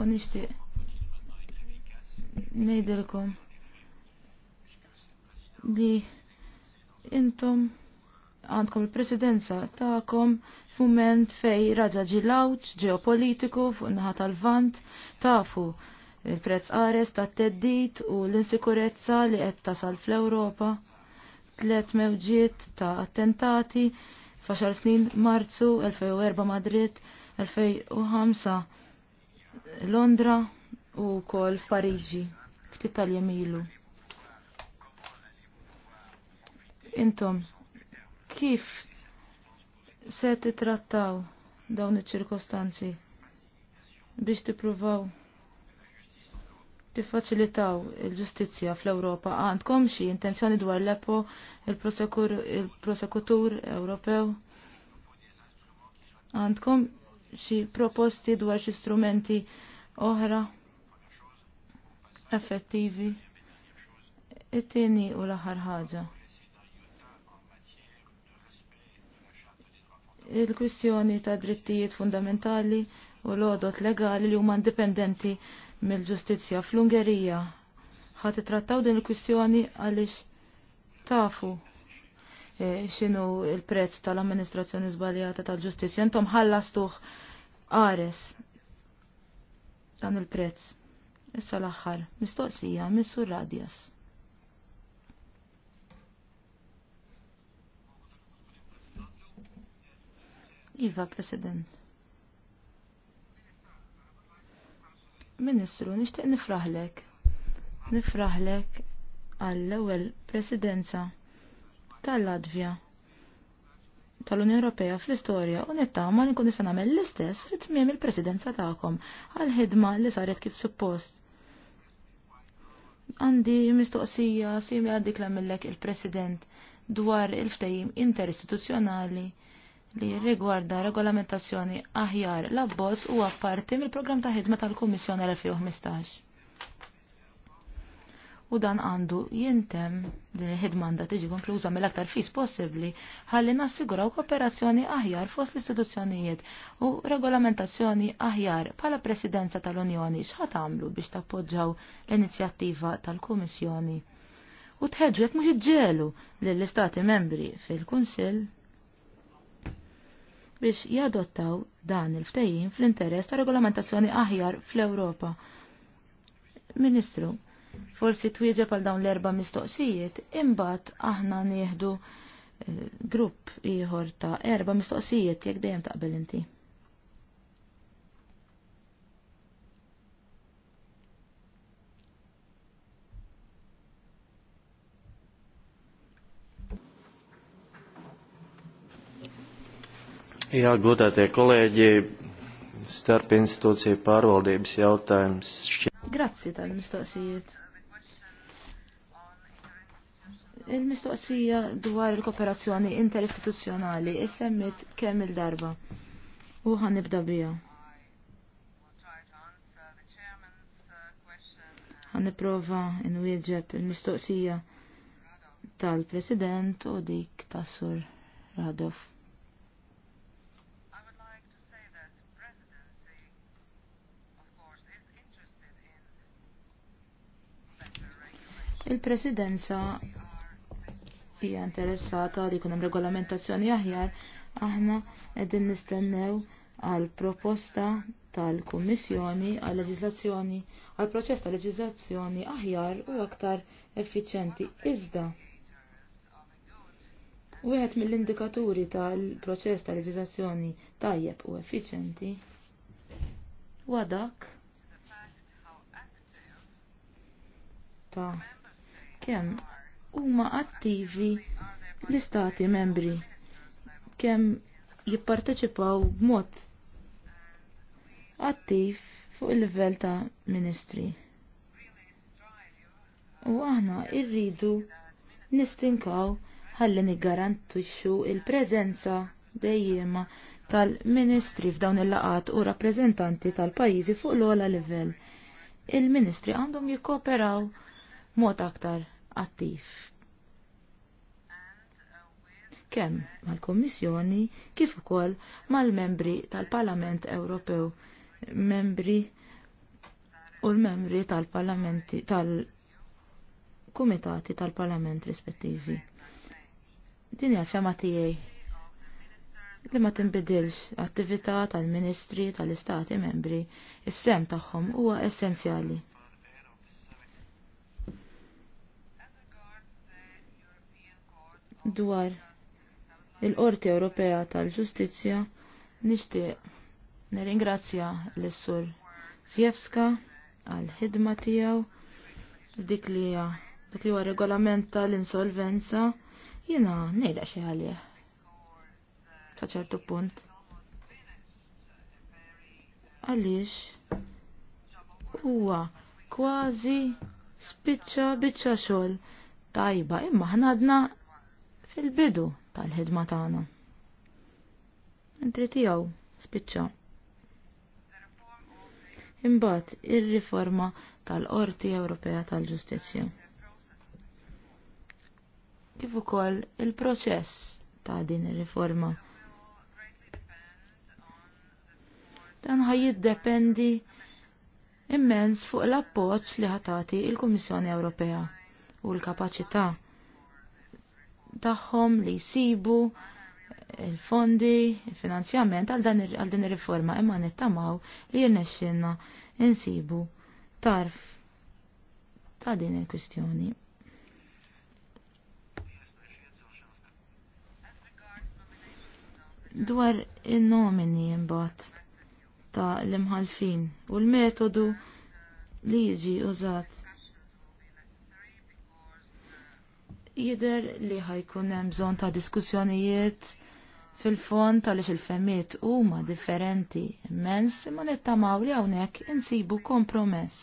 u nishtiq nejdilkom li intom għandkom il-presidenza ta'kom f'mument fej raġa ġilawċ ġeopolitiku fuq naħa tal-vant tafu il-prezz qares ta' teddit u l-insikurezza li qed tasal fl-Ewropa. Tlet mewġiet ta' attentati f'għaxar snin Marzu 2004 Madrid, 2005 Londra u kol f'Pariġi ftit tal-jemilu. Intom, kif se titrattaw dawn iċ-ċirkostanzi biex tippruvaw tiffaċilitaw il-ġustizzja fl-Ewropa għandkom xi intenzjoni dwar l-EPO, il-prosekutur Ewropew. Għandkom xi proposti dwar xi strumenti oħra effettivi. It-tieni u l-aħħar ħaġa. il-kwistjoni ta' drittijiet fundamentali u l-odot legali li huma indipendenti mill-ġustizzja fl-Ungerija. Ħat trattaw din il-kwistjoni għaliex tafu e, x'inhu xinu il-prezz tal-amministrazzjoni żbaljata tal-ġustizzja. Intom ħallastuh Ares dan il-prezz. Issa l-aħħar, mistoqsija, missur Radjas. Iva, President. Ministru, nishtiq nifraħlek. Nifraħlek għall-ewwel presidenza tal-Latvja tal-Unjoni Ewropea fl-istorja u nittama li nkun nista' nagħmel l-istess fit tmiem il-presidenza tagħkom għal ħidma li saret kif suppost. Għandi mistoqsija simli għaddik l-għamillek il-President dwar il ftajim interistituzzjonali li rigwarda regolamentazzjoni aħjar l-abbozz huwa parti mill-programm ta' ħidma tal-Kummissjoni 2015. U dan għandu jintem din il-ħidma tiġi konkluża mill-aktar fis possibbli ħalli nassiguraw kooperazzjoni aħjar fost l-istituzzjonijiet u regolamentazzjoni aħjar bħala Presidenza tal-Unjoni x'ħat għamlu biex tappoġġaw l-inizjattiva tal-Kummissjoni u tħeġġu jekk mhux iġġelu lill-Istati membri fil-Kunsill biex jadottaw dan il-ftejjin fl-interess ta' regolamentazzjoni aħjar fl-Ewropa. Ministru, forsi twieġeb għal dawn l-erba mistoqsijiet, imbagħad aħna nieħdu eh, grupp ieħor ta' erba mistoqsijiet jekk dejjem taqbel inti. Jā, godātie kolēģi, starp institūciju pārvaldības jautājums. Grazzi tal-mistoqsijiet. Il-mistoqsija dwar il-kooperazzjoni interistituzzjonali isemmit kemm il-darba. U ħan nibda biha. Ħan nipprova inwieġeb il-mistoqsija tal-President u dik tas-Sur Radov. Il-presidenza hija interessata li jkun hemm regolamentazzjoni aħjar, aħna qegħdin nistennew għal proposta tal-Kummissjoni għal leġiżlazzjoni għal proċess ta' leġiżlazzjoni aħjar u aktar effiċenti Iżda Wieħed mill-indikaturi tal-proċess ta' leġiżlazzjoni tajjeb u effiċenti. U dak ta' kemm huma attivi l-istati membri kemm jipparteċipaw b'mod attiv fuq il-livell ta' ministri. U aħna rridu nistinkaw ħalli niggarantixxu il-preżenza dejjema tal-ministri f'dawn il-laqat u rappreżentanti tal-pajjiżi fuq l-ogħla livell. Il-ministri għandhom jikkooperaw mod aktar attiv. Kemm mal-Kommissjoni kif ukoll mal-membri tal-Parlament Ewropew, membri u l-membri tal-Parlamenti tal-Kumitati tal-Parlament rispettivi. Din hija fema tiegħi li ma tinbidilx attività tal-ministri tal-istati membri, is-sem tagħhom huwa essenzjali dwar il-Qorti Ewropea tal-Ġustizzja nixtieq nirringrazzja l-Sur Sjefska għal-ħidma tiegħu dik li hija dak li huwa regolament tal-insolvenza jiena ngħidha xi għalih. Ta' ċertu punt. Għaliex huwa kważi spiċċa biċċa xogħol tajba imma ħnadna fil-bidu tal-ħidma tagħna. Intri tiegħu spiċċa. Imbagħad ir-riforma tal-Qorti Ewropea tal-Ġustizzja. Kif ukoll il-proċess ta' din ir-riforma. Dan ħaj jiddependi immens fuq l-appoġġ li ħatati il-Kummissjoni Ewropea u l-kapaċità tagħhom li jsibu il-fondi, il-finanzjament għal din ir-riforma imma nittamaw li jirnexxinna insibu tarf ta' din il-kwistjoni. Dwar in-nomini imbagħad ta' l-imħalfin u l-metodu li jiġi użat Jider li ħajkun hemm bżonn ta' diskussjonijiet fil-fond għaliex il-femmiet huma differenti immens imma nittamaw li hawnhekk insibu kompromess.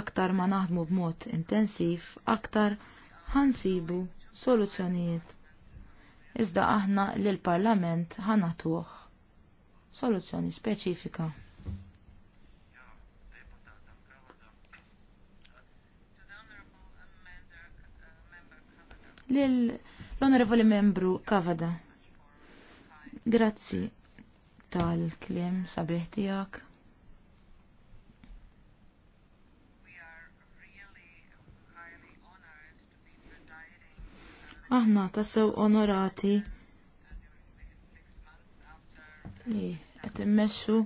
Aktar ma naħdmu b'mod intensiv, aktar ħansibu soluzzjonijiet. Iżda aħna l-Parlament ħanatuħ soluzzjoni speċifika. l-Onorevoli Membru Kavada. Grazzi tal-klim sabiħ tijak. Aħna tassew onorati li qed immexxu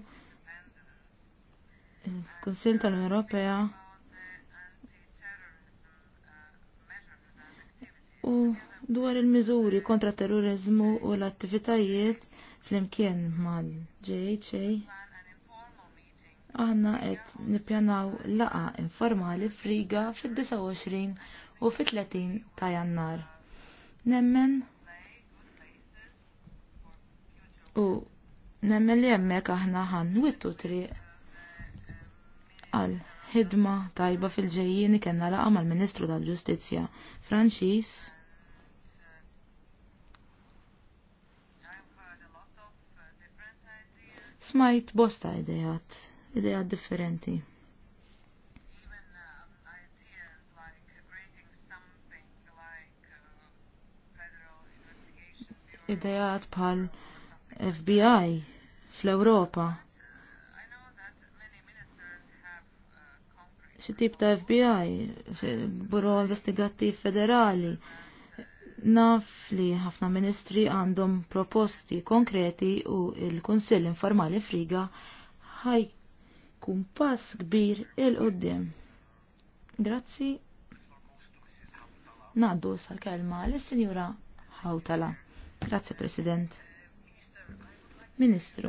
il konsil tal europea u dwar il-miżuri kontra terrorizmu u l-attivitajiet fl-imkien mal-JHA aħna qed nippjanaw laqa informali friga fid-29 u fit-30 ta' jannar. Nemmen u nemmen li hemmhekk aħna ħan wittu triq għal ħidma tajba fil ġejjini kellna laqa mal-Ministru tal-Ġustizzja Franċis smajt bosta idejat, idejat differenti. Idejat pal FBI fl-Europa. Xi tip ta' FBI, Buro Investigattiv Federali, Naf li ħafna ministri għandhom proposti konkreti u il-Kunsill Informali Friga ħajkun pass kbir il-qoddim. Grazzi. Naddu sal-kelma l-Sinjura Hautala. Grazzi, President. Ministru,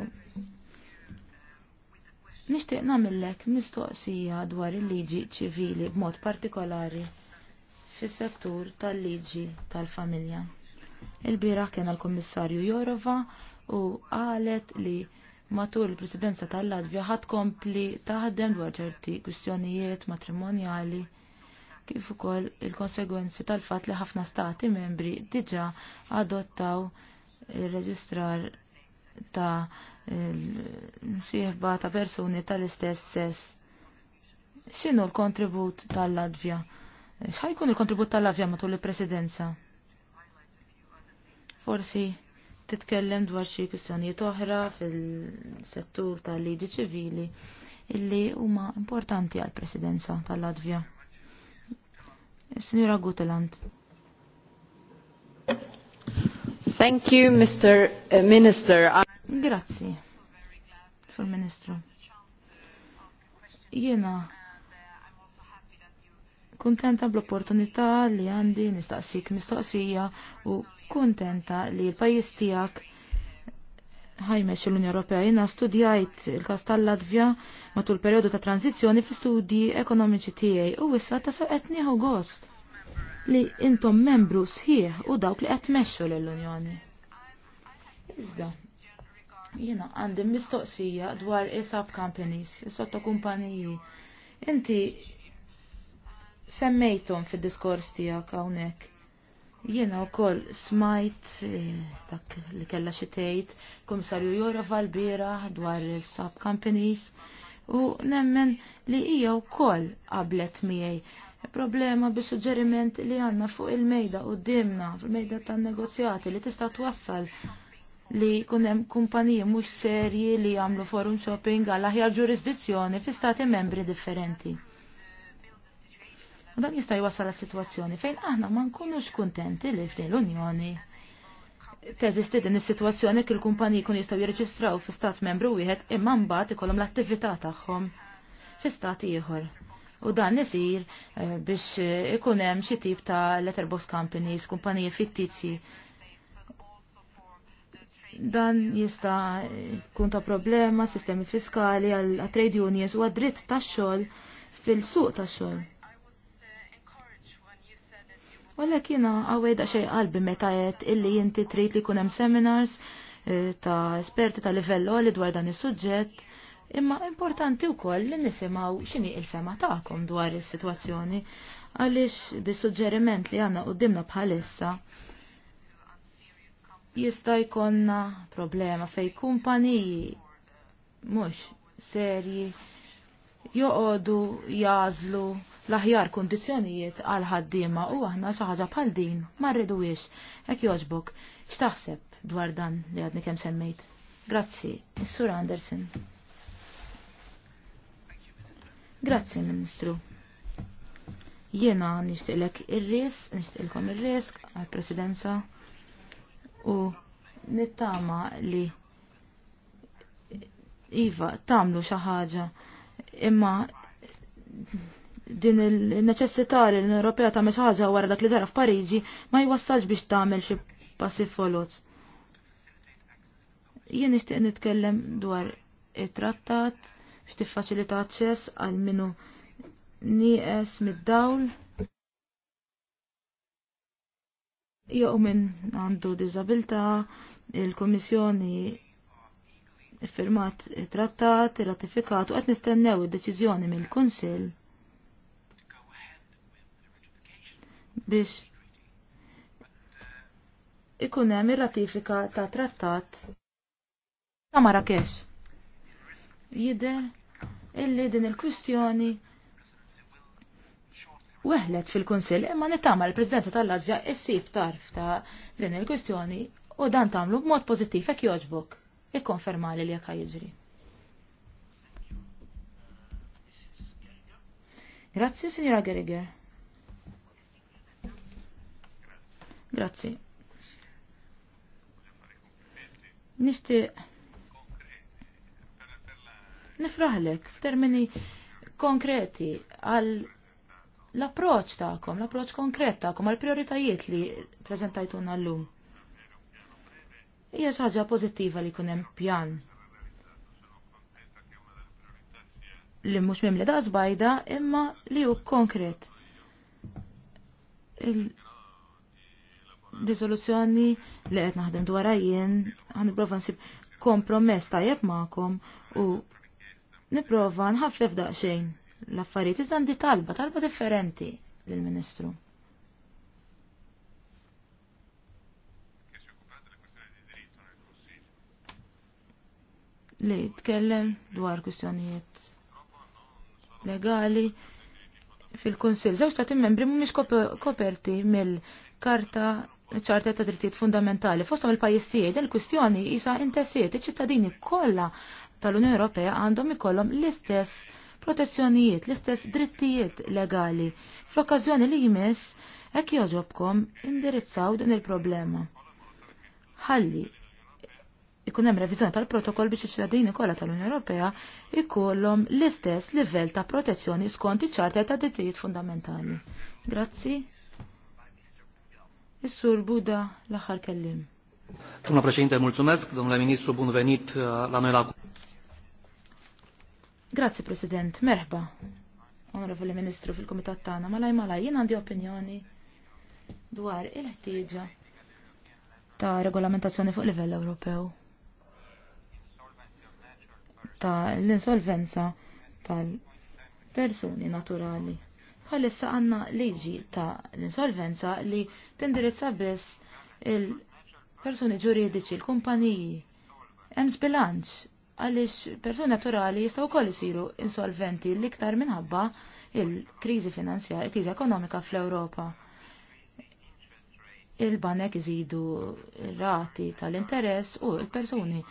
nishtiq namillek mistoqsija dwar il-liġi ċivili b'mod partikolari fis-settur tal-liġi tal-familja. Il-bira kien għal-Kommissarju Jorova u qalet li matul il-Presidenza tal-Latvja ħadd kompli taħdem dwar ċerti kwistjonijiet matrimonjali kif ukoll il-konsegwenzi tal-fatt li ħafna stati membri diġa' adottaw ir-reġistrar ta' sieħba ta' persuni tal-istess sess. X'inhu l-kontribut tal-Latvja? X'ħajkun il-kontribut tal-avja matul il-presidenza? Forsi titkellem dwar xi kwistjonijiet oħra fil-settur tal-liġi ċivili illi huma importanti għal-presidenza tal-Latvja. Signora Guteland. Thank you, Mr. Eh, Minister. Grazzi, Sur Ministru. Jena kuntenta bl-opportunità li għandi nistaqsik mistoqsija u kuntenta li l-pajis tijak ħajmex l-Unja Ewropea. Jina studjajt il-kas tal-Latvja matul periodu ta' tranzizjoni fl-studji ekonomiċi tiegħi u issa ta' saqetni gost li intom membru sħiħ u dawk li qed mexxu l-Unjoni. Iżda, jina għandi mistoqsija dwar isab companies, sotto kumpaniji. Inti semmejtom fil-diskors tijak għawnek. Jena u koll smajt eh, dak li kella xitejt sarju jura l-bira dwar sub companies u nemmen li hija u koll qablet miej problema bi suġġeriment li għanna fuq il-mejda u dimna, fil-mejda tan negozjati li tista' twassal li kunem kumpaniji mux serji li għamlu forum shopping għal aħjar ġurisdizzjoni fi stati membri differenti. U dan jista' jwassal għas-sitwazzjoni fejn aħna ma nkunux kuntenti li fdej l-Unjoni teżisti din is-sitwazzjoni kil kumpaniji kun jistgħu jirreġistraw fi stat membru wieħed imma mbagħad ikollhom l-attività tagħhom fi stat ieħor. U dan isir eh, biex ikun hemm xi tip ta' letterbox companies, kumpaniji fittizji. Dan jista' jkun ta' problema, sistemi fiskali għal trade unions u għad-dritt tax-xogħol fil-suq tax-xogħol. Walla jina għawajda xej qalbi meta qed illi jinti trid li kunem seminars eh, ta' esperti ta' livello li dwar dan is-suġġett. Imma importanti wkoll li nisimgħu x'inhi il-fema tagħkom dwar is-sitwazzjoni għaliex bis-suġġeriment li għandna dimna bħalissa jista' jkollna problema fej kumpaniji mhux serji joqogħdu jażlu l-aħjar kondizjonijiet għal ħaddiema u aħna xi ħaġa bħal din ma rridux hekk jogħġbok x'taħseb dwar dan li għadni kemm semmejt. Grazzi, Is-Sur Anderson. Grazzi, Ministru. Jiena nishtiqlek ir-ris, nixtieqilkom ir-risk għall-Presidenza u nittama li Iva, tamlu xi ħaġa imma din il-neċessità li l-Unjoni Ewropea ta' xi ħaġa wara dak li ġara f'Pariġi ma jwassalx biex tagħmel xi passi folot. Jien nixtieq nitkellem dwar it-trattat biex faċilita aċċess għal minu nijes mid-dawl. Jew minn għandu diżabilità, il-Kummissjoni firmat it-trattat, it-ratifikat u qed nistennew id-deċiżjoni mill-Kunsill biex ikun hemm ir-ratifika ta' trattat ta' Marrakesh. Jidher illi din il-kwistjoni weħlet fil-Kunsill imma nittama l-Presidenza tal-Latvja issib tarf ta' din il-kwistjoni u dan tagħmlu b'mod pożittiv hekk jogħġbok ikkonfermali li jekk jiġri. Grazzi, Signora Geriger. Grazzi. Nisti nifraħlek f'termini konkreti għal l-approċ ta'kom, l-approċ konkret ta'kom għal prioritajiet li prezentajtuna l-lum. Ija ħaġa pożittiva li kunem pjan li mhux mimli da' zbajda, imma li hu konkret riżoluzzjoni li qed naħdem dwar jien, ħanipprova nsib kompromess tajjeb magħkom u nipprova nħaffef daqsxejn l-affarijiet iżda għandi talba, talba differenti lill-Ministru. li jitkellem dwar kwistjonijiet legali fil konsil Zewġ ta' membri mhumiex koperti mill-Karta ċarta ta' drittijiet fundamentali. Fostom il-pajis din il-kwistjoni isa intessiet iċ-ċittadini kollha tal-Unjoni Ewropea għandhom ikollhom l-istess protezzjonijiet, l-istess drittijiet legali. Fl-okkażjoni li jmiss hekk joġobkom indirizzaw din il-problema. Ħalli ikun hemm reviżjoni tal-protokoll biex iċ-ċittadini kollha tal-Unjoni Ewropea jkollhom l-istess livell ta' protezzjoni skont iċ-ċarta ta' drittijiet fundamentali. Grazzi. Is-sur Buda l-aħħar kellim. Domnule președinte, mulțumesc. Domnule ministru, bun venit uh, la noi la... Grazie, President. Merħba. Onorevoli Ministru fil-Komitat tagħna, malaj malaj jien għandi opinjoni dwar il-ħtieġa ta' regolamentazzjoni fuq livell Ewropew. Ta' l-insolvenza tal-persuni naturali bħalissa għanna liġi ta' l-insolvenza li tindirizza biss il-persuni ġuridiċi, l-kumpaniji. Hemm bilanċ għaliex persuni naturali jistgħu wkoll isiru insolventi l-iktar minħabba il-kriżi finanzja, il-kriżi ekonomika fl-Ewropa. Il-banek iżidu rati tal-interess u il-persuni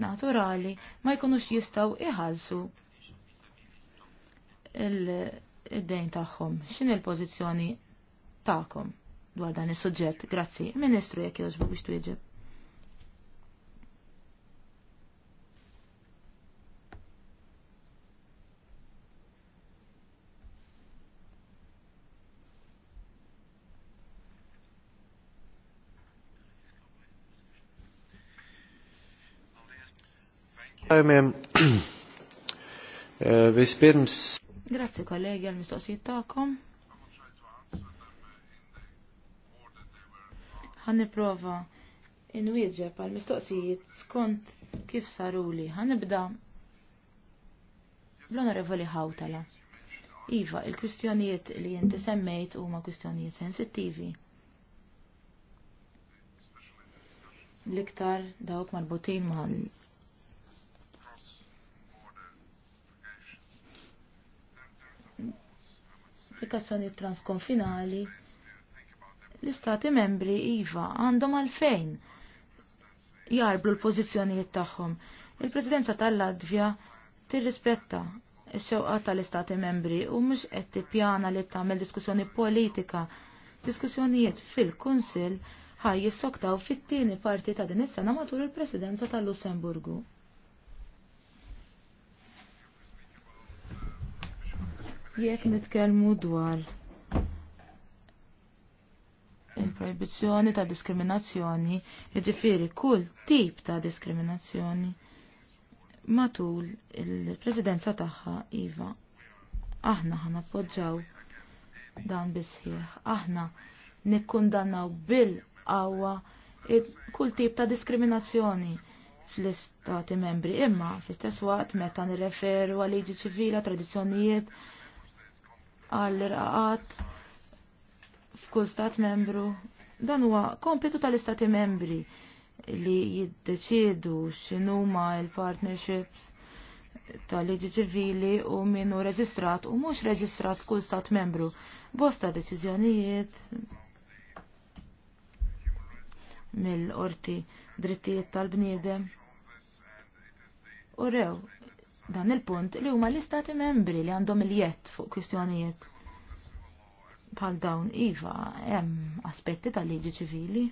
naturali ma jkunux jistgħu iħalsu il- id-dejn tagħhom. X'in il-pożizzjoni tagħkom dwar dan is-suġġett? Grazzi. Ministru jekk jogħġbu biex twieġeb. Uh, vispirms Grazzi kollegi għal mistoqsijiet tagħkom. Ħan nipprova inwieġeb għal mistoqsijiet skont kif saruli. Ħan nibda l-onorevoli Hawtala. Iva, il-kwistjonijiet li jinti semmejt huma kwistjonijiet sensittivi. L-iktar dawk marbutin ma' applikazzjoni transkonfinali l-istati membri iva għandhom għalfejn jarblu l-pożizzjonijiet tagħhom. Il-Presidenza tal-Latvja tirrispetta x-xewqa tal-istati membri u mhux qed tippjana li tagħmel diskussjoni politika. Diskussjonijiet fil-Kunsill ħaj jissoktaw fit-tieni parti ta' din is-sena matul il-Presidenza tal-Lussemburgu. Jekk nitkellmu dwar il-proibizzjoni ta' diskriminazzjoni, jiġifieri kull tip ta' diskriminazzjoni matul il-presidenza tagħha iva aħna ħana poġġaw dan bisħieħ. Aħna nikkundannaw bil-qawwa kull tip ta' diskriminazzjoni fl-istati membri imma fl-istess waqt meta nirreferu għal liġi ċivila, tradizzjonijiet, għall-irqaqat f'kull stat membru. Dan huwa kompitu tal-istati membri li jiddeċiedu x'inhuma l-partnerships tal-liġi ċivili u minnu reġistrat u mhux reġistrat f'kull stat membru. Bosta deċiżjonijiet mill-qorti drittijiet tal-bniedem. U rew, dan il-punt li huma l-istati membri li għandhom il-jett fuq kwistjonijiet bħal dawn iva hemm aspetti tal-liġi ċivili.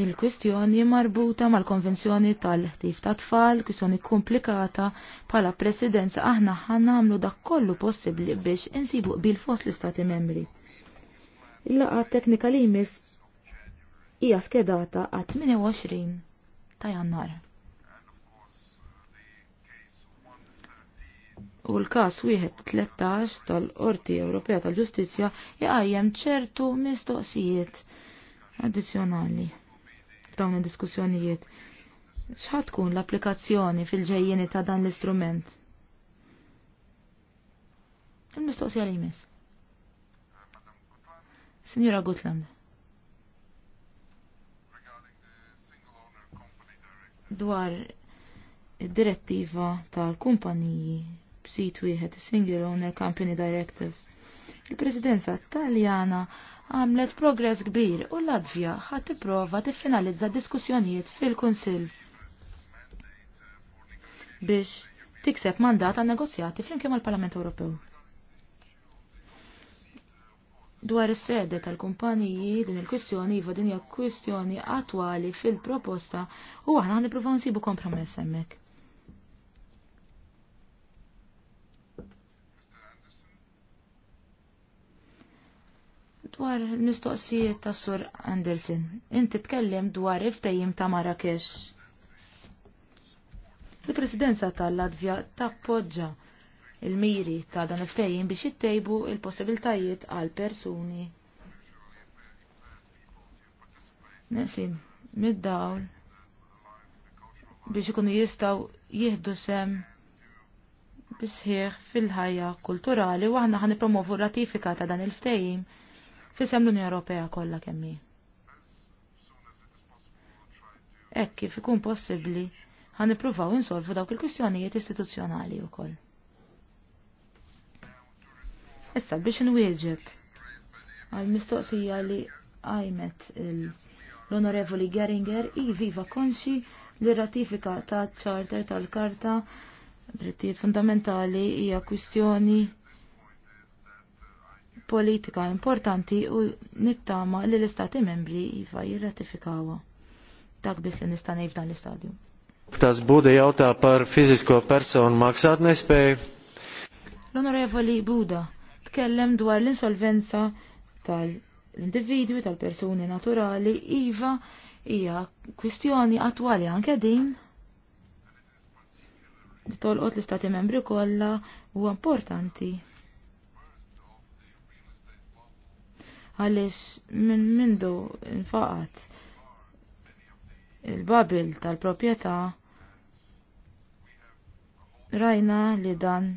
Il-kwistjoni marbuta mal-konvenzjoni tal-ħtif ta' tfal, kwistjoni komplikata bħala presidenza aħna għamlu dak kollu possibbli biex insibu bil fost l-istati membri. Il-laqa teknika li jmiss hija skedata għat 28 ta' jannar. u l-kas wieħed 13 tal-Qorti Ewropea tal-Ġustizzja jgħajjem ċertu mistoqsijiet addizzjonali f'dawn id-diskussjonijiet. X'ħad tkun l-applikazzjoni fil-ġejjeni ta' dan l-istrument? Il-mistoqsija li jmiss. Signora Gutland. Dwar id-direttiva tal-kumpaniji b'sit wieħed Single Owner Company Directive. Il-Presidenza Taljana għamlet progress kbir u Latvja ħadd tipprova tiffinalizza diskussjonijiet fil-Kunsill biex tikseb mandat għal negozjati flimkien mal-Parlament Ewropew. Dwar is-sede tal-kumpaniji din il-kwistjoni iva din hija kwistjoni attwali fil-proposta u aħna ħan nsibu kompromess hemmhekk. Dwar mistoqsijiet ta' Sur Anderson, inti tkellem dwar il-ftejjim ta' Marrakesh. Il-presidenza tal-Latvja tappoġġa il-miri ta' dan il-ftejjim biex jittejbu il-possibiltajiet għal persuni neqsin mid-dawl biex ikunu jistaw jihdu sem bisħieħ fil-ħajja kulturali u aħna ħan promovu ratifika ta' dan il-ftejim fisem l unjoni Ewropea kollha kemm hi. Hekk kif ikun possibbli ħan nippruvaw insolvu dawk il-kwistjonijiet istituzzjonali wkoll. Issa biex inwieġeb għal mistoqsija li għajmet l-Onorevoli Geringer i viva konxi li ratifika ta' ċarter tal-karta drittijiet fundamentali hija kwistjoni politika importanti u nittama li l-istati membri jiva jirratifikawa. Dak bis li nistanej f'dan l-istadju. Tas Buda jauta par fizisko person maksat nespej. L-onorevoli Buda tkellem dwar l-insolvenza tal-individwi tal-persuni naturali iva hija kwistjoni attwali anke din tolqot l-istati membri kollha huwa importanti għaliex minn mindu infaqat il-babil tal-proprjetà rajna li dan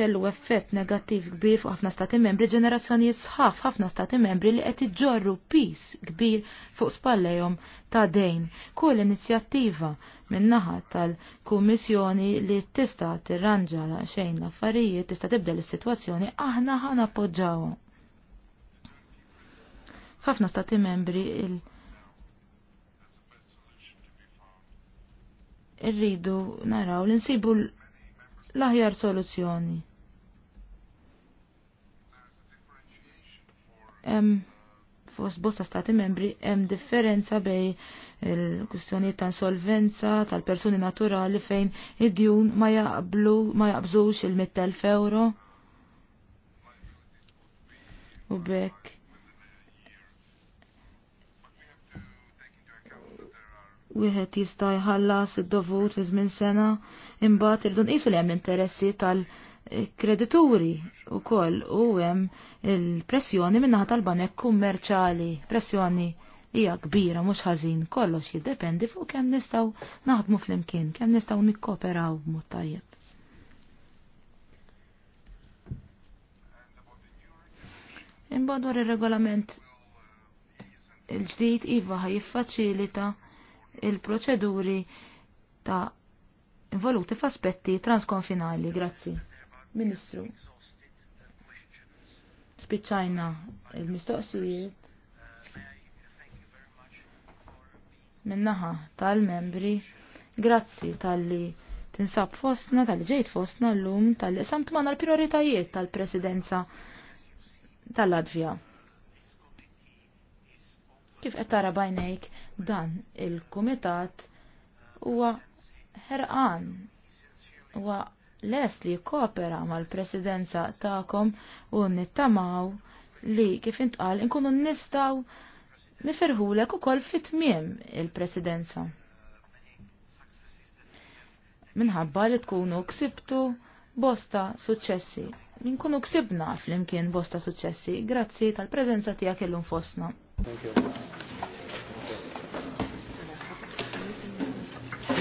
kellu effett negattiv kbir fuq ħafna stati membri, ġenerazzjonijiet sħaf ħafna stati membri li qed iġorru pis kbir fuq spallejhom ta' dejn. Kull inizjattiva min-naħa tal-Kummissjoni li tista' tirranġa xejn l-affarijiet tista' tibdel is-sitwazzjoni aħna ħana appoġġawhom. Ħafna stati membri il- irridu naraw li nsibu l-aħjar soluzzjoni. Hemm fost bosta stati membri hemm differenza bej il-kustjoni ta' insolvenza tal-persuni naturali fejn id-djun ma jaqblu ma jaqbżux il mittel euro. U bekk wieħed jista' jħallas id-dovut fi żmien sena, imbagħad irdu nqisu li hemm interessi tal-kredituri wkoll u hemm il-pressjoni min-naħa tal-banek kummerċali, pressjoni hija kbira mhux ħażin, kollox jiddependi fuq kemm nistgħu naħdmu flimkien, kemm nistgħu nikkoperaw b'mod tajjeb. Imbagħad dwar ir-regolament il-ġdid iva ħajjiffaċilita il-proċeduri ta' involuti f'aspetti transkonfinali. Grazzi. Ministru. Spiċċajna il-mistoqsijiet. Minnaħa tal-membri. Grazzi tal-li tinsab fostna, tal-li ġejt fostna l-lum, tal-li samt l prioritajiet tal-presidenza tal-Latvija. Kif qed tara bajnejk dan il-kumitat huwa ħerqan huwa les li kopera mal-presidenza tagħkom u nittamaw li kif intqal inkunu nistgħu nifirħulek ukoll fit-tmiem il-presidenza. Minħabba li tkunu ksibtu bosta suċċessi. Nkunu ksibna fl-imkien bosta suċċessi grazzi tal-preżenza tiegħek illum fostna.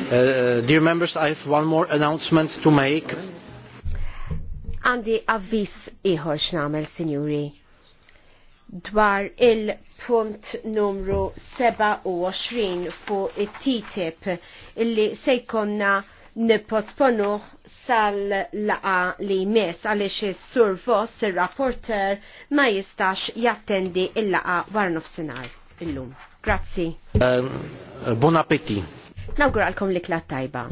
Uh, uh, dear members, I have one more announcement to make. Andi avvis iħor xnamel, signori. dwar il-punt numru 27 fu it-TTIP illi sejkonna nipposponuh sal-laqa li jmiss għaliex is-sur Voss ir-rapporter ma jistax jattendi il-laqa wara nofsinhar illum. Grazzi. Uh, bon appetit. Nawguralkom li klat tajba.